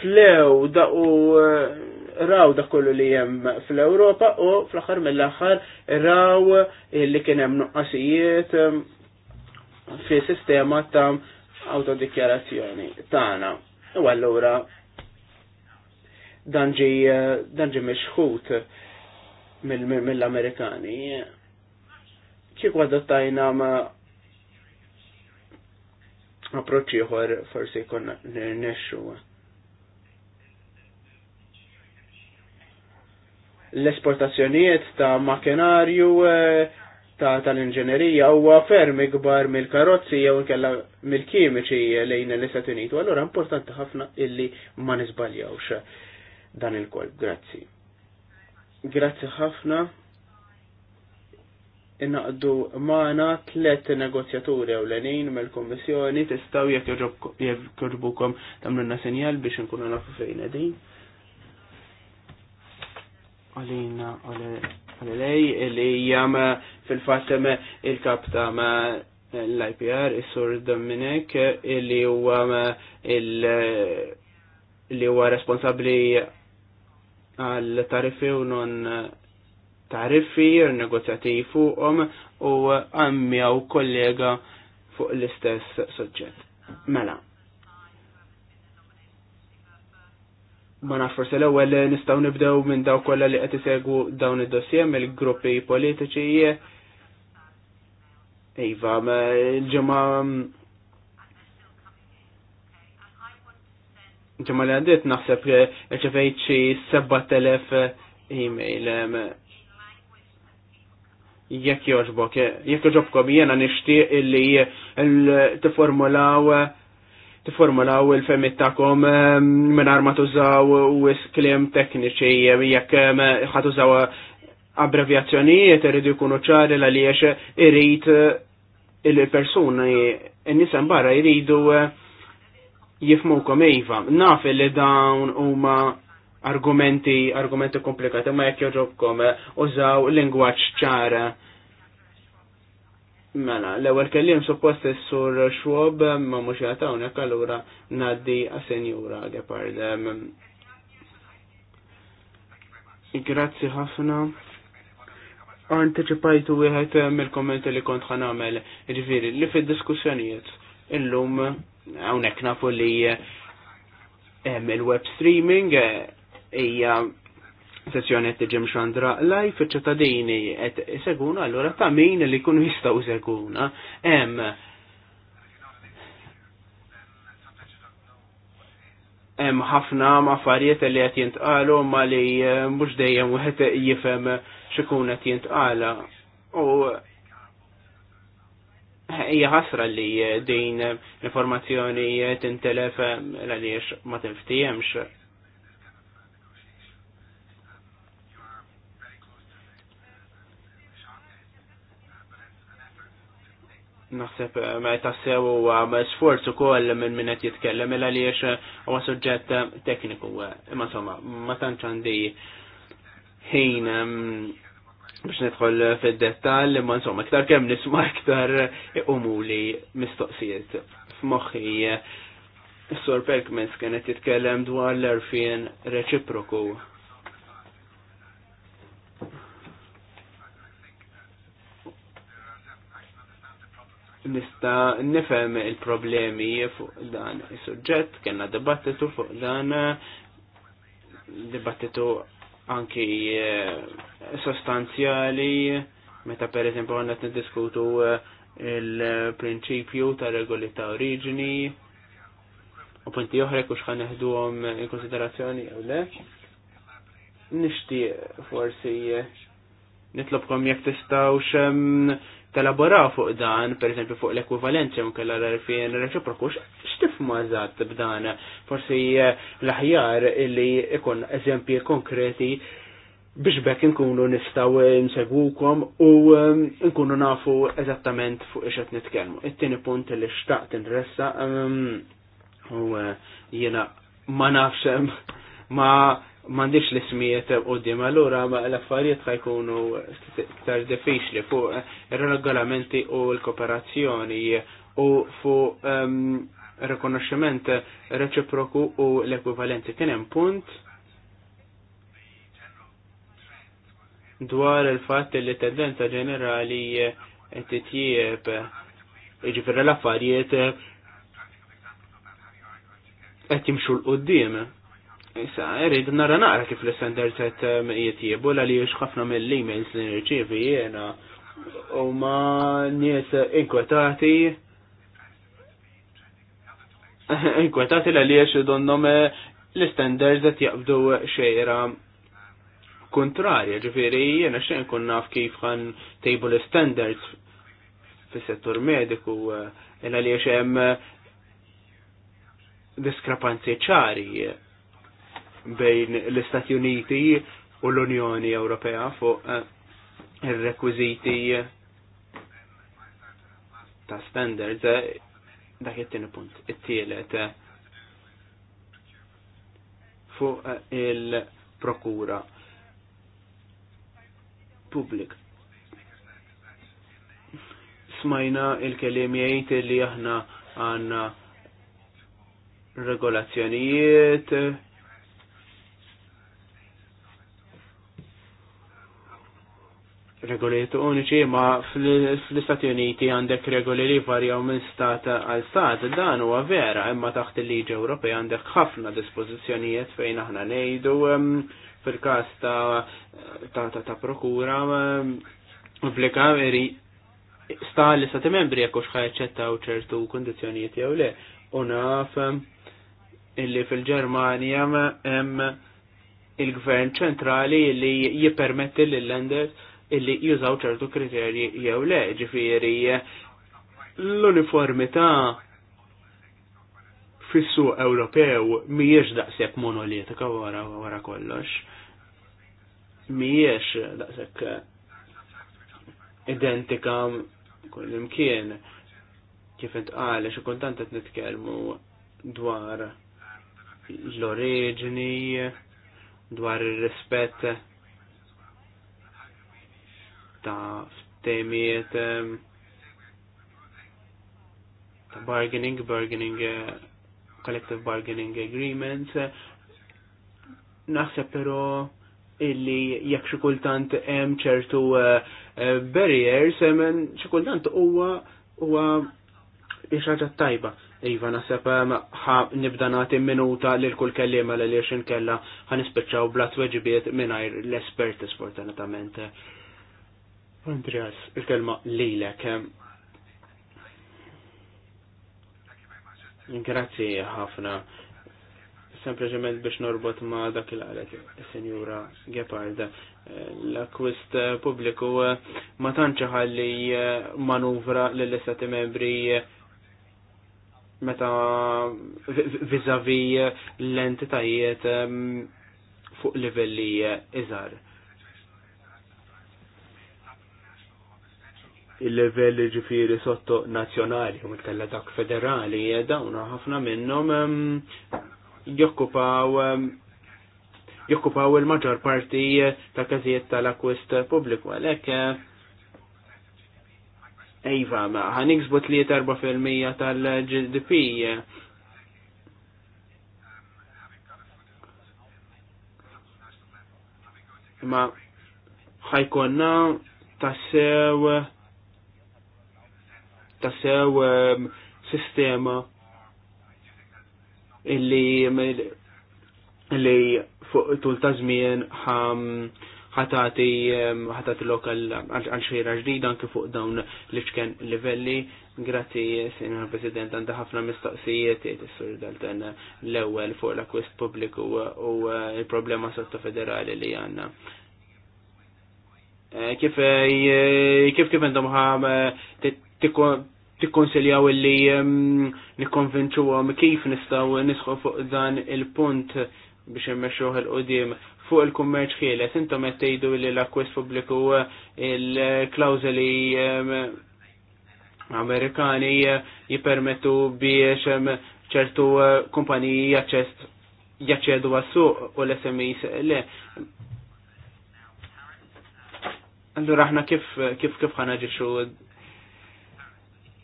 flew da' u eh, raw da' kollu li hemm fl-Ewropa u fl-aħħar mill-aħħar raw li kien hemm nuqqasijiet fi sistema ta' autodikjarazzjoni tagħna. U allura dan danġi dan mill-Amerikani. Kieku adottajna ma' approċċi ieħor forsi jkun nexxu. L-esportazzjonijiet ta' makinarju ta' tal-inġenerija huwa ferm ikbar mill-karozzi jew kella mill-kimiċi lejn l-Istati Uniti. Allura importanti ħafna illi ma nisbaljawx dan il-kolb. Grazzi. Grazzi ħafna. Innaqdu maħna tlet negozjaturi u l-enin mel-kommissjoni testaw jek jirġbukom tamlunna sinjal biex nkunu nafu fejn edin. Għalina għalilej li jam fil-fatem il-kap ta' l-IPR, il-sur Dominik, li huwa il- li huwa responsabli għal tariffi u non tariffi negozjati fuqhom u għammjaw kollega fuq l-istess soġġett. Mela. Ma naf forse l-ewwel nistgħu nibdew minn daw kollha li qed isegwu dawn id-dossier mill-gruppi politiċi. Iva, il-ġimgħa ġemma li għaddit naħseb rċevejt xi 7000 e-mail. Jekk joġbok, eh, jekk joġbok jena nixtieq illi eh, t-formulaw eh, t-formulaw il-femit ta'kom minn arma tużaw u kliem tekniċi jekk ħatużaw abbrevjazzjonijiet irridu jkunu ċari l għaliex irrid il-persuna n-nisem barra jridu jifmu komejva. Nafe li dawn huma argumenti, argumenti komplikati, ma jekk joġobkom eh, użaw lingwaġġ ċara. Mela, l-ewwel kellim suppost is-sur Xwob ma mhux jagħtawnek allura ngħaddi għas-Senjura Gepard. Grazzi ħafna. Anticipajtu wieħed mill-kommenti li kont ħanamel, ġviri, li fid-diskussjonijiet illum Hawnhekk nafu li eh, il-web streaming eh, hija sessjoni qed tiġi mxandra live iċ-ċittadini qed iseguna allura ta' min li jkunu jistgħu seguna Hemm hemm ħafna affarijiet li qed jintqalu ma li eh, mhux dejjem wieħed jifhem x'ikun qed jintqala. U hija ħasra li din informazzjoni tintelef għaliex ma tinftijemx. Naħseb ma tassew u sforz ukoll minn minn qed jitkellem illa għaliex huwa suġġett tekniku ma tanċandi ħin biex nidħol fil-dettal, imma insomma, iktar kemm nisma iktar umuli mistoqsijiet. F'moħħi, s-sor Perkmens kienet jitkellem dwar l-erfien reċiproku. Nista nifhem il-problemi fuq dan is-suġġett, kena dibattitu fuq dan dibattitu anki eh, sostanzjali, meta per eżempju għanna diskutu eh, il-prinċipju ta' regoli ta' oriġini, u punti oħrek u xħan neħdu għom in konsiderazzjoni u le. Nishti forsi eh, nitlobkom jek tistaw xem Talaboraw fuq dan, per esempio fuq l-ekwivalenza un kella l-arfien reċiproku, x'tifma eżatt b'dan, forsi eh, l-aħjar illi ikun eżempji konkreti biex bekk nkunu nistaw nsegwukom u eh, nkunu nafu eżattament fuq ixet nitkellmu. It-tieni punt li xtaqt nressa eh, u jiena ma nafxem ma mandiċ l-ismijiet u dim, allura l-affarijiet ħajkunu ktar diffiċli fuq eh, il-regolamenti u l-kooperazzjoni u fuq ehm, rekonoxximent reċiproku u l-ekwivalenti. Kien hemm punt dwar il-fatt li tendenza ġenerali titjieb ġifir l-affarijiet qed jimxu l-qudiem Issa, irrid nara naqra kif l-standards qed ehm, jitjiebu l għaliex ħafna mill-emails li nirċivi jiena u ma nies inkwetati (laughs) inkwetati l għaliex donnom eh, l-standards qed jaqbdu xejra kontrarja, ġifiri jiena xejn kun naf kif għan tejbu l-standards fis-settur mediku l eh, għaliex hemm eh, diskrepanzi ċari bejn l-Istati Uniti u l-Unjoni Ewropea fuq eh, ir-rekwiżiti eh, ta' standards eh, dak it-tieni punt. It-tielet fuq il-prokura pubblik. Smajna il-kelim jgħid li aħna għanna regolazzjonijiet, regolijiet uniċi, ma fl-Istati Uniti għandek regoli li varjaw minn stat għal stat, dan huwa vera, imma taħt il-liġi Ewropej għandek ħafna dispożizzjonijiet fejn aħna ngħidu fil-każ ta' ta' prokura obbliga sta li istati membri jekk hux ħajaċċettaw ċertu kundizzjonijiet jew le. U naf illi fil-Ġermanja hemm il-gvern ċentrali li jippermetti lill-lenders illi jużaw ċertu kriterji jew le, ġifieri l-uniformità fissu Ewropew mhijiex daqshekk monolitika wara wara kollox. Mhijiex daqshekk identika kull imkien kif intqal xi kuntant qed nitkellmu dwar l-oriġini, dwar ir-rispett ta' temijiet ta' bargaining, bargaining, eh, collective bargaining agreements. Naħseb pero illi jekk xi kultant hemm ċertu eh, eh, barriers, hemm xi kultant huwa huwa ħaġa tajba. Iva, naħseb ħa nibda nagħti minuta lil kull kelliema li xin kella ħan nispiċċaw blat weġibiet mingħajr l-espert sfortunatament. Andreas, il-kelma lilek. Grazzi ħafna. Sempliċement biex norbot ma dak il-għalet, senjura Gepard, l-akwist publiku ma tanċaħalli manuvra l-istati membri meta vizavi l-entitajiet fuq livelli iżar il-level ġifiri sotto nazjonali, u mitkella dak federali, e dawna ħafna minnom jokkupaw il-maġġor parti ta' każijiet tal-akwist publiku, għalhekk Ejva, eh, ħan ħaniksbu 3-4% tal-GDP. Ma ħajkonna tassew tassew ehm, sistema illi illi fuq tul ta' ħatati ehm, ħatati lokal għal xejra ġdida anke fuq dawn li ċken livelli. Grazzi, Sinjor President, għandha ħafna mistaqsijiet is-sur Dalton l-ewwel fuq l-akwist publiku u eh, l-problema sotto federali li għandna. Eh, eh, kif kif kif ħam tikkonsiljaw li nikkonvinċu għom kif nistaw nisħu fuq dan il-punt biex jemmexxuh il-qudiem fuq il-kummerċ ħieles. Intom mettejdu li l-akwist pubbliku il-klawżoli Amerikani jipermetu biex ċertu eh, kumpani jaċċest jaċċedu għassu suq u l smis le. Allura aħna kif kif kif ġiċu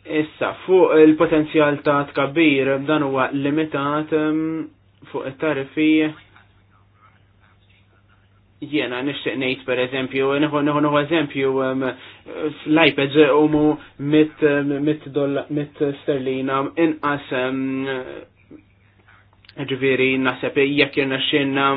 Issa, fuq il-potenzjal ta' tkabbir, dan huwa limitat fuq it-tarifi jiena nixtieq ngħid pereżempju, neħu neħu eżempju l ipad umu mit mit mit sterlina inqas ġifieri naħseb jekk irna xinna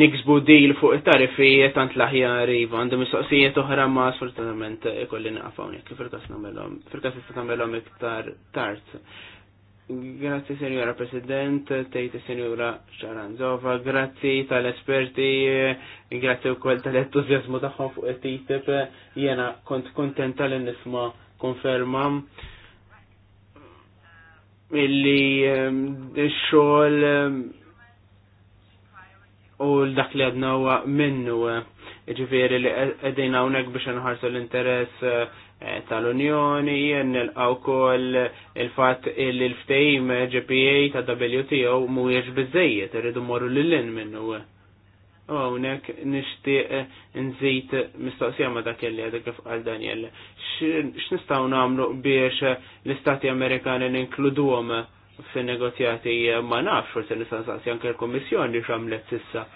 niksbu dil fuq it-tarifi tant l-aħjar iva għandhom mistoqsijiet oħra ma sfortunatament ikolli eh, naqfaw jekk fil-każ nagħmelhom fil-każ tista' tagħmelhom iktar tard. Grazzi Senjora President, tejt Senjora Xaranzova, grazzi tal-esperti, grazzi wkoll tal-entużjażmu tagħhom fuq it-TTIP, jiena kont kontenta li nisma' konferma illi eh, xogħol eh, u l-dak li għadna u minnu eh, ġifiri li għedina unek biex nħarsu l-interess eh, tal-Unjoni, nil-għaw kol il-fat il-ftejm GPA ta' WTO jiex bizzejiet, rridu morru l-lin minnu. U għonek nishtiq eh, nżid mistoqsija ma dak li għadek kif għal Daniel. X'nistgħu nagħmlu biex l-Istati Amerikani għom fin negozjati eh, ma nafx forse nisansansi anke l kummissjoni xamlet sissa.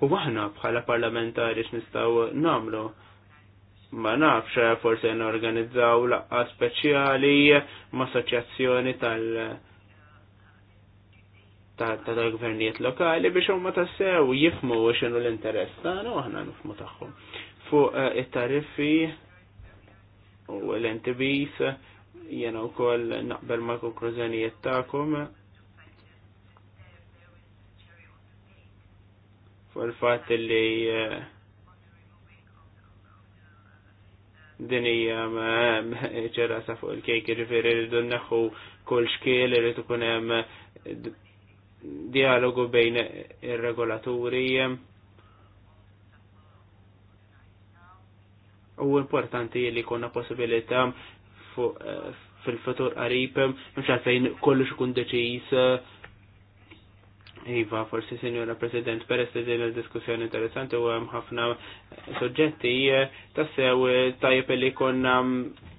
U aħna bħala parlamentari x'nistgħu namlu. Ma nafx eh, forse norganizzaw laqqa speċjali ma' assoċjazzjoni tal- ta' gvernijiet lokali biex huma tassew jifmu x'inhu l-interess tagħna u aħna nifmu tagħhom. Fuq eh, it-tariffi u l-NTBs jena u koll naqbel ma' konklużjonijiet jettakum Fuq il-fat li eh, din hija ċerasa fuq il-kejk ġifieri rridu neħu kull xkiel irid ikun hemm dialogu bejn ir-regolaturi u importanti li kuna possibilità fuq eh, fil-futur qarib, mhux għalfejn kollox ikun deċiż. Iva, forsi senjora President, peress li din il-diskussjoni interessanti u hemm ħafna eh, soġġetti eh, tassew tajjeb li konna mm,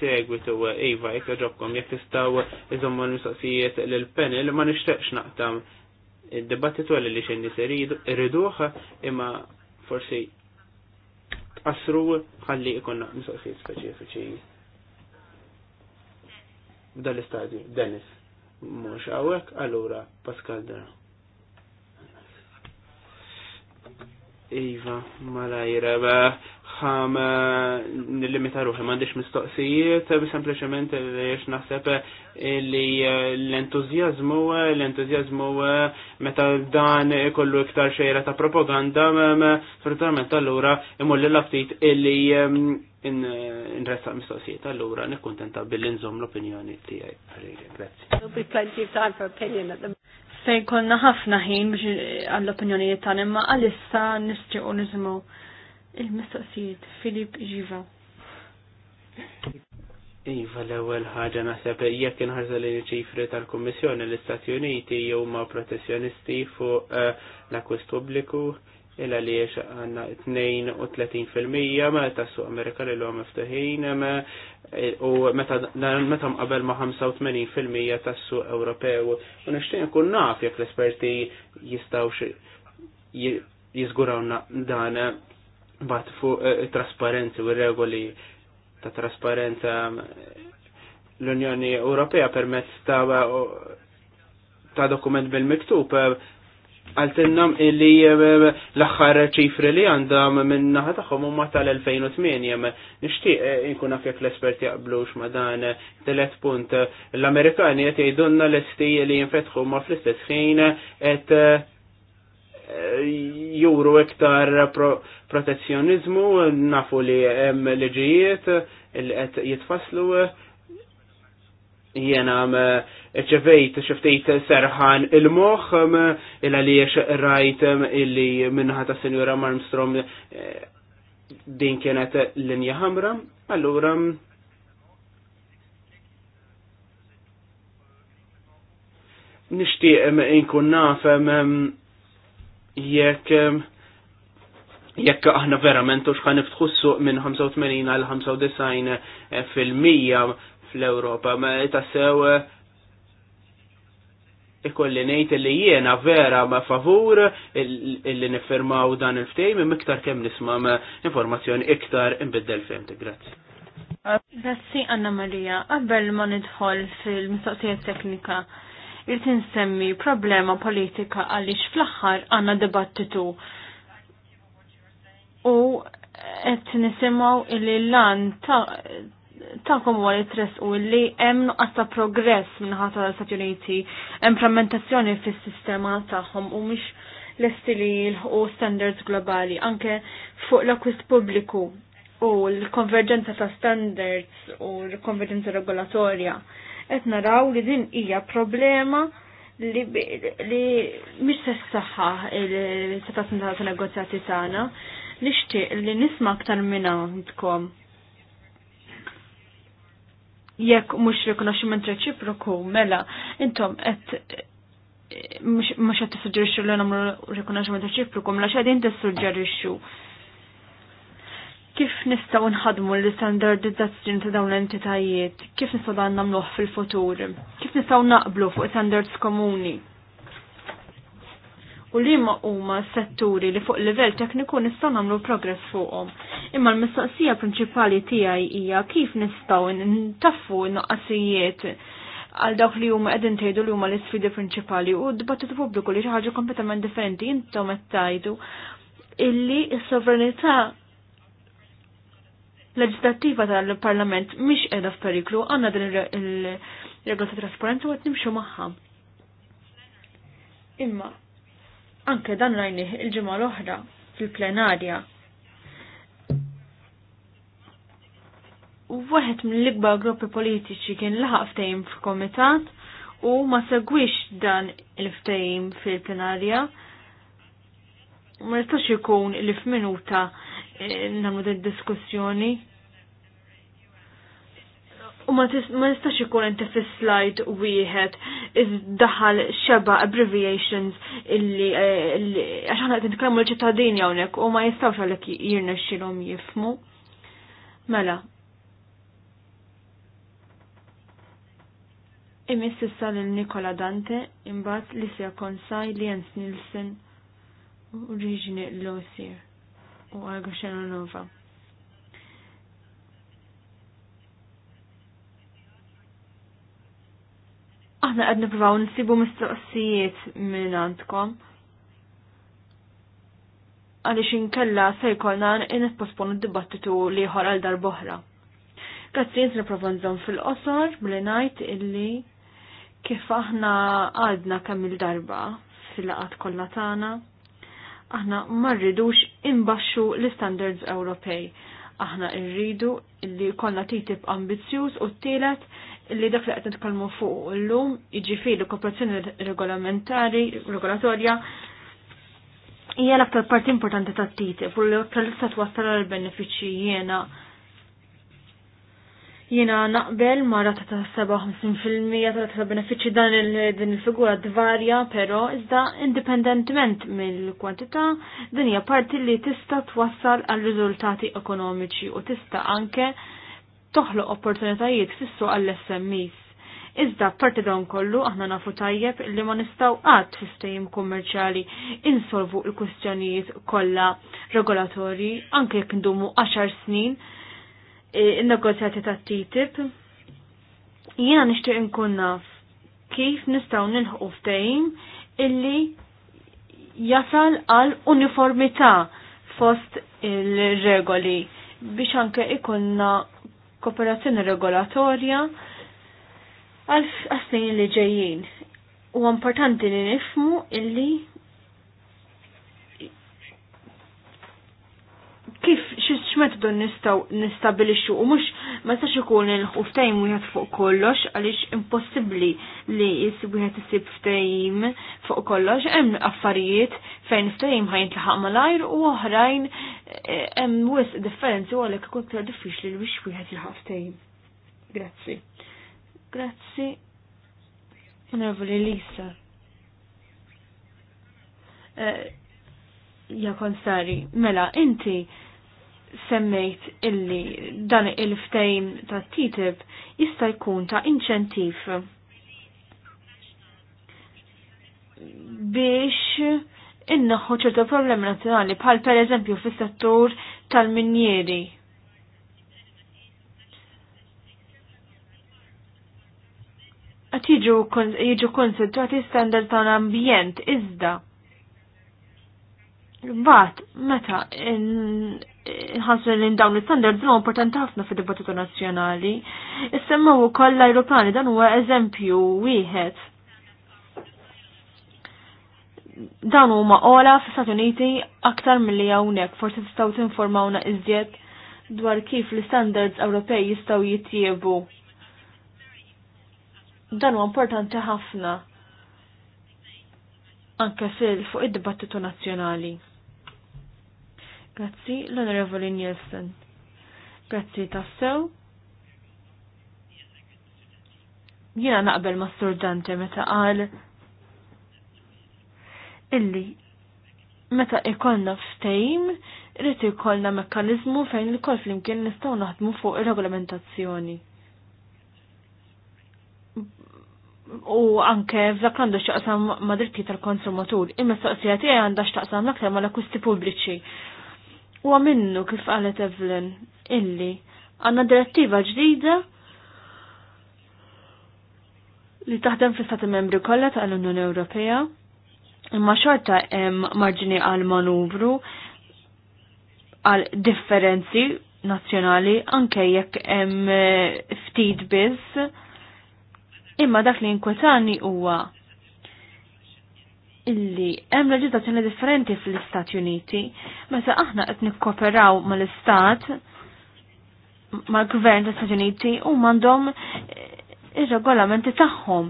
segwitu Iva, jekk ġobkom, jekk tistaw iżommu l-mistoqsijiet lill-panel, ma nixtieqx naqtam id debattit għalli li xenni se irriduħ imma forsi tqasru ħalli ikonna mistoqsijiet speċifiċi b'dan istadju Dennis, mhux hawnhekk, allura Pascal Dera. Iva, malajra, ħam eh, nil-limita ruħi, mandiċ mistoqsijiet, eh, sempliciment jiex naħseb eh, li l-entuzjazmu, l-entuzjazmu meta dan kollu iktar xejra ta' propaganda, tal allura imulli l-laftit illi in-resta' mistoqsijiet, allura nikkuntenta billi inżom l-opinjoni tiegħi. Grazie. Se jkollna ħafna ħin biex għall-opinjonijiet tagħna, imma għalissa nistgħu Il-mistoqsijiet Filip Ġiva. Iva l-ewwel ħaġa naħseb jekk inħarsa li ċifri tal-Kummissjoni l-Istati Uniti huma protezzjonisti fuq eh, l-akwist pubbliku il għaliex għanna 32% ma ta' suq Amerika li l-għom miftuħin u meta mqabel ma' 85% ta' suq Ewropew. U nishtin kun naf jekk l-esperti jistawx jizgurawna dan Bat fuq eh, trasparenzi u regoli ta' trasparenza l-Unjoni Ewropea permezz ta' ta' dokument bil-miktub eh, għaltinnam illi eh, l-axħar ċifri li għandam minn naħa taħħom ma tal-2008 nishtiq inkun għaf jek l-espert jaqblux ma dan telet punt l-Amerikani għet jidunna l-esti li jinfetħu ma fl-istess ħin għet juru iktar protezzjonizmu, nafu li hemm liġijiet li qed jitfaslu jena eh, ċevejt xeftejt serħan il-moħ eh, il għaliex rajt eh, illi minnaħa ta' senjura Marmstrom din kienet linja ħamra, allura nishtiq inkun nafem jekk jekk aħna verament u xħan niftħu minn 85 għal 95 eh, fil-mija fl-Europa. Ma tassew eh, ikolli nejt li jiena vera ma favur illi nifirmaw dan il-ftejm miktar kem nisma informazzjoni iktar imbiddel fimt. Grazzi. Grazzi Anna Maria. qabel ma nidħol fil-mistoqsijiet teknika, irrid insemmi problema politika għaliex fl-aħħar għandna dibattitu. U qed nisimgħu l lan ta'kom huwa li tresqu li hemm nuqqas ta' progress minħata tal-Stati Uniti, implementazzjoni fis-sistema tagħhom u mhix l estili u standards globali, anke fuq l-akwist pubbliku u l-konverġenza ta' standards u l-konverġenza regolatorja qed naraw li din hija problema li mhix se saħħa il-setat ta' negozjati tagħna. Nixtieq li nisma' aktar minn għandkom. Jekk mhux rikonoxximent reċiproku mela intom qed eh, mux għed t-sugġerixu l-għanam rikonaxment ċifru kum la kif nistgħu nħadmu l-istandardizzazzjoni ta' dawn l-entitajiet, kif nistgħu dan nagħmluh fil-futur, kif nistgħu naqblu fuq standards komuni. U li ma huma setturi li fuq livell tekniku nistgħu nagħmlu progress fuqhom. Imma l-mistoqsija prinċipali tiegħi hija kif nistgħu ntaffu n-noqqasijiet għal dawk li huma qegħdin tgħidu li huma l-isfidi prinċipali u d-dibattitu pubbliku li xi ħaġa kompletament differenti intom qed tgħidu illi s-sovranità leġislattiva tal-Parlament mhix qiegħda f'periklu, għandna din il-regola ta' trasparenza u qed nimxu magħha. Imma anke dan rajnih il-ġimgħa l-oħra fil-plenarja Waħed mill ikba gruppi politiċi kien laħaq ftejim f'komitat u ma segwix dan il ftejim fil-plenarja. Ma jistax ikun l f'minuta minuta Eh, nagħmlu din diskussjoni. U ma nistax ikun inti fi slide wieħed daħal xeba abbreviations eh, illi għax aħna qed nitkellmu l-ċittadini hawnhekk u ma jistgħux għalhekk jirnexxilhom jifmu. Mela. Imis issa lil Nikola Dante imbagħad Lisja Konsaj, Jens Nielsen u Riġni Losier u xena Nova. Aħna qed nippruvaw nsibu mistoqsijiet minn għandkom. Għaliex inkella se jkollna nispospon d-dibattitu li ieħor għal darb'oħra. Grazzi jint niprovanżon fil-qosor bli ngħid illi kif aħna għadna kemm il-darba fil-laqat kollha tagħna aħna ma rridux imbaxxu l-standards Ewropej. Aħna rridu li jkollna titib ambizzjuż u t-tielet li dak li qed nitkellmu fuq illum jiġifieri kooperazzjoni regolamentari, regolatorja hija l-aktar parti importanti tat-titib u l-aktar lista twassal għal benefiċċji jiena Jiena naqbel ma rata ta' 57% ta' ta' benefiċi dan din il-figura tvarja, però iżda indipendentement mill-kwantità din hija parti li tista' twassal għal riżultati ekonomiċi u tista' anke toħloq opportunitajiet fissu għall smis Iżda parti dawn kollu aħna nafu tajjeb li ma nistaw għad fistejim kummerċali insolvu il-kustjonijiet kollha regolatorji anke jekk ndumu 10 snin il-negozjati ta' TTIP. Jiena nixtieq inkun naf kif nistgħu nilħqu ftehim illi jasal għal uniformità fost il-regoli biex anke ikonna kooperazzjoni regolatorja għal snin li ġejjin. U importanti li nifmu illi kif x'metodu nistaw nistabilixxu u mhux ma sax ikun il ftehim wieħed fuq kollox għaliex impossibbli li jsib wieħed isib ftejm fuq kollox hemm affarijiet fejn ftehim ħajntlaħaq malajr u oħrajn eh, hemm wisq differenzi u għalhekk ikun ktar diffiċli li biex wieħed jilħaq ftehim. Grazzi. Grazzi. Onorevoli Lisa. Eh, ja konsari, mela, inti semmejt illi dan il-ftejn ta' TTIP jista' jkun ta' inċentiv biex innaħħu ċerta problemi nazzjonali bħal per eżempju fis-settur tal-minjeri. Qed jiġu konsentrati standard tal-ambjent iżda Bat, meta ħasser li dawn l-standards huwa importanti ħafna fid-dibattitu nazzjonali. Issemma u koll l-ajrupani dan huwa eżempju wieħed. Dan huma ola fis-Stati Uniti aktar milli hawnhekk, forsi tistgħu tinformawna iżjed dwar kif l-standards Ewropej jistgħu jitjiebu. Dan huwa importanti ħafna anke fil fuq id-dibattitu nazzjonali. Grazzi, l-Onorevoli Nielsen. Grazzi tassew. Jiena naqbel ma' Sur meta qal illi meta ikollna ftejm rrit ikollna mekkanizmu fejn il-kol flimkien nistgħu naħdmu fuq ir-regolamentazzjoni. U anke f'dak għandu x'taqsam ma' dritti tal-konsumatur, imma s-soqsija tiegħi għandha x'taqsam l-aktar mal-akusti pubbliċi U minnu kif qalet Evelyn illi għanna direttiva ġdida li taħdem fl stati membri kollha tal-Unjoni Ewropea imma xorta hemm marġini għal manuvru għal differenzi nazzjonali anke jekk hemm ftit biss imma dak li inkwetani huwa illi hemm leġiżlazzjoni differenti fl-Istati Uniti, meta aħna qed nikkoperaw mal-Istat mal-Gvern tal-Istati Uniti u m'għandhom eh, ir-regolamenti tagħhom.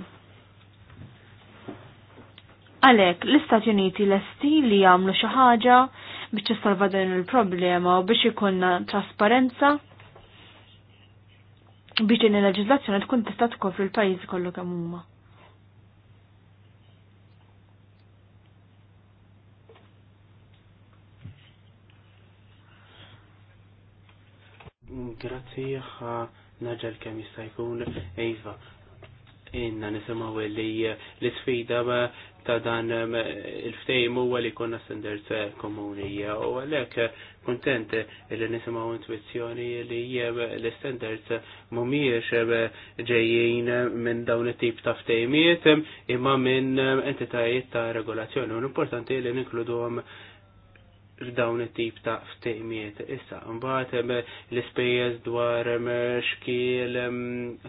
Għalhekk l-Istati Uniti lesti li jagħmlu xi ħaġa biex jistalva din il-problema u biex ikunna trasparenza biex din il-leġiżlazzjoni tkun tista' tkopri l-pajjiż kollu kemm huma. Grazzi ħa naġel kemm jista' jkun Eva. Inna nisimgħu li l-isfida ta' dan ehm, il ftejmu huwa li konna standards eh, komuni u għalhekk kuntent li nisimgħu intuizzjoni li ehm, l-standards mhumiex ehm, ġejjin minn dawn it-tip ta' ftejmiet imma minn entitajiet ta' regolazzjoni u l-importanti li ninkluduhom f'dawn it-tip ta' ftejmiet. Issa, mbagħad hemm l-ispejjeż dwar xkiel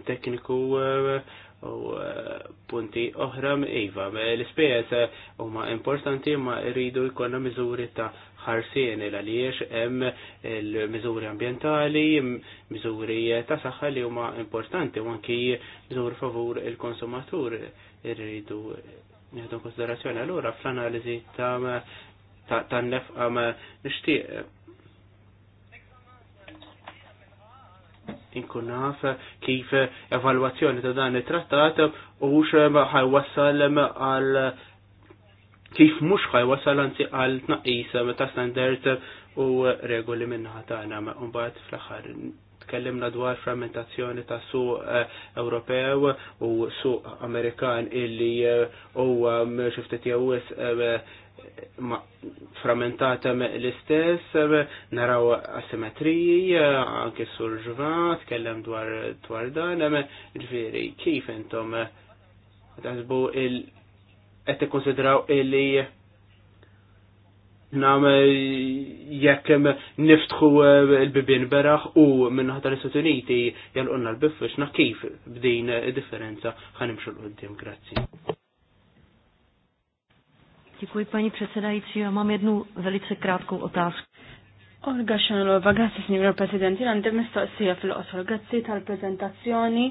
tekniku eh, u eh, punti oħra iva. L-ispejjeż eh, huma importanti ma rridu jkollna miżuri ta' ħarsien il għaliex hemm il-miżuri ambientali, miżuri ta' saħħa li huma importanti u anki miżuri favur il-konsumatur irridu jgħadu konsiderazzjoni. Allura fl-analiżi ta' tan-nefqa ma nixtieq. Eh, inkun naf kif evalwazzjoni ta' dan it-trattat u wassal għal kif mhux wassal għanzi għal tnaqqis ta' standard u regoli minnaħa tagħna mbagħad fl axar tkellimna dwar frammentazzjoni ta' Su eh, Ewropew u Su Amerikan illi eh, huwa xiftet jawis frammentata l-istess, naraw asimetriji, anke sur ġvat, kellem dwar dwar dan, ġviri, kif intom għazbu il qed tikkonsidraw illi nam jekk niftħu l-bibien beraħ u minnaħta l sotuniti jgħal-unna l bifux na kif b'din differenza ħanimxu l għoddim grazzi. Děkuji, paní předsedající. Já mám jednu velice krátkou otázku. Olga Xanlova, grazie, signor Presidenti, għandem mistoqsija fil-qosor, grazzi tal-prezentazzjoni.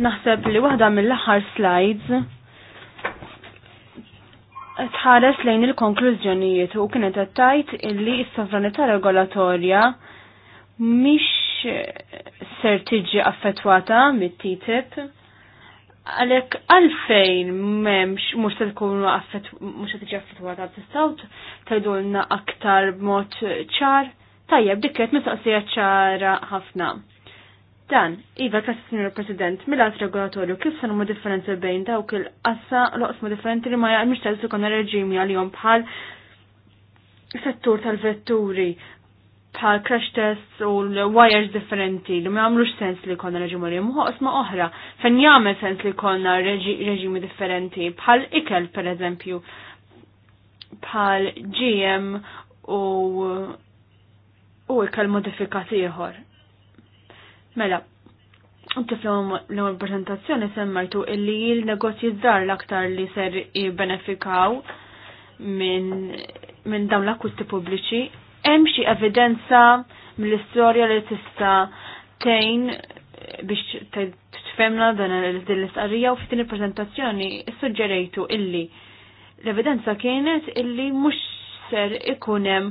Naħseb li waħda mill-aħħar slides tħares lejn il-konklużjonijiet u kienet qed tgħid illi s-sovranità regolatorja mhix ser tiġi affettwata mit-TTIP għalek għalfejn memx mux ta' tkunu għaffet, mux ta' tiġi għaffet għadab t-istaw, tajdulna aktar mot ċar, tajjeb dikket mistaqsija ċara ħafna. Dan, Iva, ta' Signor President, mill għas regolatorju, kif sanu ma' differenzi bejn dawk il loqs ma' differenti li ma' jgħal mux ta' reġimi għal-jom bħal settur tal-vetturi bħal crash tests u wires differenti li ma jagħmlux sens li konna reġimu li muħoqs osma oħra fejn jagħmel sens li konna reġimi differenti bħal ikel per eżempju bħal GM u u ikel modifikati ieħor. Mela, tiflom l prezentazzjoni semmajtu illi il-negozji żgħar l-aktar li ser jibbenefikaw minn min dawn l-akkusti pubbliċi hemm xi evidenza mill-istorja li tista' tgħin biex tfemna dan l-istqarrija u f'din il prezentazzjoni suġġerejtu illi l-evidenza kienet illi mhux ser ikun hemm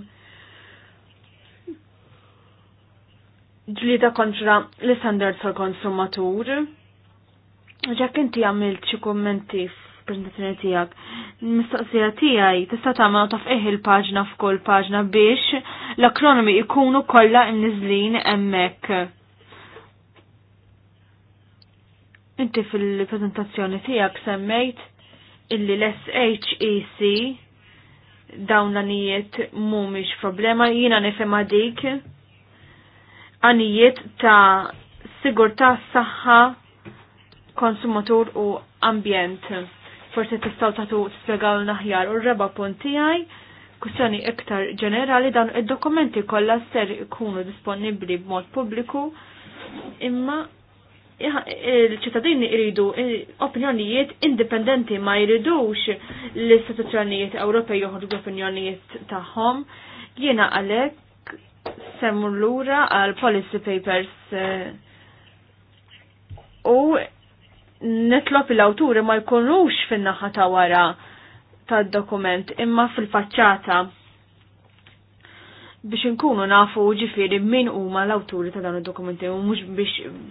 ġlida kontra l-standards tal konsumatur Ġak inti għamilt xi kummenti prezentazzjoni tijak. Mistoqsija tiegħi tista' tagħmel taf eħ il-paġna f'kull paġna biex l-akronomi jkunu kollha imnizlin hemmhekk. Inti fil-prezentazzjoni tiegħek semmejt illi l-SHEC dawn l-anijiet mhumiex problema jiena nifhimha dik għanijiet ta' sigurta, saħħa, konsumatur u ambjent forse tistaw tatu spiegaw naħjar u r-reba għaj, kustjoni iktar ġenerali dawn id-dokumenti kollha ser ikunu disponibbli b'mod pubbliku, imma il-ċittadini iridu opinjonijiet indipendenti ma jridux l-istituzzjonijiet Ewropej joħorġu opinjonijiet tagħhom. Jiena għalhekk semmur lura għal policy papers eh, u nitlob il-awturi ma jkunux fin-naħa ta' wara tad-dokument imma fil-faċċata biex inkunu nafu ġifiri min huma l-awturi ta' dan id-dokumenti u mhux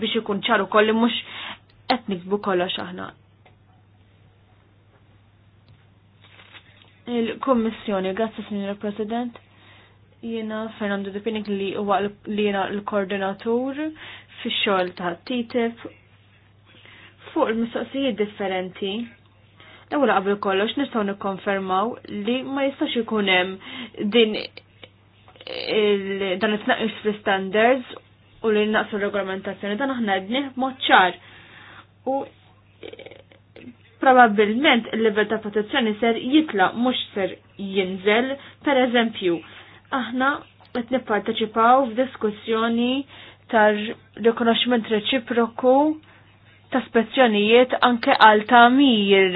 biex ikun ċaru kolli mhux qed nikbu kollox aħna. Il-Kommissjoni, grazzi Signora President. Jiena Fernando Depinik li huwa li jiena l-koordinatur fix-xogħol ta' TTIP fuq il-mistoqsijiet differenti. Ewla qabel kollox nistgħu nikkonfermaw li ma jistax ikun hemm din dan it-tnaqqis fl-standards u li naqsu regolamentazzjoni dan aħna għedni mod ċar. U probabbilment il-level ta' protezzjoni ser jitla mhux ser jinżel, per eżempju, aħna qed nipparteċipaw f'diskussjoni tar rikonoxximent reċiproku ta' spezzjonijiet anke għal tamir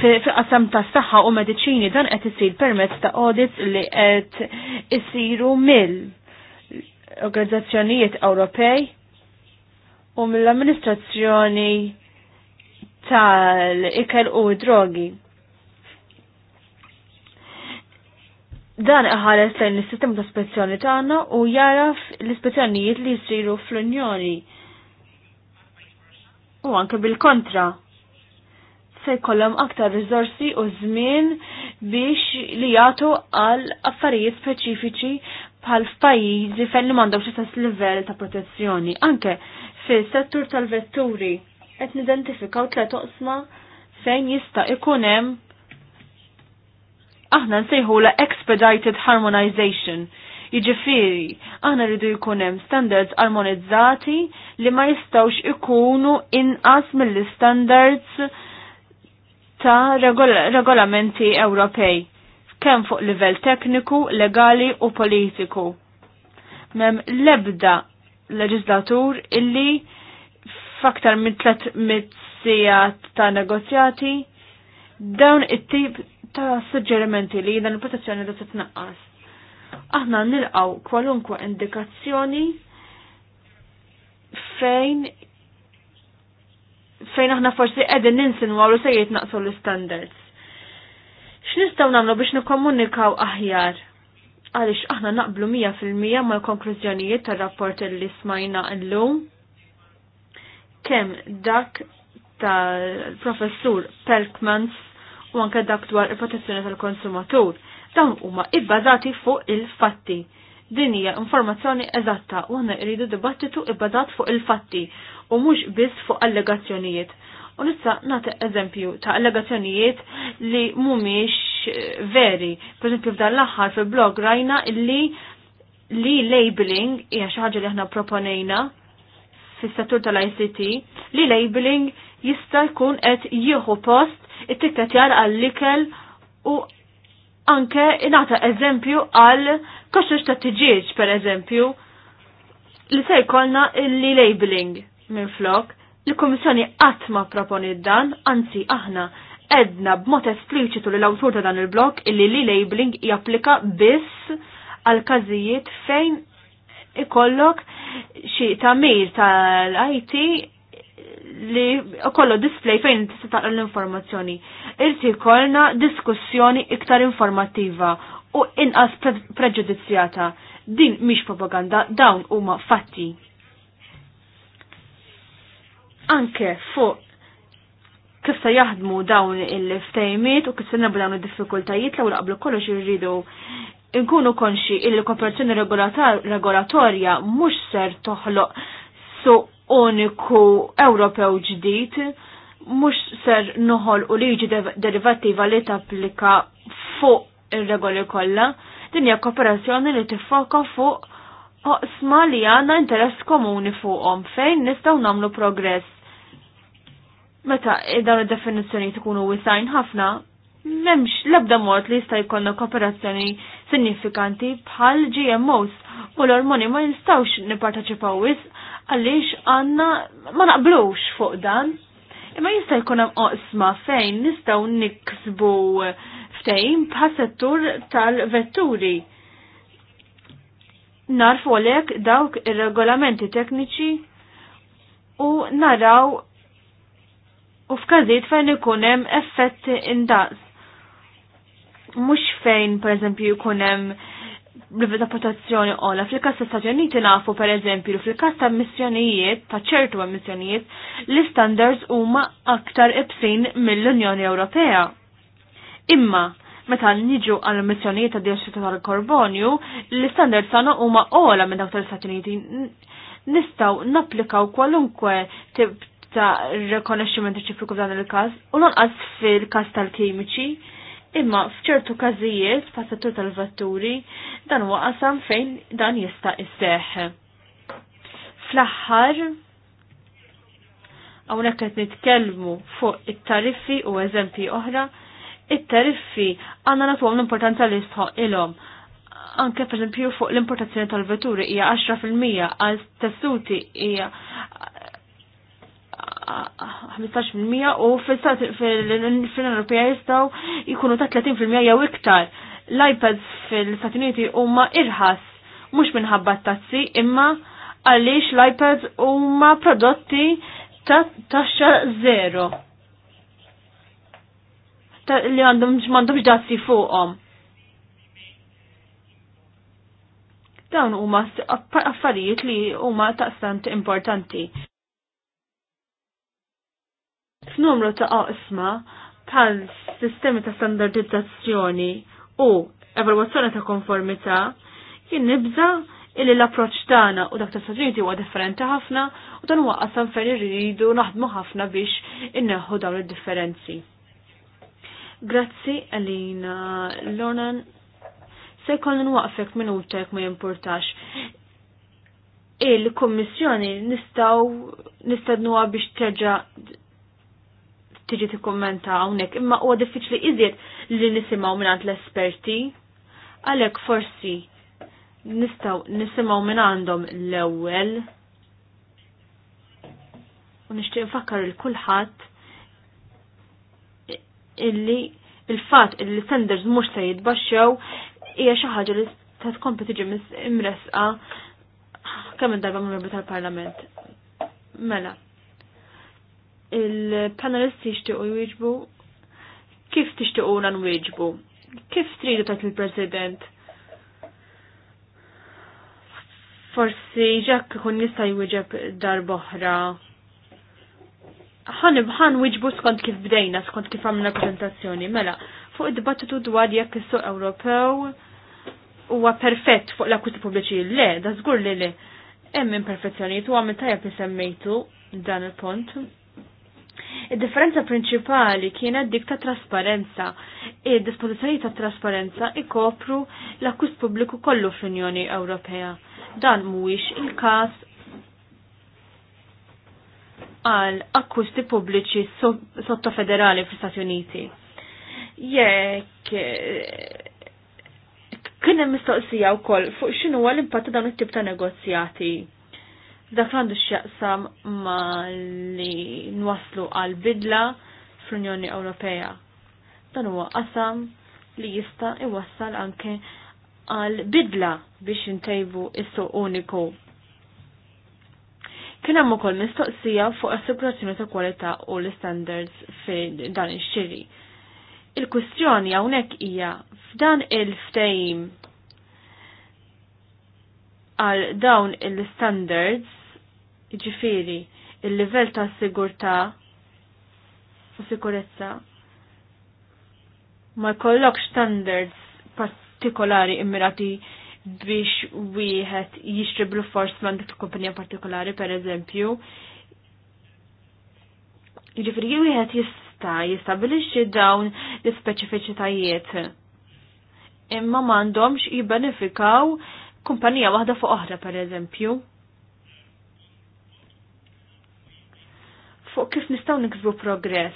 fil-qasam ta' saħħa u mediċini dan qed isir permezz ta' audits li qed isiru mill organizzazzjonijiet Ewropej u mill-amministrazzjoni tal-ikel u drogi. Dan iħares lejn is-sistema ta' spezzjoni tagħna u jaraf l-ispezzjonijiet li jsiru fl-Unjoni u anke bil-kontra se jkollhom aktar riżorsi u żmien biex li jagħtu għal affarijiet speċifiċi bħal f'pajjiżi fejn li m'għandhomx istess livell ta' protezzjoni. Anke fis-settur tal-vetturi qed nidentifikaw tliet oqsma fejn jista' ikun hemm aħna nsejħula expedited harmonization Jiġifieri, aħna rridu jkun hemm standards armonizzati li ma jistgħux ikunu inqas mill-standards ta' regol regolamenti Ewropej, kemm fuq livell tekniku, legali u politiku. Mem lebda leġislatur illi faktar minn tlet mitzijat ta' negozjati dawn it-tip ta' suġġerimenti li dan il-protezzjoni da tnaqqas. Aħna nilqaw kwalunkwa indikazzjoni fejn fejn aħna forsi qegħdin ninsinwaw li se jitnaqsu l-standards. X'nistgħu nagħmlu biex nikkomunikaw aħjar? Għaliex aħna naqblu mija fil-mija mal-konklużjonijiet tar-rapport li smajna llum. Kemm dak tal-professur Pelkmans u anke dak dwar il-protezzjoni tal-konsumatur dawn huma ibbażati fuq il-fatti. Din hija informazzjoni eżatta u aħna jridu dibattitu ibbażat fuq il-fatti u mhux biss fuq allegazzjonijiet. U nista nagħti eżempju ta' allegazzjonijiet li mhumiex eh, veri. Pereżempju f'dan l-aħħar fil-blog rajna illi li labeling hija xi ħaġa li aħna proponejna fis-settur tal-ICT li labeling jista' jkun qed jieħu post it-tikketjar għall-ikel u anke inata eżempju għal koxux ta' tiġiġ per eżempju li se jkollna li labeling minn flok li komissjoni qatt ma proponi dan, anzi aħna edna b'mod espliċitu li l-awtur ta' dan il-blok illi li labeling japplika biss għal każijiet fejn ikollok xi tamir tal-IT li kollu display fejn tista' taqra l-informazzjoni. Irti kolna diskussjoni iktar informattiva u inqas preġudizzjata. Din mhix propaganda, dawn huma fatti. Anke fuq kif se jaħdmu dawn il-ftejmiet u kif se dawn id-diffikultajiet l qablu kollox irridu nkunu konxi il-kooperazzjoni regolatorja mhux ser toħloq so uniku Ewropew ġdid mhux ser noħol u liġi derivattiva li tapplika fuq ir-regoli kollha, din hija kooperazzjoni li tiffoka fuq oqsma li għandna interess komuni fuqhom fejn nistgħu nagħmlu progress. Meta dawn id-definizzjonijiet ikunu wisajn ħafna, memx lebda mod li jista' jkollna kooperazzjoni sinifikanti bħal GMOs u l-ormoni ma jistgħux nipparteċipaw wisq għaliex għanna ma naqblux fuq dan. Imma jista' jkun hemm oqsma fejn nistgħu niksbu ftehim bħal settur tal-vetturi. Narfu għalhekk dawk ir-regolamenti tekniċi u naraw u f'każijiet fejn ikun hemm effett indaqs. Mhux fejn pereżempju jkun hemm reputazzjoni ola. Fil-kas ta' Stati Uniti nafu per eżempju, fil-kas ta' missjonijiet, ta' ċertu missjonijiet, l-standards huma aktar ibsin mill-Unjoni Ewropea. Imma, meta niġu għal missjonijiet ta' dioxidu tal-korbonju, l-standards għana huma qola minn dawk tal-Stati Uniti. Nistaw napplikaw kwalunkwe tip ta' rekonoxximent ċifriku f'dan il-każ u lanqas fil-każ tal-kimiċi imma fċertu każijiet passatur tal-vetturi dan huwa fejn dan jista' isseħ. Fl-aħħar hawnhekk qed nitkellmu fuq it-tariffi u eżempi oħra, it-tariffi għandna għom l-importanza li jistħoq ilhom. Anke per fuq l-importazzjoni tal-vetturi hija 10% għal tessuti hija 15% u fil-Unjoni Ewropea jistgħu jkunu ta' 30% jew iktar. L-iPads fil-Stati Uniti huma irħas mhux minħabba tazzi imma għaliex l-iPads huma prodotti ta' taxxa zero li għandhom m'għandhomx dazzi fuqhom. Dawn huma affarijiet li huma taqsant importanti numru ta' qisma tal sistemi ta' standardizzazzjoni u evalwazzjoni ta' konformità jien nibża illi l-approċ tagħna u dak tas Uniti huwa differenti ħafna u dan huwa qasam fejn irridu naħdmu ħafna biex inneħħu dawn id-differenzi. Grazzi Alina Lonan. Se jkollna nwaqfek minuta jekk ma jimpurtax. Il-Kummissjoni nistgħu nistadnuha biex terġa' tiġi tikkummenta hawnhekk, imma huwa diffiċli iżjed li nisimgħu mingħand l-esperti. Għalhekk forsi nistgħu nisimgħu minn għandhom l-ewwel. U nixtieq nfakkar il kulħadd illi il-fatt illi senders mhux se jitbaxxew hija xi ħaġa li ta' tkompli tiġi imresqa kemm darba mill-Parlament. Mela, il-panelisti jixtiequ jwieġbu kif tixtiequna nwieġbu? Kif tridu ta' il-President? Forsi ġak kun jista' jwieġeb darb'oħra. Ħan ħan wieġbu skont kif bdejna, skont kif għamilna prezentazzjoni, mela, fuq id-dibattitu dwar jekk is-suq Ewropew huwa perfett fuq l-akwisti pubbliċi le, da żgur li le. Hemm imperfezzjonijiet u għamil tajjeb li semmejtu dan il-pont. Id-differenza prinċipali kienet dik ta' trasparenza. Id-dispożizzjoni ta' trasparenza ikopru l-akkust pubbliku kollu fl-Unjoni Ewropea. Dan mhuwiex il-każ għal akkusti pubbliċi sotto federali fl-Stati Uniti. Jekk eh, kien hemm mistoqsija wkoll fuq x'inhu l-impatt dawn it-tip ta' negozjati Dak għandu x'jaqsam ma li nwaslu għal bidla fl-Unjoni Ewropea. Dan huwa qasam li jista' iwassal anke għal bidla biex intejbu is-suq uniku. Kien hemm ukoll mistoqsija fuq assikurazzjoni ta' kwalità u l-standards fi dan ix-xiri. Il-kwistjoni hawnhekk hija f'dan il-ftehim għal dawn il-standards Ġifiri, il-livell ta' sigurtà u sikurezza ma kollok standards partikolari immirati biex wieħed jixtrib fors forcement ta' kumpanija partikolari per eżempju. Ġifri wieħed jista' jistabilixxi dawn l-ispeċifiċitajiet. Imma m'għandhomx jibbenefikaw kumpanija waħda fuq oħra per eżempju. fuq kif nistgħu nikbu progress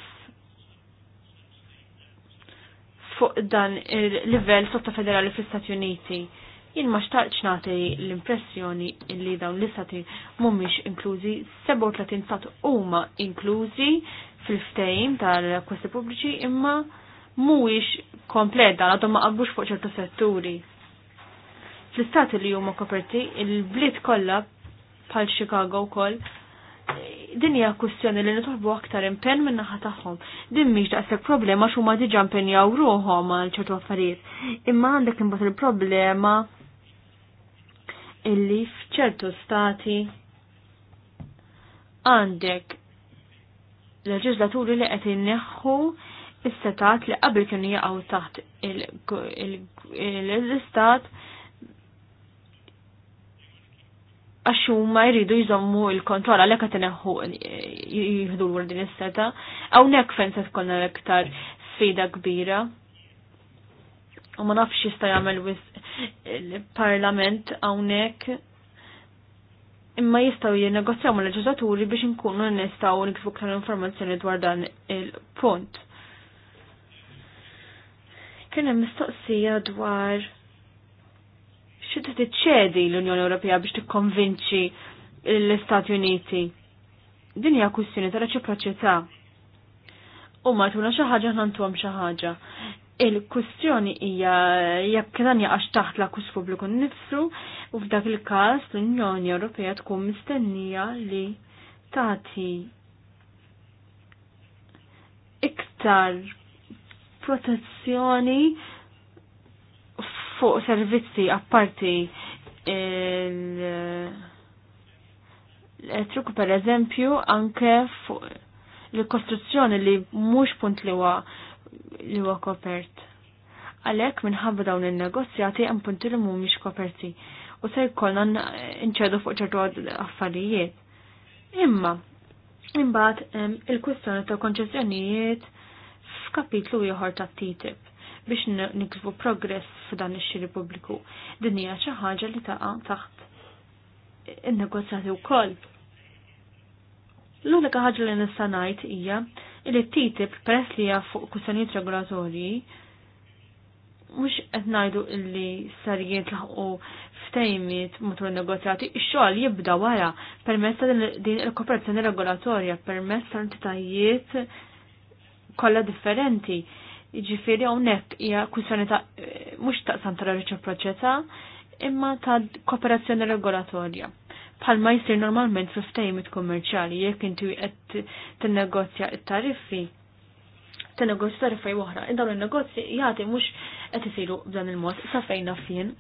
fuq dan il-livell sotta federali fl-Istati Uniti. Jien ma xtaqx nagħti l-impressjoni li dawn l-istati mhumiex inklużi, 37 stat huma inklużi fil-ftehim tal-kwesti pubbliċi imma mhuwiex komplet dan għadhom ma qabbux fuq ċertu setturi. Fl-istati li huma koperti, il-bliet kollha bħal Chicago wkoll din hija kwistjoni li nitolbu aktar impenn minn naħa tagħhom. Din mhix daqshekk problema x'huma diġà impenjaw ruhom għal ċertu affarijiet. Imma għandek imbagħad il-problema illi f'ċertu stati għandek leġislaturi li qed inneħħu is-setat li qabel kienu jaqgħu taħt l-istat għax huma jridu jżommu l kontrol għalhekk qed ineħħu jihdu l din is-seta. Hawnhekk fejn se tkun l-iktar sfida kbira. U ma nafx jista' jagħmel il-Parlament hawnhekk imma jistgħu jinnegozjaw mal-leġislaturi biex inkunu nistgħu nikbu ktar informazzjoni dwar dan il-punt. Kien hemm mistoqsija dwar xi ċedi l-Unjoni Ewropea biex tikkonvinċi l-Istati Uniti. Din hija kwistjoni ta' reċiproċità. U ma tuna xi ħaġa nantuhom xi ħaġa. Il-kwistjoni hija jekk dan jaqax taħt l-akkus pubbliku nnifsu u f'dak il-każ l-Unjoni Ewropea tkun mistennija li tagħti iktar protezzjoni fuq servizzi apparti il-truk eh, eh, per eżempju anke fuq l-kostruzzjoni li mhux punt li huwa li huwa kopert. Għalhekk minħabba dawn in-negozjati hemm punti li mhumiex koperti u se jkollna nċedu fuq ċertu affarijiet. Imma, imbagħad il-kwistjoni ta' konċessjonijiet f'kapitlu ieħor ta' TTIP biex niksbu progress f'dan ix-xiri pubbliku. Din hija xi ħaġa li taqa' taħt in-negozjati wkoll. L-unika ħaġa li nista' ngħid hija li t-TTIP peress li hija fuq kwistjonijiet regolatorji mhux qed ngħidu li sar laħu ftejmiet mutur negozjati, x-xogħol jibda wara permezz ta' din il-kooperazzjoni regolatorja, permezz ta' entitajiet kollha differenti Jiġifieri hawnhekk hija kwistjoni ta' mhux ta' tal reċiproċità imma ta' kooperazzjoni regolatorja. Palma jisir normalment fi ftehimiet kummerċjali jekk inti qed tinnegozja t-tariffi t-negozju tariffi oħra. Dawn il-negozji jagħti mhux qed isiru b'dan il-mod sa fejn fien.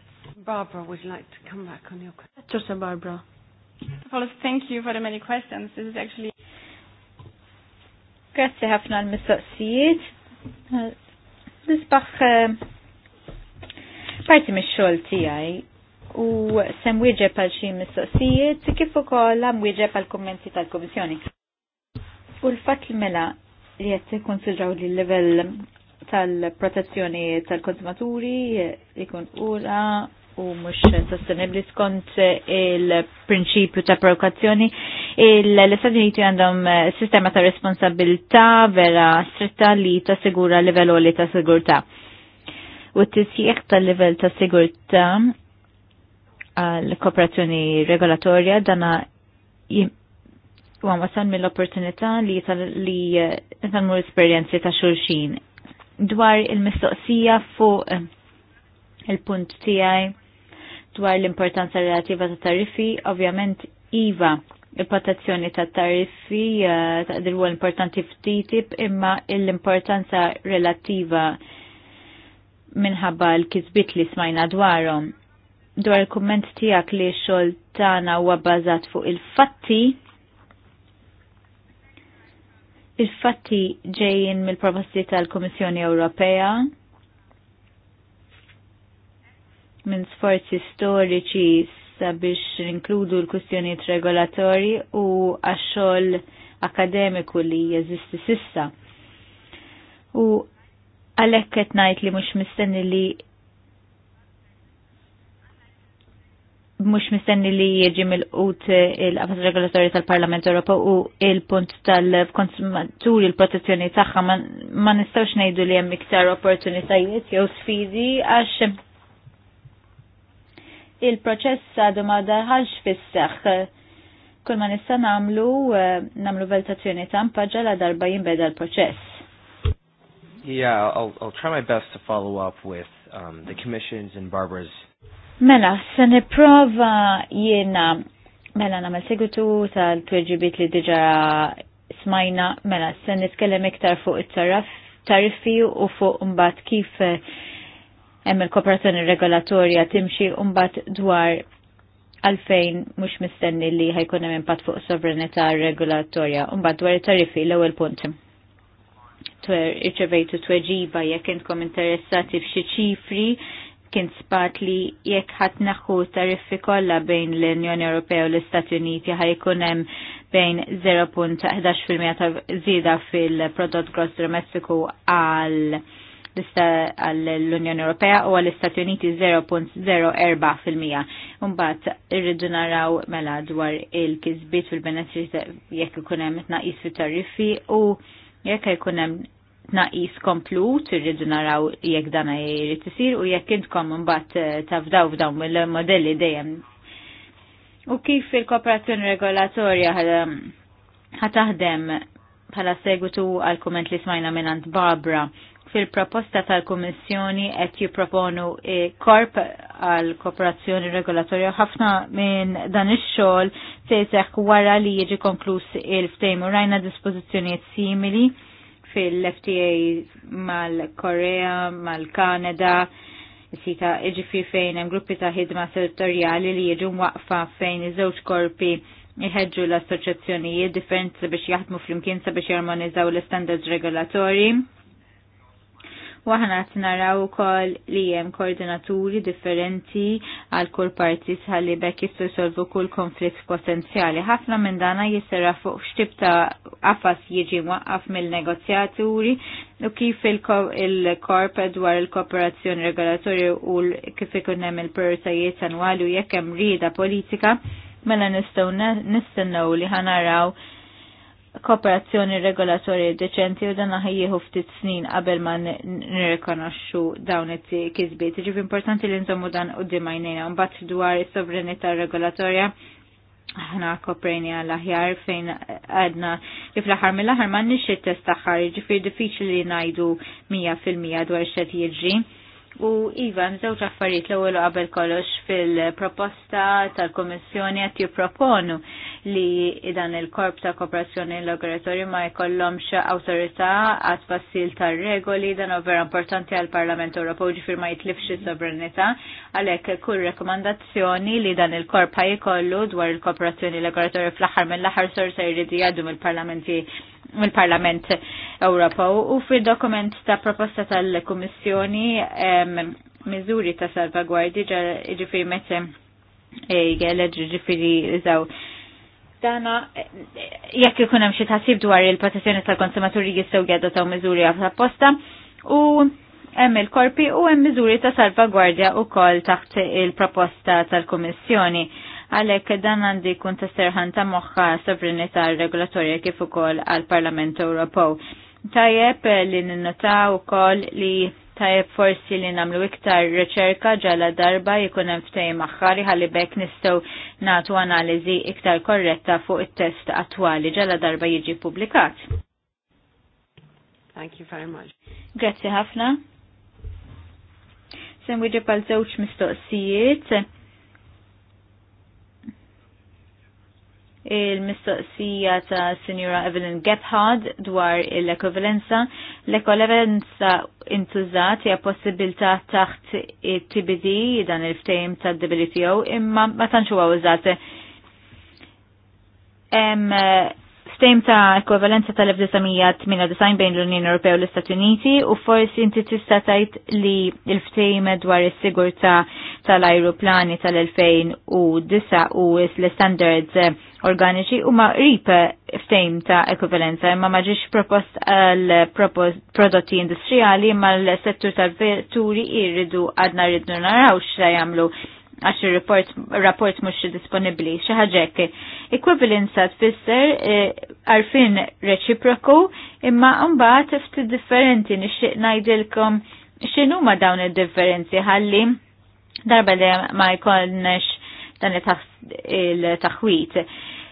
Barbara would like to come back on your question. Just Barbara. Well, thank you for the many questions. This is actually Grazie ħafna l-mistoqsijiet. Nisbaħ eh, parti mix-xogħol tiegħi u sem wieġeb għal xi mistoqsijiet kif ukoll hemm wieġeb għal kummenti tal-Kummissjoni. U l-fatt li mela li qed ikkonsidraw li l-livell tal-protezzjoni tal-konsumaturi jkun ura u mhux sostenibbli skont il-prinċipju ta' provokazzjoni. L-Istati Uniti għandhom eh, sistema ta' responsabilità vera stretta li ta' sigura livell li ta' sigurtà. U t-tisjeħ tal livell ta' sigurtà għal-kooperazzjoni regolatorja dana huwa għamwasan mill-opportunità li tal-mur eh, esperjenzi ta' xulxin dwar il-mistoqsija fuq eh, il-punt tiegħi dwar l-importanza relativa ta' tariffi, ovvjament IVA il-protezzjoni ta' tariffi eh, ta' dirwa importanti f'TTIP imma l-importanza relativa minħabba l-kizbit li smajna dwarhom. Dwar il-komment tijak li xol tana huwa bażat fuq il-fatti, il-fatti ġejjin mill-proposti tal-Komissjoni Ewropea minn sforzi storiċi sabiex inkludu l-kustjoniet regolatori u għaxxol akademiku li jeżisti sissa. U għalhekk qed ngħid li mhux mistenni li mux mistenni li jieġi mill-qut il-qafas regolatorju tal-Parlament Ewropew u il-punt tal-konsumaturi l-protezzjoni tagħha ma nistgħux ngħidu li hemm iktar opportunitajiet jew sfidi għax il-proċess għadu ma daħalx fissax. Kull ma nista namlu, eh, namlu valutazzjoni tampa ġala darba jimbeda l-proċess. Yeah, I'll, I'll try my best to follow up with um, the commissions and Barbara's. Mela, se prova jiena, mela namel segutu tal-tweġibit li diġa smajna, mela se nitkellem iktar fuq it tariffi u fuq mbat kif hemm il-kooperazzjoni regolatorja timxi mbagħad dwar għalfejn mhux mistenni li ħajkun hemm impatt fuq sovranità regolatorja mbagħad dwar it-tariffi l-ewwel punt. Irċevejtu tweġiba jekk intkom interessati f'xi ċifri kien spat li jekk ħadd naħu tariffi kollha bejn l-Unjoni Ewropea u l-Istati Uniti ħajkun hemm bejn 0.11% ta' żieda fil-prodott gross domestiku għal għall-Unjoni Ewropea u għall-Istati Uniti 0.04%. Umbat irridu naraw mela dwar il-kizbit fil-benessri jekk ikun hemm tnaqis fit-tariffi u jekk ikun hemm tnaqis komplut, irridu naraw jekk dana jrid isir u jekk intkom mbagħad tafdaw f'dawn il modelli dejjem. U kif il-kooperazzjoni regolatorja ħataħdem bħala segwitu għal kumment li smajna minant Barbara fil-proposta tal-Kummissjoni qed jipproponu e korp għal kooperazzjoni regolatorja ħafna minn dan ix-xogħol se wara li jiġi konkluż il-ftehim u rajna dispożizzjonijiet simili fil-FTA mal-Korea, mal-Kanada, sita iġifi fejn hemm gruppi ta' ħidma settorjali li jiġu waqfa fejn iż-żewġ korpi jħedġu l-assoċjazzjonijiet differenti biex jaħdmu fl-imkien sabiex jarmonizaw l-standards regolatorji Waħna aħna qed naraw ukoll li hemm koordinaturi differenti għal kull parti sħalli bekk jistu jisolvu kull konflitt potenzjali. Ħafna minn dana jisera fuq xtibta ta' jieġi jiġi waqqaf mill-negozjaturi u kif il-korp dwar il-kooperazzjoni regolatorju u kif ikun hemm il-prioritajiet annwali u jekk hemm rieda politika mela nistgħu nistennew li ħanaraw naraw kooperazzjoni regolatorji deċenti u dan ħajjieħu ftit snin qabel ma nirrikonoxxu dawn it-kisbiet. Ġif importanti li nżommu dan u dimajnejna mbagħad dwar is-sovranità regolatorja ħna koprejni għal-aħjar fejn għadna li fl-aħħar mill-aħħar ma nix it-test aħħar, ġifir diffiċli li ngħidu 100% dwar x'qed jiġri U Iva, mżewġ affarijiet l-ewwel qabel kollox fil-proposta tal-Kummissjoni qed jipproponu li dan il-korp ta' kooperazzjoni l-laboratorju ma jkollhomx awtorità għad fassil tar-regoli dan vera importanti għall parlament Ewropew ġifier ma jitlifx is-sovranità għalhekk kull rekomandazzjoni li dan il-korp ħajkollu dwar il-kooperazzjoni l fl-aħħar mill-aħħar sorsa jridu jgħaddu mill-parlamenti mill-Parlament Ewropa u fil-dokument ta' proposta tal-Kummissjoni miżuri ta' salvagwardi ġifiri meta jgħeleġ e, ġifiri iżaw dana e, e, jekk ikun hemm xi tħassib dwar il-protezzjoni tal-konsumaturi jistgħu jgħaddu miżuri apposta u hemm il-korpi u hemm miżuri ta' salvagwardja wkoll taħt il-proposta tal-Kummissjoni. Għalhekk dan għandi kun tasserħan ta' moħħa sovranità regolatorja kif ukoll għall-Parlament Ewropew. Tajjeb li ninnotaw ukoll li tajjeb forsi li namlu iktar riċerka ġala darba jikun hemm ftehim aħħari ħalli bekk nistgħu nagħtu analiżi iktar korretta fuq it-test attwali ġala darba jiġi publikat. Thank you very much. Grazzi ħafna. Sen wieġeb għal żewġ mistoqsijiet il-mistoqsija ta' Sinjura Evelyn Gebhard dwar l-ekovalenza. L-ekovalenza intużat hija possibilità taħt it-TBD dan il-ftehim ta' WTO imma ma tantx huwa użat sistem ta' ekwivalenza tal-1998 bejn l-Unjoni Ewropea u l-Istati Uniti u forsi inti tista' tajt li l ftehim dwar is sigurtà tal-ajruplani tal-2009 u l-standards organiċi u ma' ripe ftejm ta' ekwivalenza imma ma ġiex propost għal prodotti industrijali imma l-settur tal-vetturi irridu għadna rridu narawx ta' jagħmlu għax il-rapport mux disponibli. hekk. equivalenza tfisser e, għarfin reċiproku imma mbagħad ftit differenti nixtieq ngħidilkom x'inhu ma dawn id-differenzi ħalli darba li ma jkollnex dan il-taħwit.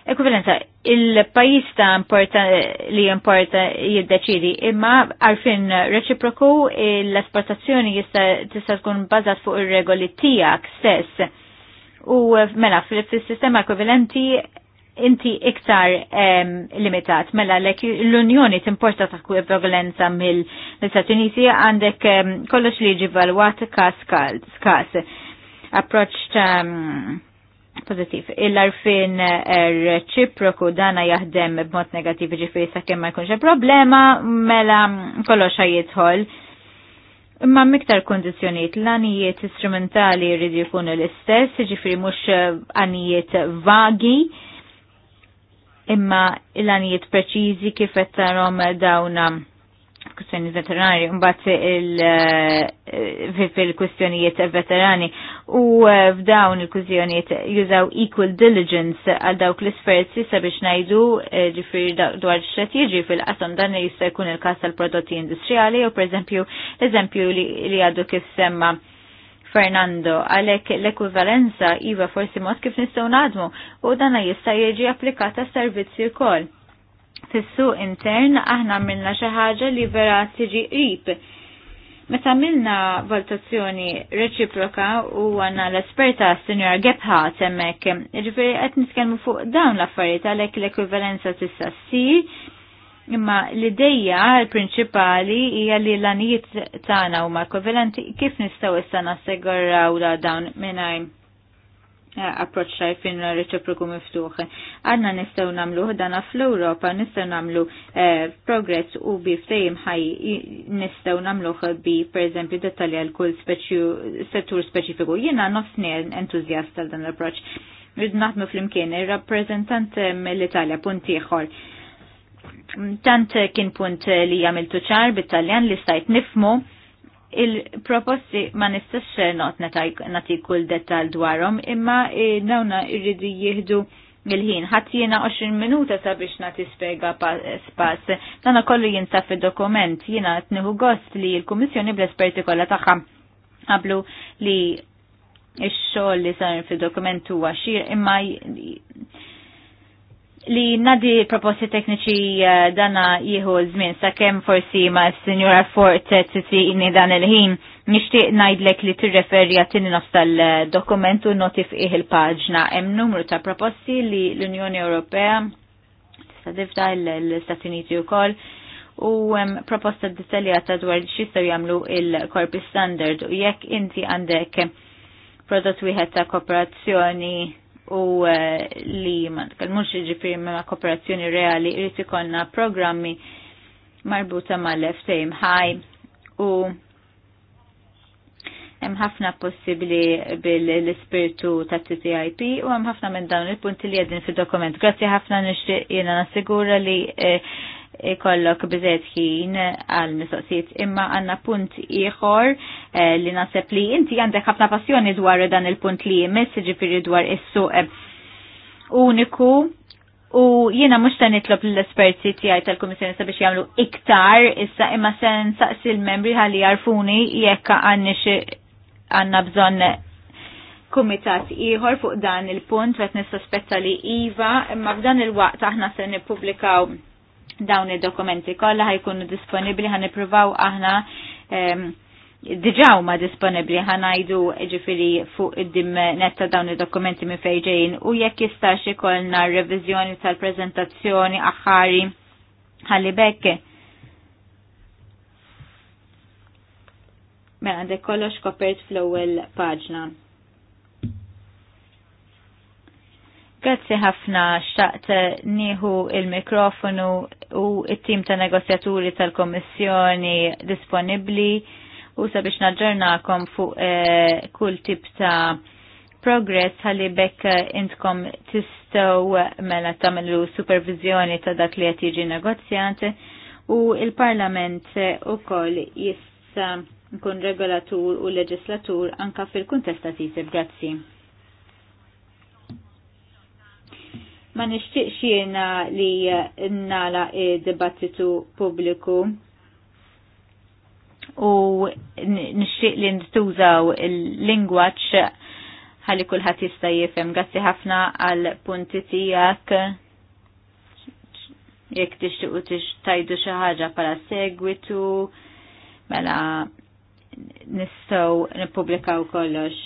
Ekvivalenza, il-pajis ta' importa li importa jiddeċidi, imma għarfin reċiproku l-esportazzjoni jista' tista' tkun bazat fuq ir-regoli tiegħek stess. U mela fil-sistema ekvivalenti inti iktar limitat, mela lek l-Unjoni timporta ta' ekwivalenza mill stati Uniti għandek kollox li ġivalwat kas kas. Approċ ta' um, Pozitiv. Il-arfin eh, reċiproku dana jaħdem b'mod negativ ġifiri sa' kemma ma jkunx problema mela kollox jitħol. Imma miktar kondizjoniet l-anijiet istrumentali jridu jkunu l-istess, ġifiri mux eh, anijiet vagi, imma l-anijiet preċizi kif qed tarom dawna diskussjoni veterani, mbagħad eh, fil-kwistjonijiet veterani u eh, f'dawn il-kwistjonijiet jużaw equal diligence għal dawk l-isferzi sabiex ngħidu eh, ġifri dwar strategi jiġi fil-qasam dan jista' jkun il-każ tal-prodotti industrijali u per eżempju li għadu kif semma Fernando, għalek l-ekwivalenza iva forsi mod kif nistaw nadmu u dana jista' jiġi applikata servizzi wkoll Fissu intern aħna minna xi ħaġa li vera tiġi qrib. Meta minna valutazzjoni reċiproka u għanna l-esperta senjora Gebhardt hemmhekk, ġifiri qed nitkellmu fuq dawn l-affarijiet għalhekk l-ekwivalenza tista' ssir, imma l-idejja l-prinċipali hija li l-anijiet tagħna huma ekwivalenti kif nistgħu issa nassegurraw dawn mingħajr Eh, approċ tajfin reċiproku miftuħ. Għanna nistaw namlu dana fl-Europa, nistaw namlu eh, progress u bi ftejim ħaj nistaw namlu bi per eżempju dettali għal kull settur speċifiku. Jena nofni entuzjast tal dan l approach Rid naħdmu fl-imkien, il-rappresentant eh, mill-Italja punti ieħor. Tant kien punt li jamiltu ċar bit-Taljan li stajt nifmu il-proposti ma nistax not nati kull dettal dwarom imma nawna eh, irridu jihdu il-ħin. Ħadd jiena 20 minuta sabiex nati spjega spass. Nana kollu jinsaf il dokument Jiena qed nieħu gost li l-Kummissjoni bl-esperti kollha tagħha għablu li x-xogħol li sar fid-dokument huwa xir imma li nadi proposti tekniċi eh, dana jieħu żmien sakemm forsi ma s-Sinjura Fort inni dan il-ħin nixtieq ngħidlek li tirreferi għatini nofs tal-dokument u notif iħ il-paġna hemm numru ta' proposti li l-Unjoni Ewropea tista' tifda l-Stati Uniti wkoll u proposta dettaljata dwar x'jistgħu jagħmlu il-korpi standard u jekk inti għandek prodott wieħed ta' kooperazzjoni u eh, li ma tkellmux iġifiri ma' kooperazzjoni reali irid ikollna programmi marbuta mal-ftehim ħaj u hemm ħafna possibbli bil-ispirtu ta' TTIP u hemm ħafna minn dawn il-punti li għedin fil dokument Grazzi ħafna nixtieq jiena nassigura li eh, kollok bizet ħin għal mistoqsijiet imma għanna punt ieħor eh, li naseb li inti għandek ħafna passjoni dwar dan il-punt li jmiss ġifiri dwar is-suq uniku u jiena mhux ta' nitlob l-esperti tiegħi tal-Kummissjoni sabiex jagħmlu iktar issa imma se nsaqsi l-membri ħalli jarfuni jekk xi għandna bżonn kumitat ieħor fuq dan il-punt qed nissospetta li iva imma f'dan il-waqt aħna se nippubblikaw Dawn id-dokumenti kollha ħajkunu disponibbli ħan nippruvaw aħna ehm, diġaw ma disponibli ħanajdu ġifiri fuq id-dim netta dawn id-dokumenti minn fejġejn u jekk jistax ikollna revizjoni tal-prezentazzjoni aħħari ħalli bekk. Mela għandek kollox kopert fl-ewwel paġna. Grazzi ħafna xtaqt eh, nieħu il-mikrofonu u it-tim ta' negozjaturi tal-Kommissjoni disponibbli u sabiex naġġornakom fuq eh, kull tip ta' progress ħalli bekk eh, intkom tistgħu eh, mela tagħmlu supervizjoni ta' dak li qed jiġi negozjant, u il-Parlament ukoll jista' nkun regolatur u leġislatur anka fil-kuntesta Grazzi. ma nixtieqx jiena li nala dibattitu pubbliku u nixtieq li ntużaw il-lingwaċ għalli kulħadd jista' jifhem. Grazzi ħafna għal punti tiegħek jekk tixtiequ tajdu xi ħaġa bħala segwitu mela nistgħu nippubblikaw kollox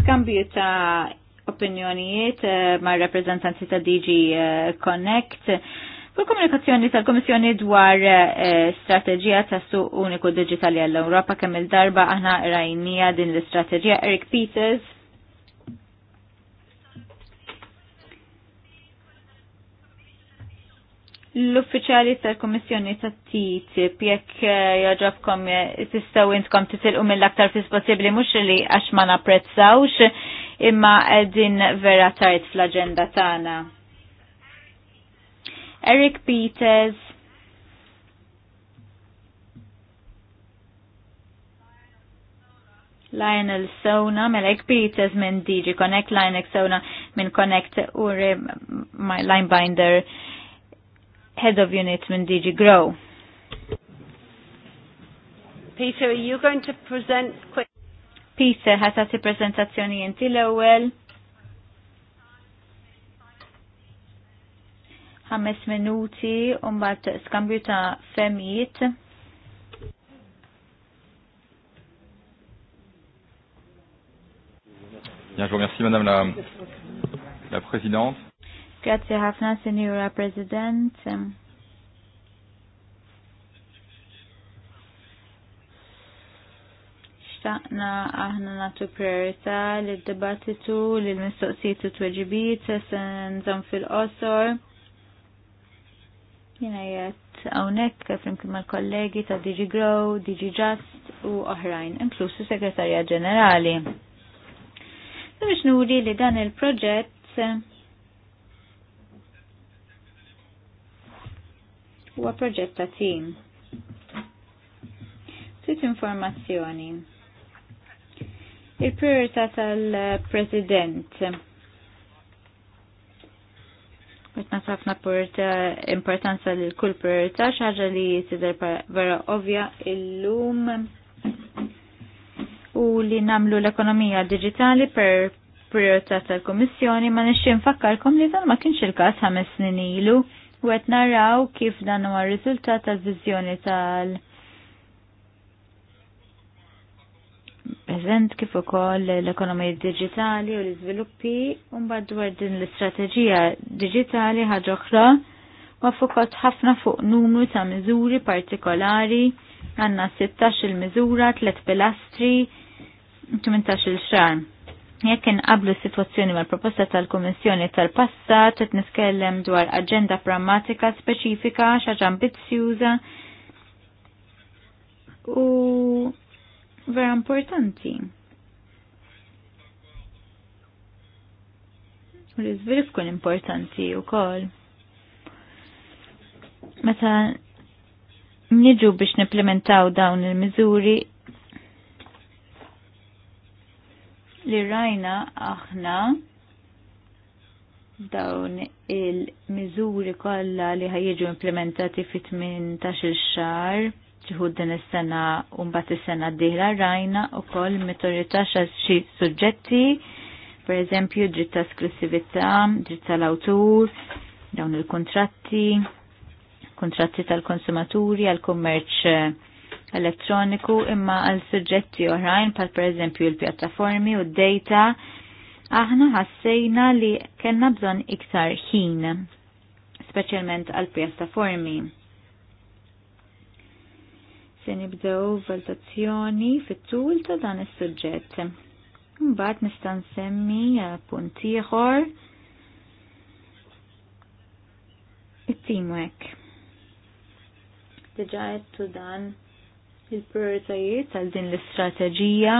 skambju ta' opinjonijiet eh, ma' rappresentanti ta' DG eh, Connect fuq komunikazzjoni tal-Komissjoni dwar eh, Strategija ta' suq uniku digitali għall-Ewropa kemm il-darba aħna rajnija din l istrategija Eric Peters l-uffiċjali tal-Kommissjoni ta' TTIP jekk eh, jaġabkom eh, tistgħu intkom titilqu mill-aktar fis possibbli mhux li għax ma napprezzawx imma qegħdin vera tard fl-aġenda tagħna. Eric Peters Lionel Sona, Melek Peters minn DG Connect, Lionel Sona minn Connect Uri, my Linebinder. binder Head of Unit minn DG Grow. Peter, are you going to present quick? Peter, that a presentation in ewel ħames minuti umbat skambju ta' femijiet. Bien, je vous remercie Madame la, la Présidente. Grazzi ħafna, Signora President. Xtaqna aħna natu priorità li dibattitu lill t-weġibit, s se zon fil-qosor. Jiena jett hawnhekk flimkien mal-kollegi ta' DG Grow, DG Just u oħrajn, inklusu Segretarja Ġenerali. Biex nuri li dan il-proġett huwa proġett ta' tim. Tut informazzjoni. Il-priorità tal-President. Mitna ħafna importanza l kull priorità xaġa li jisider vera ovvja il-lum u li namlu l-ekonomija digitali per priorità tal-Komissjoni ma nixxin fakkarkom li dan ma kienx il-kas ħames snin ilu u naraw kif dan huwa r riżultat ta' viżjoni tal Prezent kif ukoll l-ekonomija digitali u l-iżviluppi u mbagħad dwar din l-istrateġija digitali ħaġa oħra ma ħafna fuq numru ta' miżuri partikolari għandna 16 il-miżura, 3 pilastri, 18 il-xarm Jekk inqablu s-sitwazzjoni mal-proposta tal-Kummissjoni tal-passat qed niskellem dwar aġenda prammatika speċifika xaġa ambizzjuża u vera importanti. U l-iżvilupp kun importanti wkoll. Meta niġu biex nimplementaw dawn il-miżuri li rajna aħna dawn il-miżuri kollha li ħajjiġu implementati fit 18 xar ċiħud din is-sena u mbagħad is-sena d dihra rajna wkoll mitorità xi suġġetti pereżempju dritt ta' esklusività, dritt tal-awtur, dawn il-kontratti, kontratti tal-konsumaturi għal kummerċ elettroniku imma għal suġġetti oħrajn pal per eżempju il-pjattaformi u d-data aħna ħassejna li kellna bżonn iktar ħin, speċjalment għal pjattaformi. Se nibdew valutazzjoni fit-tul ta' dan is-suġġett. Mbagħad nista' nsemmi punt ieħor it-teamwork. Diġa qed dan il-prioritajiet għal din l-istrateġija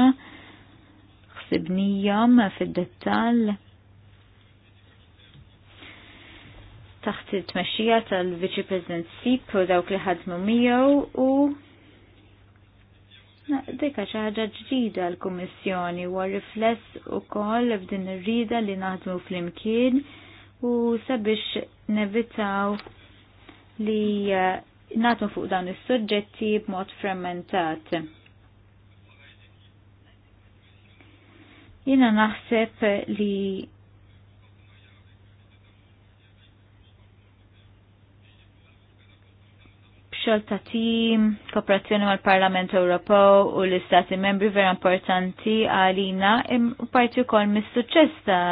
ħsibnijom fid-dettall taħt il-tmexxija tal-Viċi President Sip u dawk li ħadmu miegħu u Dika xi ħaġa ġdida l-Kummissjoni huwa rifless ukoll f'din ir-rida li naħdmu flimkien u sabiex nevitaw li eh, natu fuq dawn is-suġġetti b'mod frammentat. Jina naħseb li xol ta' tim, kooperazzjoni mal parlament Ewropew u l-Istati membri vera importanti għalina u parti kol mis-suċċess ta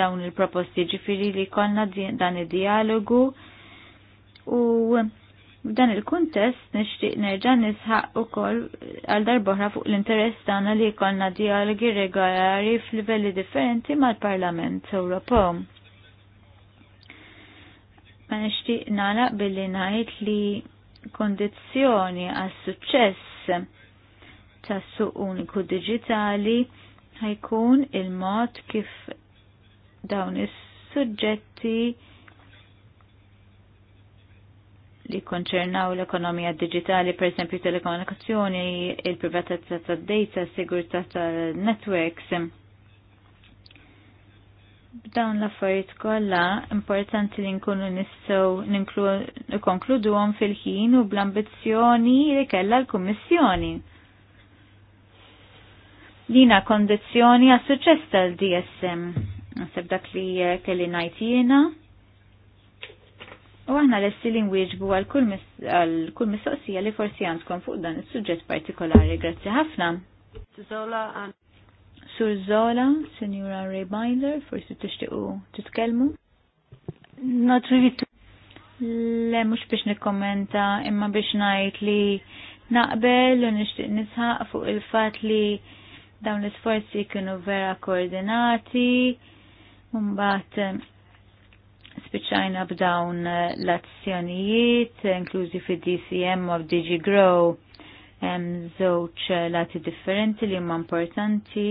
dawn il-proposti ġifiri li konna dan id-dialogu U f'dan il-kuntest nixtieq nerġa' nisħaq ukoll għal darboħra fuq l-interess tagħna li jkollna dialogi regolari f'livelli differenti mal-Parlament Ewropew. Ma nixtieq nagħlaq billi ngħid li kondizjoni għas suċċess tas-suq uniku digitali ħajkun il-mod kif dawn is-suġġetti li konċernaw l-ekonomija digitali, per esempio telekomunikazzjoni, il-privatezza ta' data, sigurtà ta' networks. B'dawn l-affarijiet kollha importanti li nkunu nistgħu nikkonkluduhom fil-ħin u bl-ambizzjoni li kellha l-Kummissjoni. Dina kondizzjoni għas suċċess tal-DSM. Naseb dak li eh, kelli ngħid jiena U aħna l-essi li nwieġbu għal-kull mistoqsija li forsi għandkom fuq dan il-sujġet partikolari. Grazzi ħafna. Sur Zola, Senjura Rebailer, forsi t titkellmu? Not really. Le, mux biex nikkommenta, imma biex najt li naqbel u nishtiq nisħaq fuq il-fat li dawn l-sforzi kienu vera koordinati, Mumbat spiċajna b'dawn l-azzjonijiet, inklużi fid dcm of Digi Grow, hemm żewġ lati differenti li huma importanti,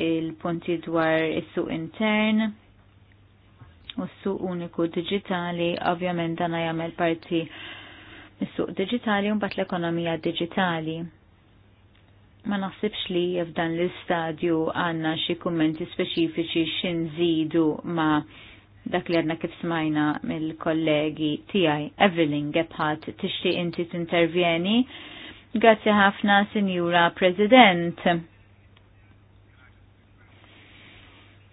il-punti dwar is-suq intern u s-suq uniku digitali, ovvjament dan jagħmel parti mis-suq digitali u mbagħad l-ekonomija digitali. Ma naħsibx li f'dan l-istadju għandna xi kummenti speċifiċi x'inżidu ma' dak li għadna kif smajna mill-kollegi tijaj Evelyn Gebhardt tixti inti t-intervjeni. Grazie ħafna, senjura President.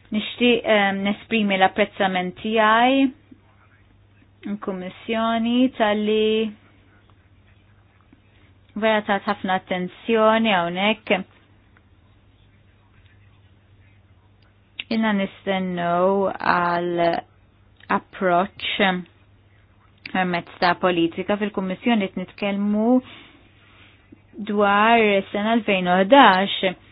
Nishti um, ehm, nesprimi l-apprezzament tijaj n-kommissjoni tal-li vera ta' ħafna attenzjoni għonek Inna nistennu għal approach permezz ta' politika fil-Kummissjoni qed nitkellmu dwar sena 2011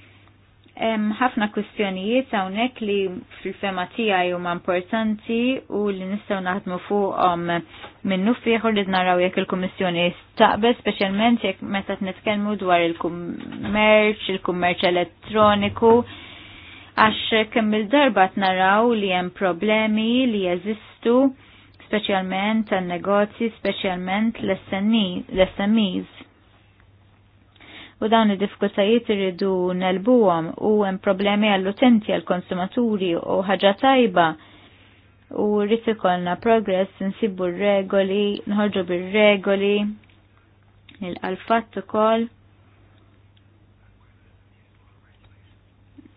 ħafna kwistjonijiet hawnhekk li fil-fema tiegħi huma importanti u li nistgħu naħdmu fuqhom minnu fieħor li naraw jekk il-Kummissjoni staqbel speċjalment jekk meta nitkellmu dwar il-kummerċ, il-kummerċ elettroniku, għax kemm il-darba naraw li hemm problemi li jeżistu speċjalment għal negozji, speċjalment l-SMEs. U dawn id-diffikultajiet irridu nelbuhom u hemm problemi għall-utenti għall-konsumaturi u ħaġa tajba u rrid ikollna progress insibu r-regoli, nħorġu bir-regoli, nilqa' l-fatt ukoll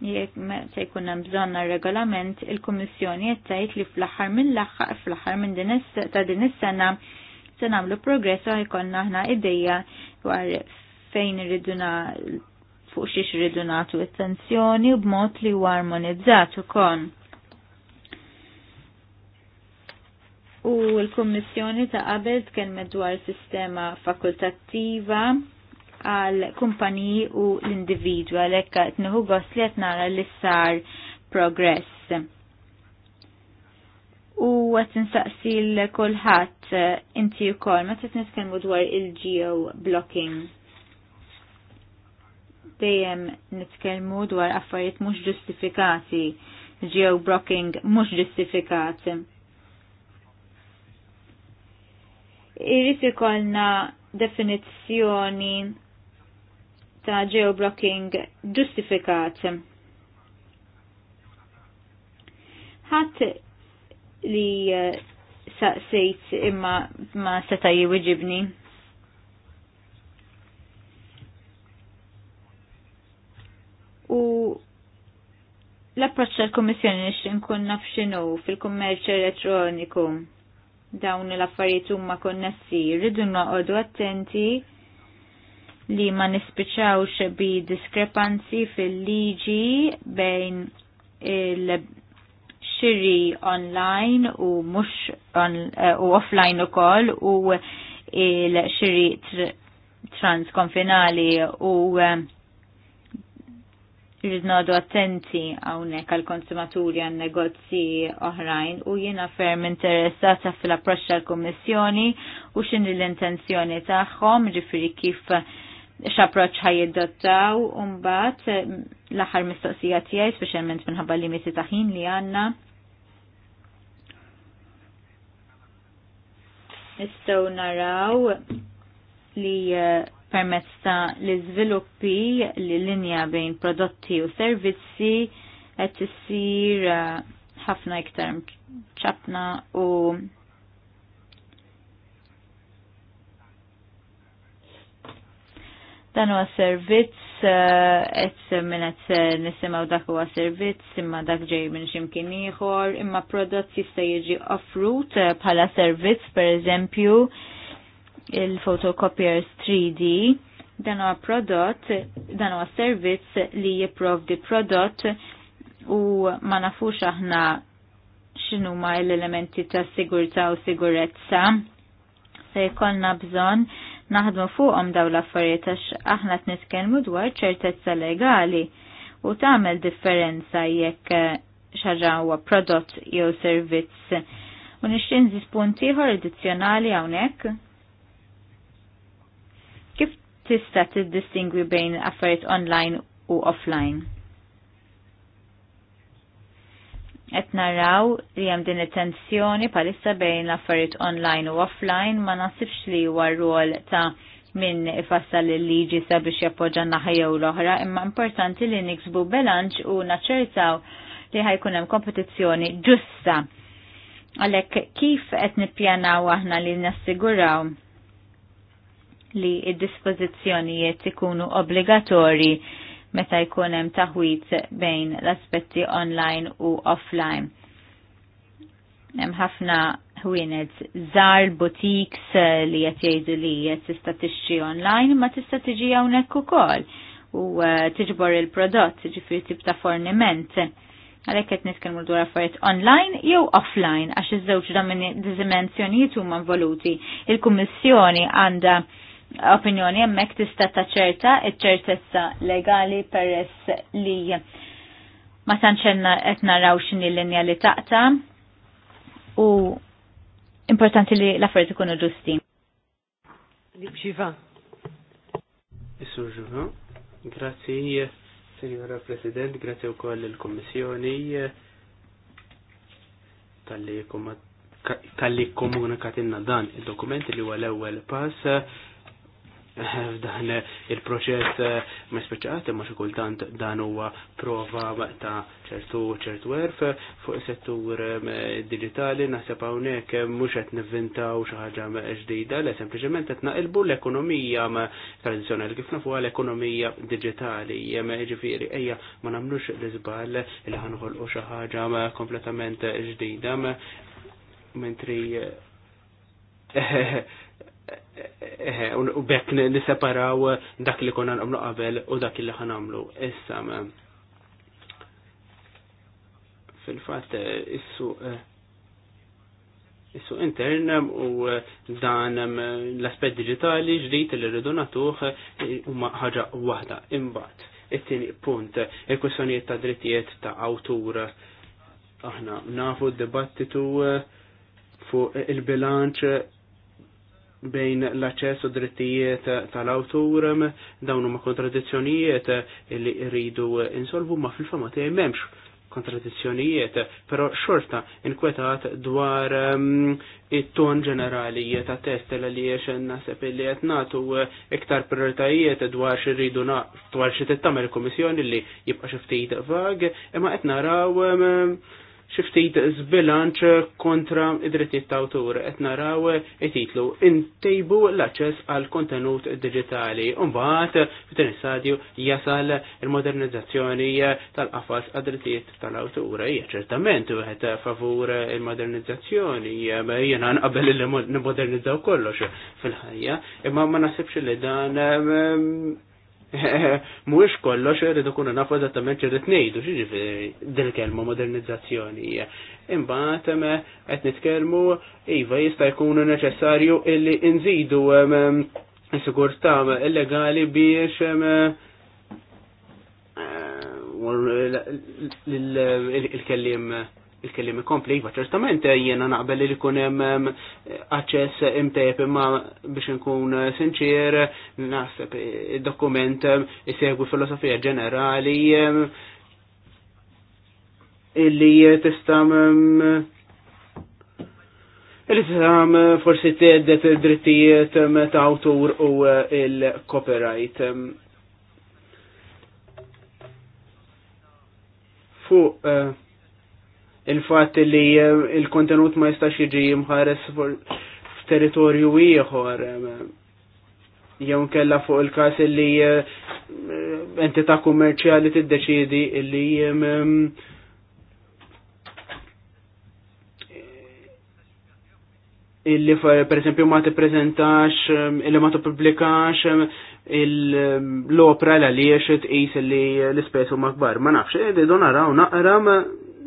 jekk se jkun hemm regolament il-Kummissjoni qed tgħid li fl-aħħar mill-aħħar fl-aħħar minn ta' din is-sena se nagħmlu progresso u jkollna aħna ideja dwar fejn irridu fuq xiex irridu nagħtu attenzjoni u b'mod li huwa armonizzat ukoll. U l-Kummissjoni ta' qabel tkellmet dwar sistema fakultattiva għal kumpaniji u l-individwa lekka tnuhu gost li nara li sar progress. U għat nsaqsi l-kolħat eh, inti u kol, ma t dwar il-geo blocking. Dejjem nitkelmu dwar affarijiet mhux ġustifikati, geo blocking mhux ġustifikati. Irrid ikollna definizzjoni ta' geoblocking ġustifikat. Ħadd li eh, saqsejt imma ma seta' jiwiġibni. U l-approċċ tal-Kummissjoni nix nkun naf x'inhu fil-kummerċ elettroniku dawn l-affarijiet huma konnessi, rridu noqogħdu attenti li ma nispiċawx bi diskrepanzi fil-liġi bejn il-xiri online u mux on, uh, u offline ukoll u il-xiri tr transkonfinali u uh, attenti għawnek għal konsumaturi għan negozji oħrajn u jiena ferm interessata fil-approċċ l kommissjoni u xini l-intenzjoni tagħhom ġifiri kif x'approċċ ħajjidottaw u mbagħad eh, l-aħħar mistoqsija tiegħi speċjalment minħabba l-miti ta' ħin li għandna. Nistgħu naraw li eh, permezz ta' l-iżviluppi li linja bejn prodotti u servizzi qed issir eh, ħafna iktar ċapna u Dan huwa servizz qed eh, minn qed eh, nisimgħu dak huwa servizz imma dak ġej minn x'imkien ieħor, imma prodott jista' jiġi offrut eh, bħala servizz pereżempju il-photocopiers 3D. Dan huwa prodott, dan huwa servizz li jipprovdi prodott u ma nafux aħna x'inhu ma l-elementi ta' sigurtà u sigurezza se jkollna bżonn naħdmu fuqhom daw l-affarijiet għax aħna t nitkelmu dwar ċertezza legali u tagħmel differenza jekk eh, xaġa huwa prodott jew servizz. U nixtieq nżid punt ieħor addizzjonali hawnhekk. Kif tista' tiddistingwi bejn affarijiet online u offline? qed naraw li hemm din it-tensjoni palissa bejn l-affarijiet online u offline ma nasibx li huwa rol ta' minn ifassal il-liġi sabiex jappoġġa naħa jew l-oħra, imma importanti li niksbu belanċ u naċċertaw li ħajkun hemm kompetizzjoni ġusta. Għalhekk kif qed nippjanaw aħna li nassiguraw li id-dispożizzjonijiet ikunu obbligatorji meta jkun hemm taħwit bejn l-aspetti online u offline. Hemm ħafna ħwienet żar boutiques eh, li qed jgħidu li tista' tixtri online ma tista' tiġi hawnhekk ukoll u eh, tiġbor il-prodott, ġifiri tip ta' forniment. Għalek qed nitkellmu dwar affarijiet online jew offline għax iż-żewġ dimensjonijiet huma involuti. Il-Kummissjoni għandha opinjoni hemmhekk tista' ċerta ċ-ċertezza legali peress li ma tantxenna qed naraw il l-linja li taqta u importanti li l-affarijiet ikunu ġusti. Isur ġuva, grazzi Signora President, grazzi u koll il-Kommissjoni tal-li komunikatinna dan il dokumenti li huwa l-ewwel pass f'dan eh, il-proċess eh, ma speċat imma xi kultant dan huwa prova ta' ċertu ċertu erf fuq settur eh, digitali naħseb hawnhekk mhux qed nivvintaw xi ħaġa ġdida le sempliċement qed naqilbu l-ekonomija tradizzjonali kif nafu l-ekonomija digitali ġifieri ejja ma nagħmlux l-iżbal li ħanħolqu xi ħaġa kompletament ġdida mentri u bekk niseparaw dak li konna nagħmlu qabel u dak li ħanamlu issa fil-fatt issu eh, issu intern u eh, dan eh, l-aspett digitali ġdid li rridu nagħtuh huma ħaġa waħda imbagħad. It-tieni punt, il-kwistjonijiet ta' drittijiet ta' awtur aħna nafu d-dibattitu fuq il-bilanċ bejn l-aċċess u drittijiet tal-awtur dawn huma kontradizzjonijiet li rridu insolvu ma fil-fama tiegħi kontradizzjonijiet, però xorta inkwetat dwar ehm, it-ton ġenerali ta' test l li jiex nasib li qed nagħtu iktar prioritajiet dwar xi rridu dwar xi tittamel il-Kummissjoni li jibqa' xi ftit vag, imma qed naraw ehm, xiftit zbilanċ kontra id-drittijiet ta' awtur qed naraw it-titlu intejbu l-aċċess għal kontenut digitali. Mbagħad fit-tieni stadju jasal il-modernizzazzjoni tal-qafas għad-drittijiet tal-awtur. Hija ċertament wieħed favur il-modernizzazzjoni jiena nqabel li modernizzaw kollox fil-ħajja, imma ma nasibx li dan (laughs) Mhuwiex kollox irid ikunu nafu eżattament x'irrid ngħidu x'jiġifieri din il-kelma modernizzazzjoni. Imbagħad qed nitkellmu iva jista' jkunu neċessarju illi nżidu sigurtà illegali biex il-kellim il-kellim ikompli, iva ċertament jiena naqbel li kun hemm aċċess imtejjeb imma biex nkun sinċir naħseb id-dokument e, isegwi filosofija ġenerali illi tista' illi tista' forsi tgħeddet id-drittijiet ta' autur u e, il-copyright. Fu uh, il-fatt li eh, il-kontenut ma jistax jiġi f f'territorju ieħor eh, jew kella fuq il-każ li eh, entità kummerċjali tiddeċiedi li illi per esempio ma tippreżentax illi ma tippubblikax lopra opra l għaliex tqis li l spesu makbar. kbar. Ma nafx, id-donara naraw naqra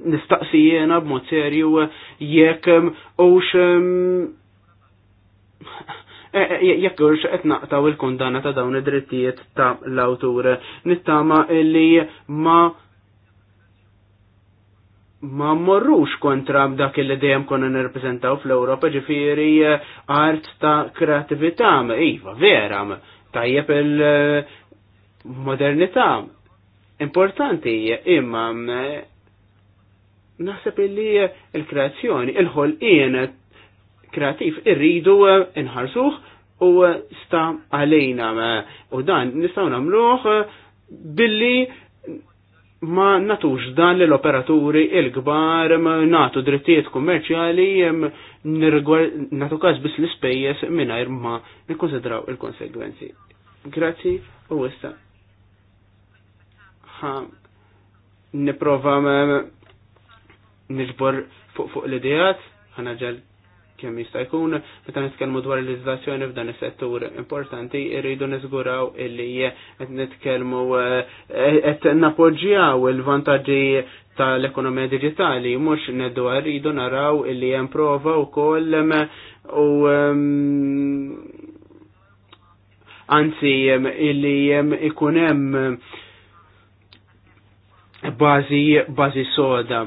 nistaqsijena b'mod serju jekk um, ux um, (laughs) eh, eh, jekk ux qed naqtaw il-kundanna ta' dawn id-drittijiet ta' l-awtur. Nittama li ma ma morrux kontra dak il dejjem konna nirrepresentaw fl-Ewropa ġifieri eh, art ta' kreatività, iva vera, tajjeb il-modernità. Importanti, imma Naħseb illi il-kreazzjoni, il-ħolqien kreativ irridu inħarsuh u sta għalejna u dan nistgħu nagħmluh billi ma natux dan l-operaturi il-gbar natu drittijiet kummerċjali natu każ biss l-ispejjeż mingħajr ma nikkonsidraw il-konsegwenzi. Grazzi u wista. Ha, niprofa nġbor fuq fuq l-idejat, ġel kemm jista' jkun, meta nitkellmu dwar l-izzazzjoni f'dan is-settur importanti, irridu niżguraw illi qed nitkellmu eh, qed nappoġġjaw il-vantaġġi tal-ekonomija digitali, mhux neddu rridu naraw illi hemm prova wkoll u anzi illi ikun hemm bażi bażi soda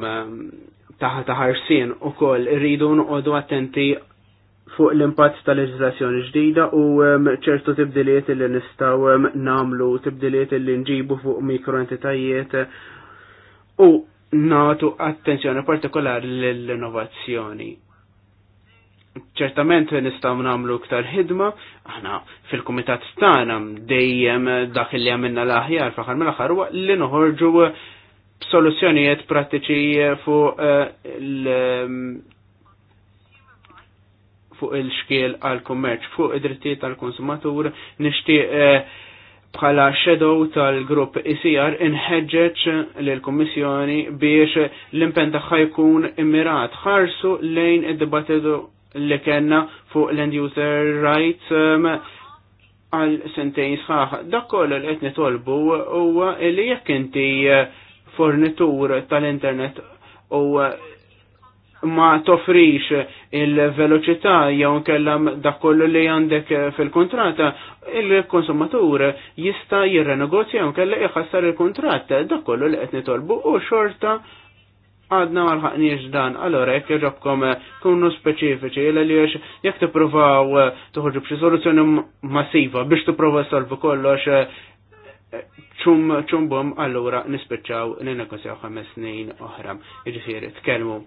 taħ taħarsin u koll rridu nuqodu attenti fuq l-impatt tal-leġislazzjoni ġdida u um, ċertu tibdiliet li nistaw um, namlu, tibdiliet li nġibu fuq mikroentitajiet u natu attenzjoni partikolari l-innovazzjoni. ċertament nistaw namlu ktar ħidma, aħna fil-komitat tagħna dejjem dak li għamilna l-aħjar faħar mill-aħħar li noħorġu soluzzjonijiet pratiċi fuq eh, ehm, fuq il-xkiel għal-kummerċ, fuq id-drittijiet għal-konsumatur, nixtieq eh, bħala shadow tal-grupp ICR e inħeġġeġ l-Kommissjoni biex l-impen tagħha jkun immirat ħarsu lejn id-dibattitu li kellna fuq l-end user rights ehm, għal sentejn sħaħ. Dak kollu li qed nitolbu huwa li jekk inti eh, fornitur tal-internet u uh, ma tofrix il-veloċità jew kellha dak kollu li għandek fil kuntrata il-konsumatur jista' jirrenegozja jew kellha jħassar il-kontratt dak kollu li qed nitolbu u xorta għadna marħaqniex dan, allora jekk jġobkom kunu speċifiċi, illa li jiex jekk t eh, toħorġu b'xi soluzzjoni massiva biex s solvu kollox ċum ċumbom allura nispiċċaw ninnegozjaw ħames snin oħra. Iġifieri tkellmu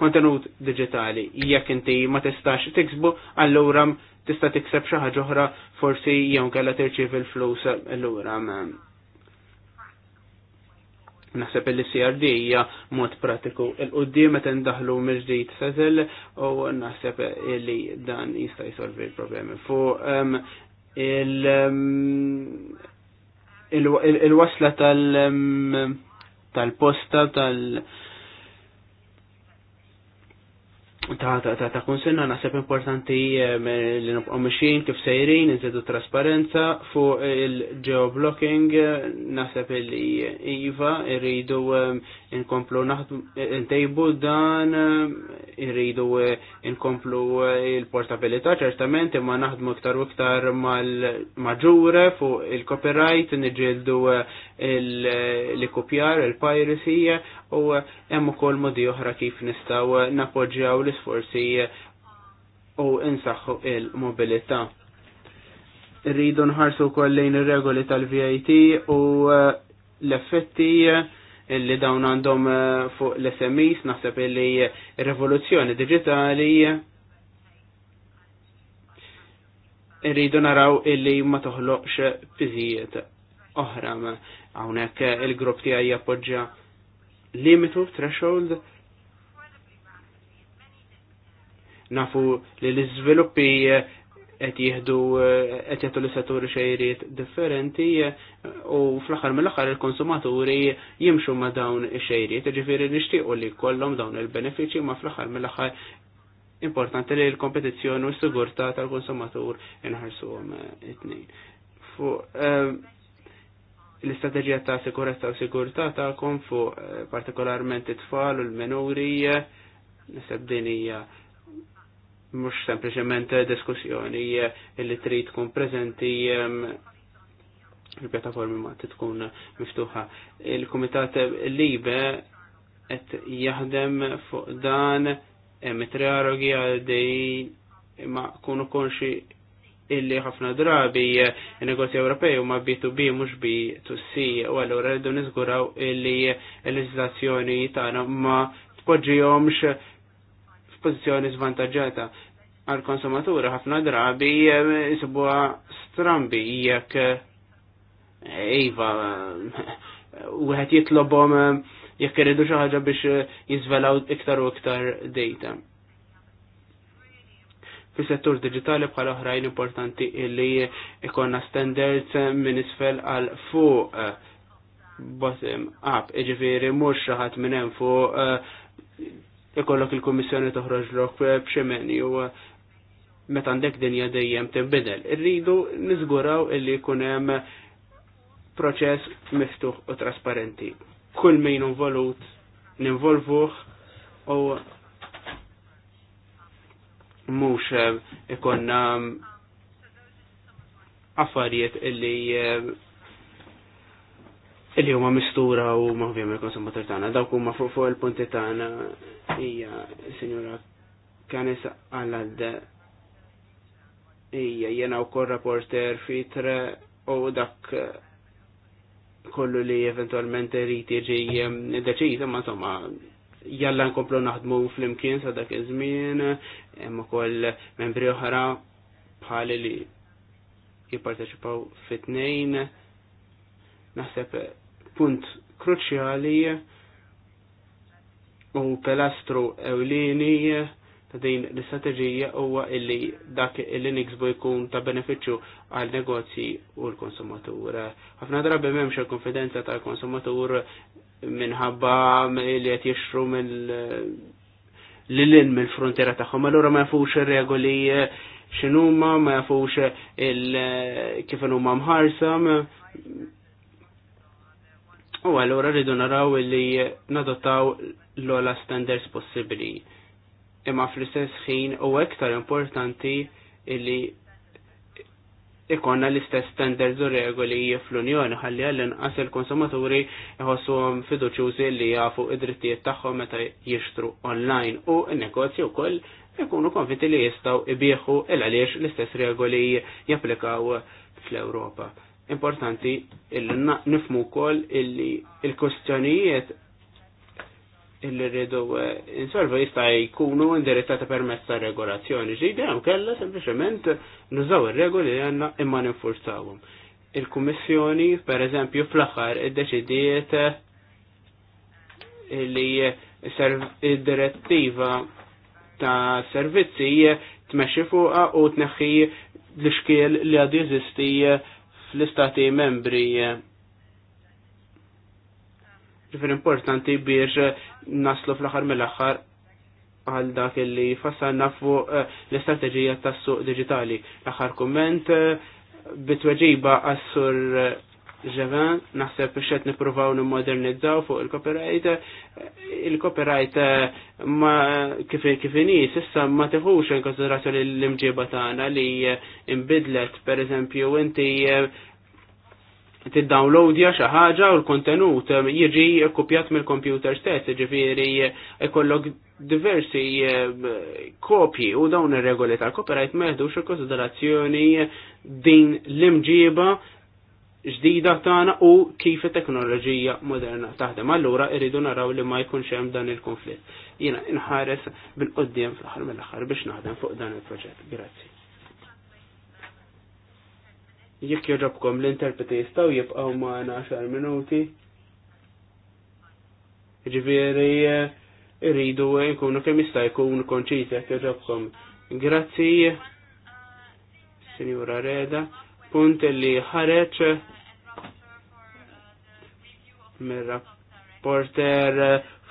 kontenut digitali jekk inti ma tistax tiksbu allura tista' tikseb xi ħaġa oħra forsi jew kellha tirċievi l-flus allura. Naħseb il CRD hija mod pratiku il-qudiem qed indaħlu mill-ġdid sezel u naħseb li dan jista' jsolvi l-problemi. Fu il- il-wasla tal- tal-posta tal-, tal ta' ta' ta' ta konsenna naħseb importanti eh, li nibqgħu mixin kif sejrin, nżidu trasparenza fuq il-geoblocking naħseb li iva irridu eh, inkomplu eh, ntejbu dan irridu inkomplu il-portabilità ċertament imma naħdmu iktar u iktar mal-maġure fuq il-copyright niġildu l-kopjar, il-piracy u hemm ukoll modi oħra kif nistgħu napoġġjaw l-isforzi u insaħħu il-mobilità. Rridu nħarsu wkoll lejn ir-regoli tal-VAT u uh, l-effetti illi uh, dawn għandhom uh, fuq l-SMEs, naħseb illi rivoluzzjoni digitali irridu naraw illi ma toħloqx biżijiet oħra. Hawnhekk il-grupp tiegħi jappoġġja limitu threshold nafu li l-izviluppi eh, qed jieħdu eh, qed jagħtu l-setturi xejriet differenti eh, u fl-aħħar mill-aħħar il-konsumaturi jimxu ma' dawn ix-xejriet, ġifieri nixtiequ li jkollhom dawn il-benefiċċji ma' fl-aħħar mill-aħħar importanti li l-kompetizzjoni u s-sigurtà tal-konsumatur inħarsuhom it-tnejn l-istrateġija ta' sikurezza u sigurtà tagħkom fuq eh, partikolarment it-tfal u l-minuri eh, nisab din hija mhux sempliċement diskussjoni eh, li trid tkun preżenti il-pjattaformi ma tkun miftuħa. Il-Kumitat Libe qed jaħdem fuq dan hemm trialogi għal dejn ma kunu konxi illi ħafna drabi il-negozji Ewropej huma B2B mhux B2C u allura rridu niżguraw illi l-leġiżlazzjoni tagħna ma tpoġġihomx f'pożizzjoni svantaġġata għal konsumatura ħafna drabi jisibuha strambi jekk iva (laughs) wieħed jitlobhom jekk iridu xi ħaġa biex jiżvelaw iktar u iktar data fis settur digitali bħal oħrajn importanti illi ikonna standards minn isfel għal fuq bottom up, iġifiri mux xaħat minn hemm fuq eh, ikollok il-Kummissjoni toħroġ lok b'xi menju eh, meta għandek dinja dejjem tibbidel. Irridu niżguraw illi jkun hemm proċess miftuħ u trasparenti. Kull min involut ninvolvuh u mhux eh, ikonna mm, affarijiet illi eh, illi huma mistura u ma ovvjament il-konsumatur tagħna. Dawk huma fuq fuq il-punti tagħna hija sinjura Kanis għal hija jiena wkoll rapporter fitre u dak kollu li eventualment rrit jiġi eh, deċiż, ma insomma jalla nkomplu naħdmu fl-imkien sa dak iż-żmien, hemm ukoll membri oħra bħali li jipparteċipaw fit-tnejn. Naħseb punt kruċjali u pelastru ewlieni ta' din l-istrateġija huwa illi dak illi niksbu jkun ta' beneficju għal negozji u l-konsumatur. Ħafna drabi m'hemmx il-konfidenza tal-konsumatur minħabba li qed jixru l-lin mill-frontiera tagħhom, allura ma jafux ir-regoli x'inhuma, ma jafux il kif n-umma mħarsam. U allura rridu naraw li nadottaw l-ola standards possibbli imma fl-istess ħin u ektar importanti illi ikonna l-istess standards u regoli fl-Unjoni ħalli għallin inqas il-konsumaturi jħossuhom fiduċjużi li jafu id-drittijiet tagħhom meta jixtru online u n-negozju wkoll ikunu konfitti li jistgħu ibieħu il għaliex l-istess regoli japplikaw fl-Ewropa. Importanti il nifmu wkoll illi il-kustjonijiet illi rridu eh, insolvu jista' jkunu indirizzata permezz ta' regolazzjoni ġdida hemm kellha sempliċement nużaw ir-regoli li għandna imma ninfurzawhom. Il-Kummissjoni, pereżempju, fl-aħħar iddeċidiet eh, li id-direttiva ta' servizzi tmexxi fuqha u tneħħi l-xkiel li għad jeżisti fl-istati membri ġifir importanti biex eh, naslu fl-axar mill-axar għal dak li fassanna fuq eh, l-istrateġija tas suq digitali. L-axar komment eh, bitweġiba għassur ġevan, naħseb xed n nimmodernizzaw fuq il-copyright. Il-copyright ma kif kifini, sissa ma teħux in konsiderazzjoni l-imġiba tagħna li imbidlet, per eżempju, inti tiddownloadja xi ħaġa u l-kontenut ehm, jiġi kopjat mill-computer stess, ġifieri eh, ikollok diversi ehm, kopji u dawn ir-regoli tal-copyright meħdux il-konsiderazzjoni din l-imġiba ġdida tagħna u kif it-teknoloġija moderna taħdem. Allura irridu naraw li ma jkunx hemm dan il-konflitt. Jiena inħares bil-qudiem fl-aħħar mill-aħħar biex naħdem fuq dan il-proġett. Grazzi. Jekk jogħġobkom l-interpreti jistaw jibqaw maħna xar minuti. Ġviri, eh, rridu jkunu kemm jista' jkun konċiżi jekk joġobkom. Grazzi, Sinjura Reda, punt li ħareġ mir-rapporter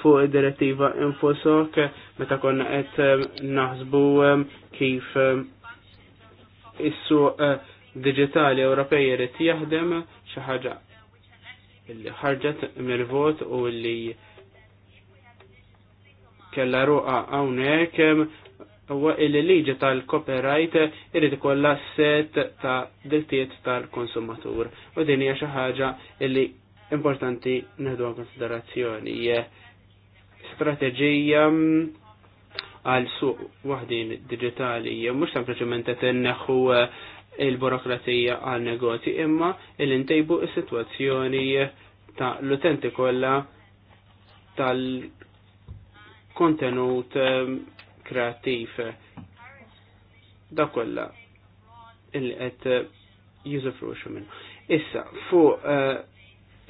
fuq id-direttiva infosok meta konna qed eh, naħsbu eh, kif is-suq digitali Ewropej jrid jaħdem xi ħaġa li ħarġet mill-vot u li kella ruqa hawnhekk huwa il-liġi tal-copyright irid ikollha set ta' drittijiet tal-konsumatur. U din hija xi ħaġa li importanti neħdu konsiderazzjoni. Strateġija mm, għal suq waħdin digitali mhux sempliċement qed inneħħu il burokratija għal negozji imma il-intejbu is-sitwazzjoni ta' l-utenti kollha tal-kontenut ehm, kreativ. Da kollha il qed eh, jużufruxu minn. Issa, fuq eh,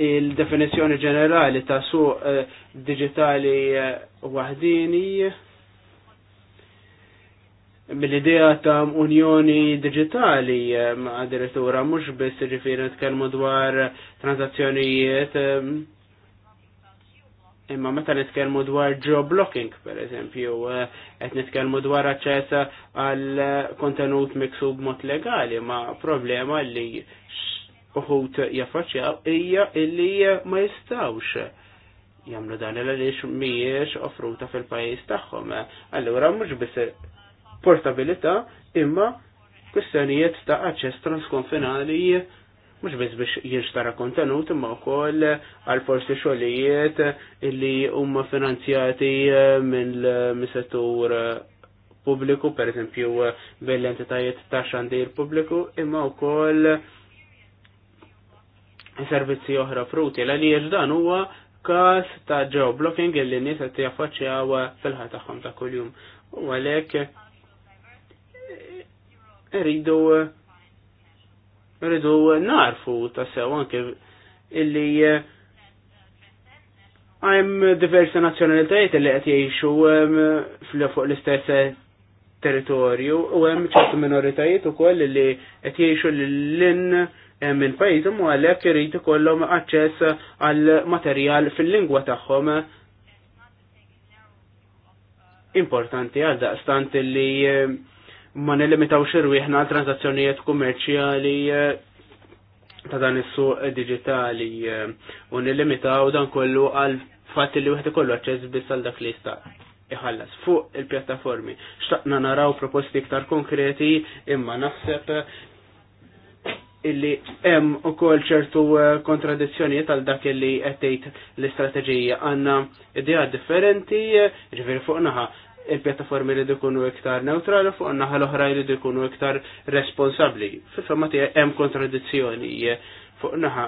il-definizjoni ġenerali ta' suq eh, digitali wahdini, mill-idea ta' unjoni digitali ma' mux biss ġifiri nitkellmu dwar transazzjonijiet imma meta nitkellmu dwar blocking per eżempju eh, qed nitkellmu dwar aċċess għal kontenut miksub mod legali ma problema li uħut jaffaċċjaw hija illi ma jistawx jagħmlu dan l għaliex mhijiex offruta fil-pajjiż tagħhom. Allura mhux biss portabilità imma kwistjonijiet ta' aċċess transkonfinali mhux biss biex jinxtara kontenut imma wkoll għal forsi xogħlijiet illi huma finanzjati eh, mill-settur eh, eh, pubbliku, pereżempju bil-entitajiet ta' xandir pubbliku, imma wkoll servizzi oħra fruti l dan huwa kas ta' geoblocking illi nies qed jaffaċċjaw fil-ħatagħhom ta' kuljum. U għalhekk eridu eridu narfu ta' sew anke illi għajm eh, diversi nazzjonalitajiet li qed jgħixu eh, fuq l-istess eh, territorju u hemm ċertu minoritajiet ukoll li qed jgħixu lin minn pajjiżhom u għalhekk irid ikollhom aċċess għal materjal fil-lingwa tagħhom importanti għal daqstant li ma nelimitaw xirwieħna għal transazzjonijiet kummerċjali eh, ta' dan is-suq digitali eh, u nelimitaw dan kollu għal fatt li wieħed ikollu aċċess biss għal dak li jista' iħallas fuq il-pjattaformi. Xtaqna naraw proposti iktar konkreti imma naħseb illi hemm ukoll ċertu eh, kontradizzjonijiet għal dak li qed tgħid l-istrateġija għandna idea differenti, ġifieri fuq naħa il-pjattaformi li dikunu iktar neutrali fuq naħa l-oħra li dikunu iktar responsabli. Fil-femma ti hemm kontradizzjoni fuq naħa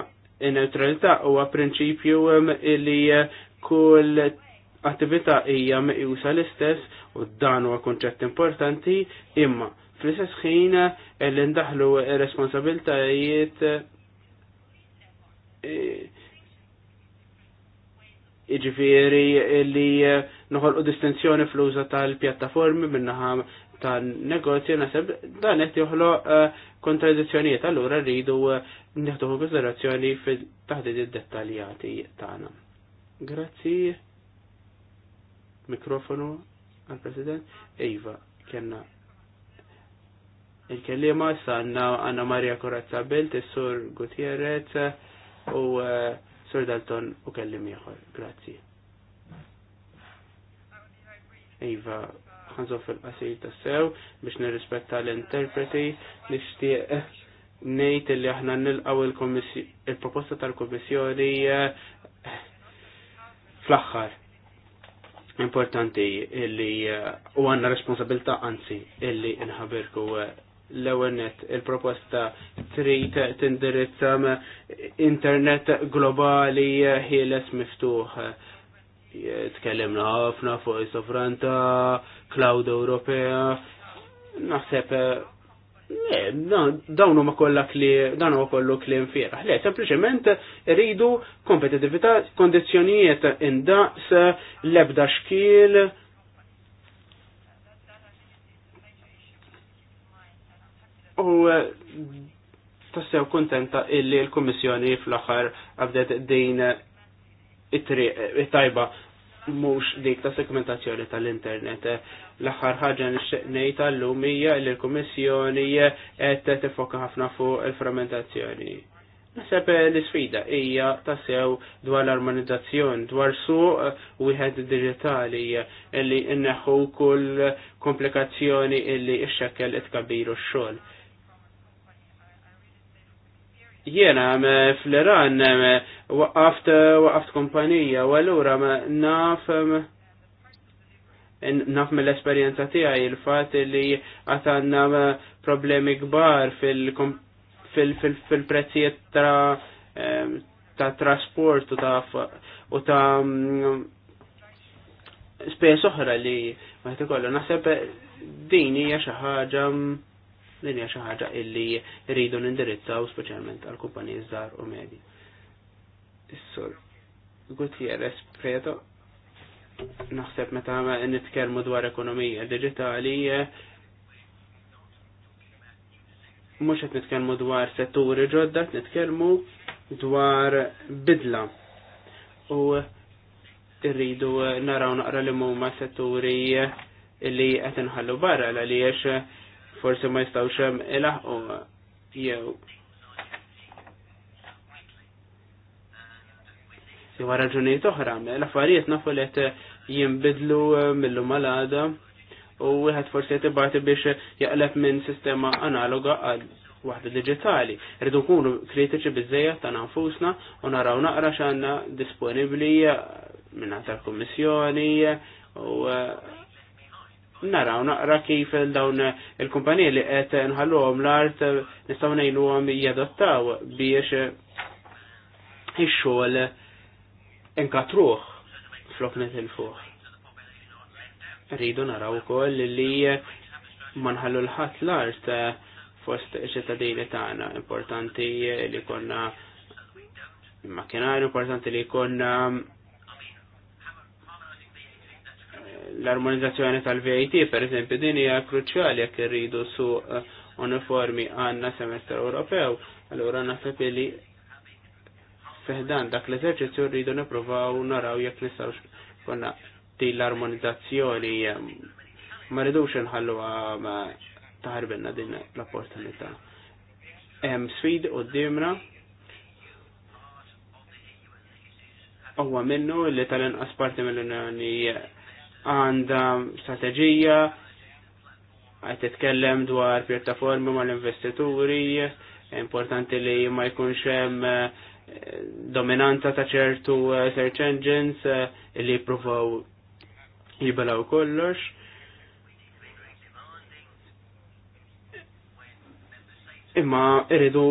in-neutralità huwa prinċipju li kull attività hija meqjusa l-istess u dan huwa konċett importanti imma fl-istess ħin li ndaħlu responsabiltajiet iġifieri li u distinzjoni fl-uża tal-pjattaformi minnaħa tan-negozju naseb dan qed joħloq eh, kontradizzjonijiet allura rridu eh, nieħdu konsiderazzjoni fil-taħdid dettaljati tagħna. Grazzi. Mikrofonu għal-President. Iva, kienna il-kellima sanna Anna Maria Corazza Belt, il-Sur Gutierrez u eh, Sur Dalton u kellim ieħor. Grazzi. Iva, ħanżof il-qasir ta' sew biex nirrispetta l-interpreti nixtieq eh, nejt li aħna nilqaw il-proposta tal-Komissjoni eh, fl-axħar. Importanti illi eh, u għanna responsabilta għanzi illi nħabirku l-ewenet il-proposta trid tindirizza internet globali ħieles miftuħ tkellimna ħafna fuq is-sovranta, cloud Ewropea, naħseb eh, eh, dawn huma kollha kli dawn huma kollu klim fieraħ. Le, sempliċement iridu kompetitività, kondizzjonijiet indaqs, l-ebda xkiel, U eh, tassew kontenta illi l kummissjoni fl aħħar għabdet din it-tajba mhux dik ta' segmentazzjoni tal-internet. L-aħħar ħaġa nixtieq ngħid tal-lum hija li l-Kummissjoni qed tifoka ħafna fuq il-fermentazzjoni. Naseb l-isfida hija tassew dwar l-armonizzazzjoni, dwar suq uh, wieħed digitali uh, li inneħħu kull komplikazzjoni illi x-xekkel it-kabiru x-xogħol Jiena fl-Iran waqqaft waqqaft kumpanija u allura naf naf mill-esperjenza tiegħi il-fatt li qatt għandna problemi kbar fil-prezzijiet ta' ta' trasport u ta' u ta' mm, spes oħra li ma' tikollu naħseb din hija xi ħaġa mm, din hija xi ħaġa illi rridu nindirizzaw speċjalment għal kumpaniji żgħar u medji. Is-sur Gutierrez Preto naħseb meta nitkellmu dwar ekonomija diġitali mhux qed nitkellmu dwar setturi ġodda, qed nitkellmu dwar bidla. U irridu naraw naqra li huma setturi li qed inħallu barra għaliex forse ma xem hemm u jew Iwa raġunijiet oħra, mela, l-affarijiet nafu li qed jinbidlu eh, millu malada u wieħed forsi qed ibati biex jaqleb minn sistema analoga għal waħda digitali. Rridu nkunu kritiċi biżejjed ta' nfusna u naraw naqra x'għandna disponibbli eh, minn tal-Kummissjoni eh, u naraw naqra kif dawn il-kumpanija li qed nħalluhom l-art nistgħu ngħinuhom jadottaw biex ix-xogħol inkatruh flok fuq Rridu naraw ukoll li ma nħallu l-ħadd l-art fost ċittadini tagħna importanti li konna makinari importanti li konna l-armonizzazzjoni tal-VAT, per eżempju, din hija kruċjali jekk irridu su eh, uniformi għandna semester Ewropew, allura naħseb li fiħdan dak l-eżerċizzju rridu nipprovaw naraw jekk nistgħux konna din l-armonizzazzjoni eh, ma ridux nħallu ma din l-opportunità. Hemm sfid qudiemna huwa minnu li tal-inqas parti mill-Unjoni għandha strateġija għed titkellem dwar pjattaformi mal-investituri, importanti li ma jkunx hemm eh, dominanza ta' ċertu eh, search engines eh, li jippruvaw jibelaw kollox. Imma iridu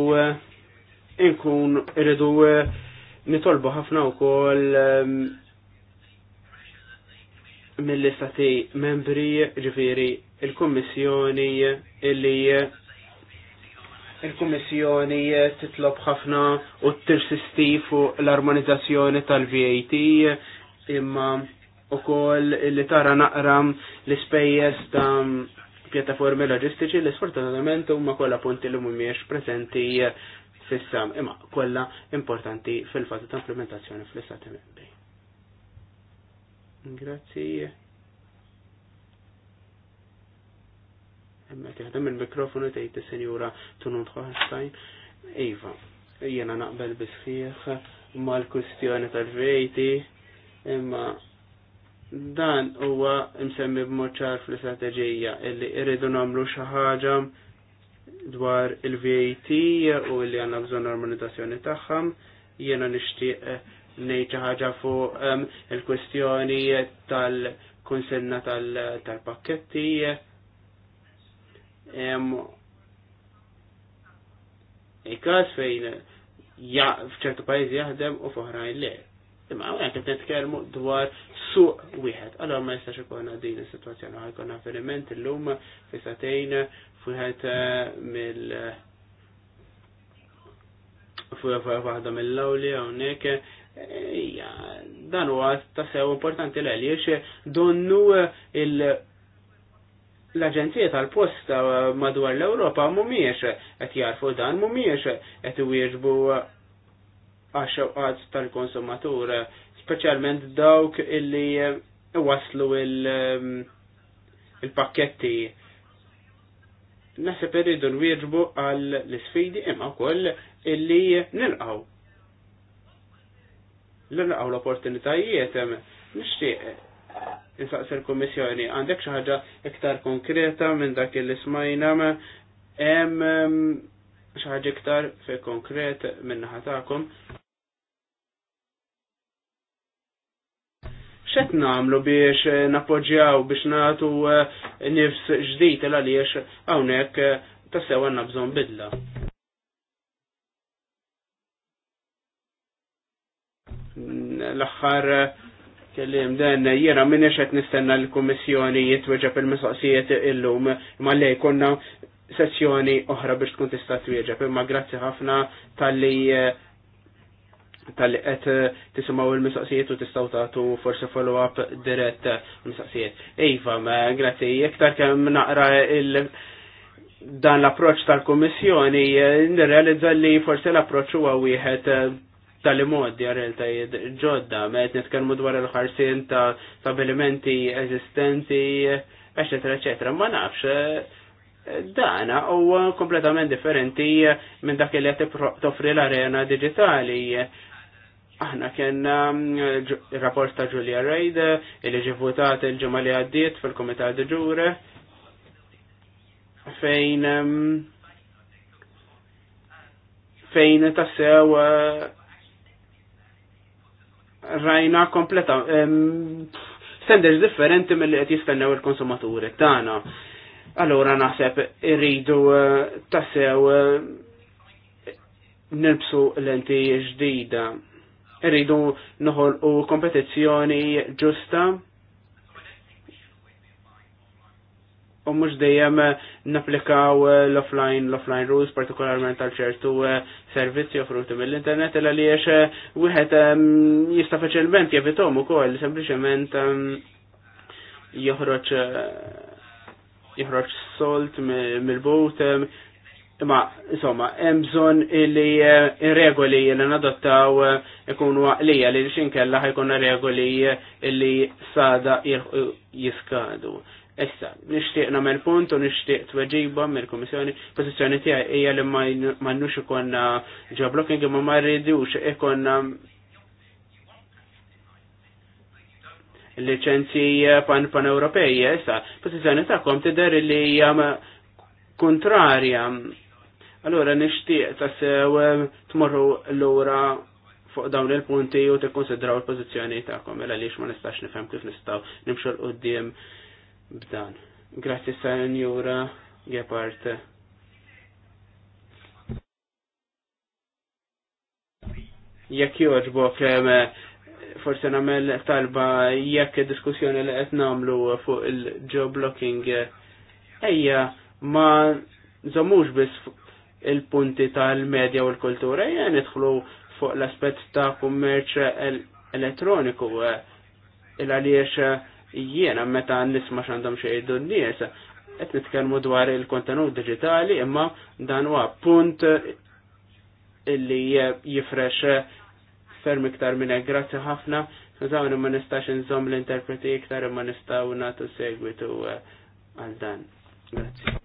inkun iridu nitolbu ħafna wkoll mill-istati membri ġifiri il-Kommissjoni illi il-Kommissjoni titlob ħafna u t-tirsisti fuq l-armonizzazzjoni tal-VAT imma u koll li tara naqram l-spejjes ta' pjattaformi loġistiċi li sfortunatament huma kollha punti li mhumiex preżenti fissam imma kollha importanti fil-fażi ta' implementazzjoni fl-istati membri. Grazzi. Emmet, tiħdem il-mikrofonu tgħid is-senjura Tunut Ħoħastajn. Iva, jiena naqbel bisħieħ mal-kwistjoni tal-vejti imma dan huwa msemmi b'mod ċar fl-istrateġija illi irridu nagħmlu xi ħaġa dwar il-VAT u li għandna bżonn armonizzazzjoni tagħhom jiena nixtieq nejċa xi ħaġa fuq ehm, il-kwestjoni tal-kunsenna tal-pakketti ehm, il fejn f'ċertu pajjiżi jaħdem u f'oħrajn le. Imma għek qed nitkellmu dwar suq wieħed. Allora ma jistax ikun din is-sitwazzjoni ħaj ikolna avveniment illum fi f'wieħed eh, mill fuq mill-lawli hawnhekk Ija, dan huwa tassew importanti l għaliex donnu il- l-Aġenzija tal-Posta madwar l-Ewropa mumiex qed jarfu dan mumiex qed iwieġbu għax tal-konsumatur, speċjalment dawk illi waslu il-pakketti. Naħseb irridu nwieġbu għall l-sfidi imma wkoll illi nilqgħu l-naqaw l-opportunitajiet, nishtiq eh, insaqs il kummissjoni għandek xi ħaġa iktar konkreta minn dak li smajna, hemm xi ħaġa iktar fi konkret minn ħatakom. ċet namlu biex napoġġjaw biex natu eh, nifs ġdijt l-għaliex għawnek eh, tassew għanna bżon bidla. l-axħar eh, kellim dan eh, jira minn qed nistenna l-Kummissjoni jitweġeb il-mistoqsijiet illum imma lej konna sessjoni oħra biex tkun tista' twieġeb imma grazzi ħafna tal-li eh, tal-li qed tisimgħu il-mistoqsijiet u tistgħu tagħtu forsi follow-up dirett mistoqsijiet. Iva, grazzi, iktar kemm naqra il- dan l-approċ tal-Komissjoni nirrealizza li forse l-approċ huwa wieħed tal modi għareltajiet ġodda, met netkelmu dwar il-ħarsin ta' stabilimenti eżistenti, eccetera, eccetera. Ma nafx, dana u kompletament differenti minn dak li toffri l-arena digitali. Aħna kena mm, rapport ta' Julia Reid, il ġivutat il ġemali li għaddiet fil-Komitat Ġure, fejn mm, fejn tassew rajna kompleta standards differenti mill-li qed jistennew il-konsumaturi tagħna. Allora naħseb irridu eh, tassew eh, nilbsu lenti ġdida. Irridu noħolqu kompetizzjoni ġusta u mux dejjem eh, naplikaw eh, l-offline l-offline rules partikolarment għal ċertu eh, servizzi offruti mill-internet illa li jiex wieħed ehm, jista' faċilment jevitom ukoll sempliċement ehm, joħroġ joħroġ solt mill-bot ehm, imma insomma hemm bżonn li regoli li nadottaw ikunu għalija li xinkella ħajkun regoli li sada jiskadu. Issa, nishtiq namel punt u nishtiq tweġiba mill-Komissjoni, pozizjoni tiegħi ija li mannux ikonna ġeoblocking imma ma rridux ikonna licenzji eh, pan pan Ewropej, eh, issa, pozizjoni tagħkom tidher li hija kontrarja. Allora nixtieq tassew eh, tmorru lura fuq dawn il-punti u tikkonsidraw il-pożizzjoni tagħkom mela għaliex ma nistax nifhem kif nistgħu nimxu l-qudiem b'dan. Grazzi Sanjura Gepard. Jekk joġbok forse namel talba jekk diskussjoni li qed nagħmlu fuq il-geoblocking ejja ma żommux biss il-punti tal-medja u l-kultura ejja nidħlu fuq l-aspett ta' kummerċ elettroniku eh, il għaliex jiena meta nisma' x'għandhom xejdu n-nies, qed nitkellmu dwar il-kontenut digitali imma dan huwa punt illi jifrex ferm iktar minn hekk grazzi ħafna. Zawni ma nistax nżomm l-interpreti iktar imma nistaw natu segwitu eh, għal dan. Grazzi.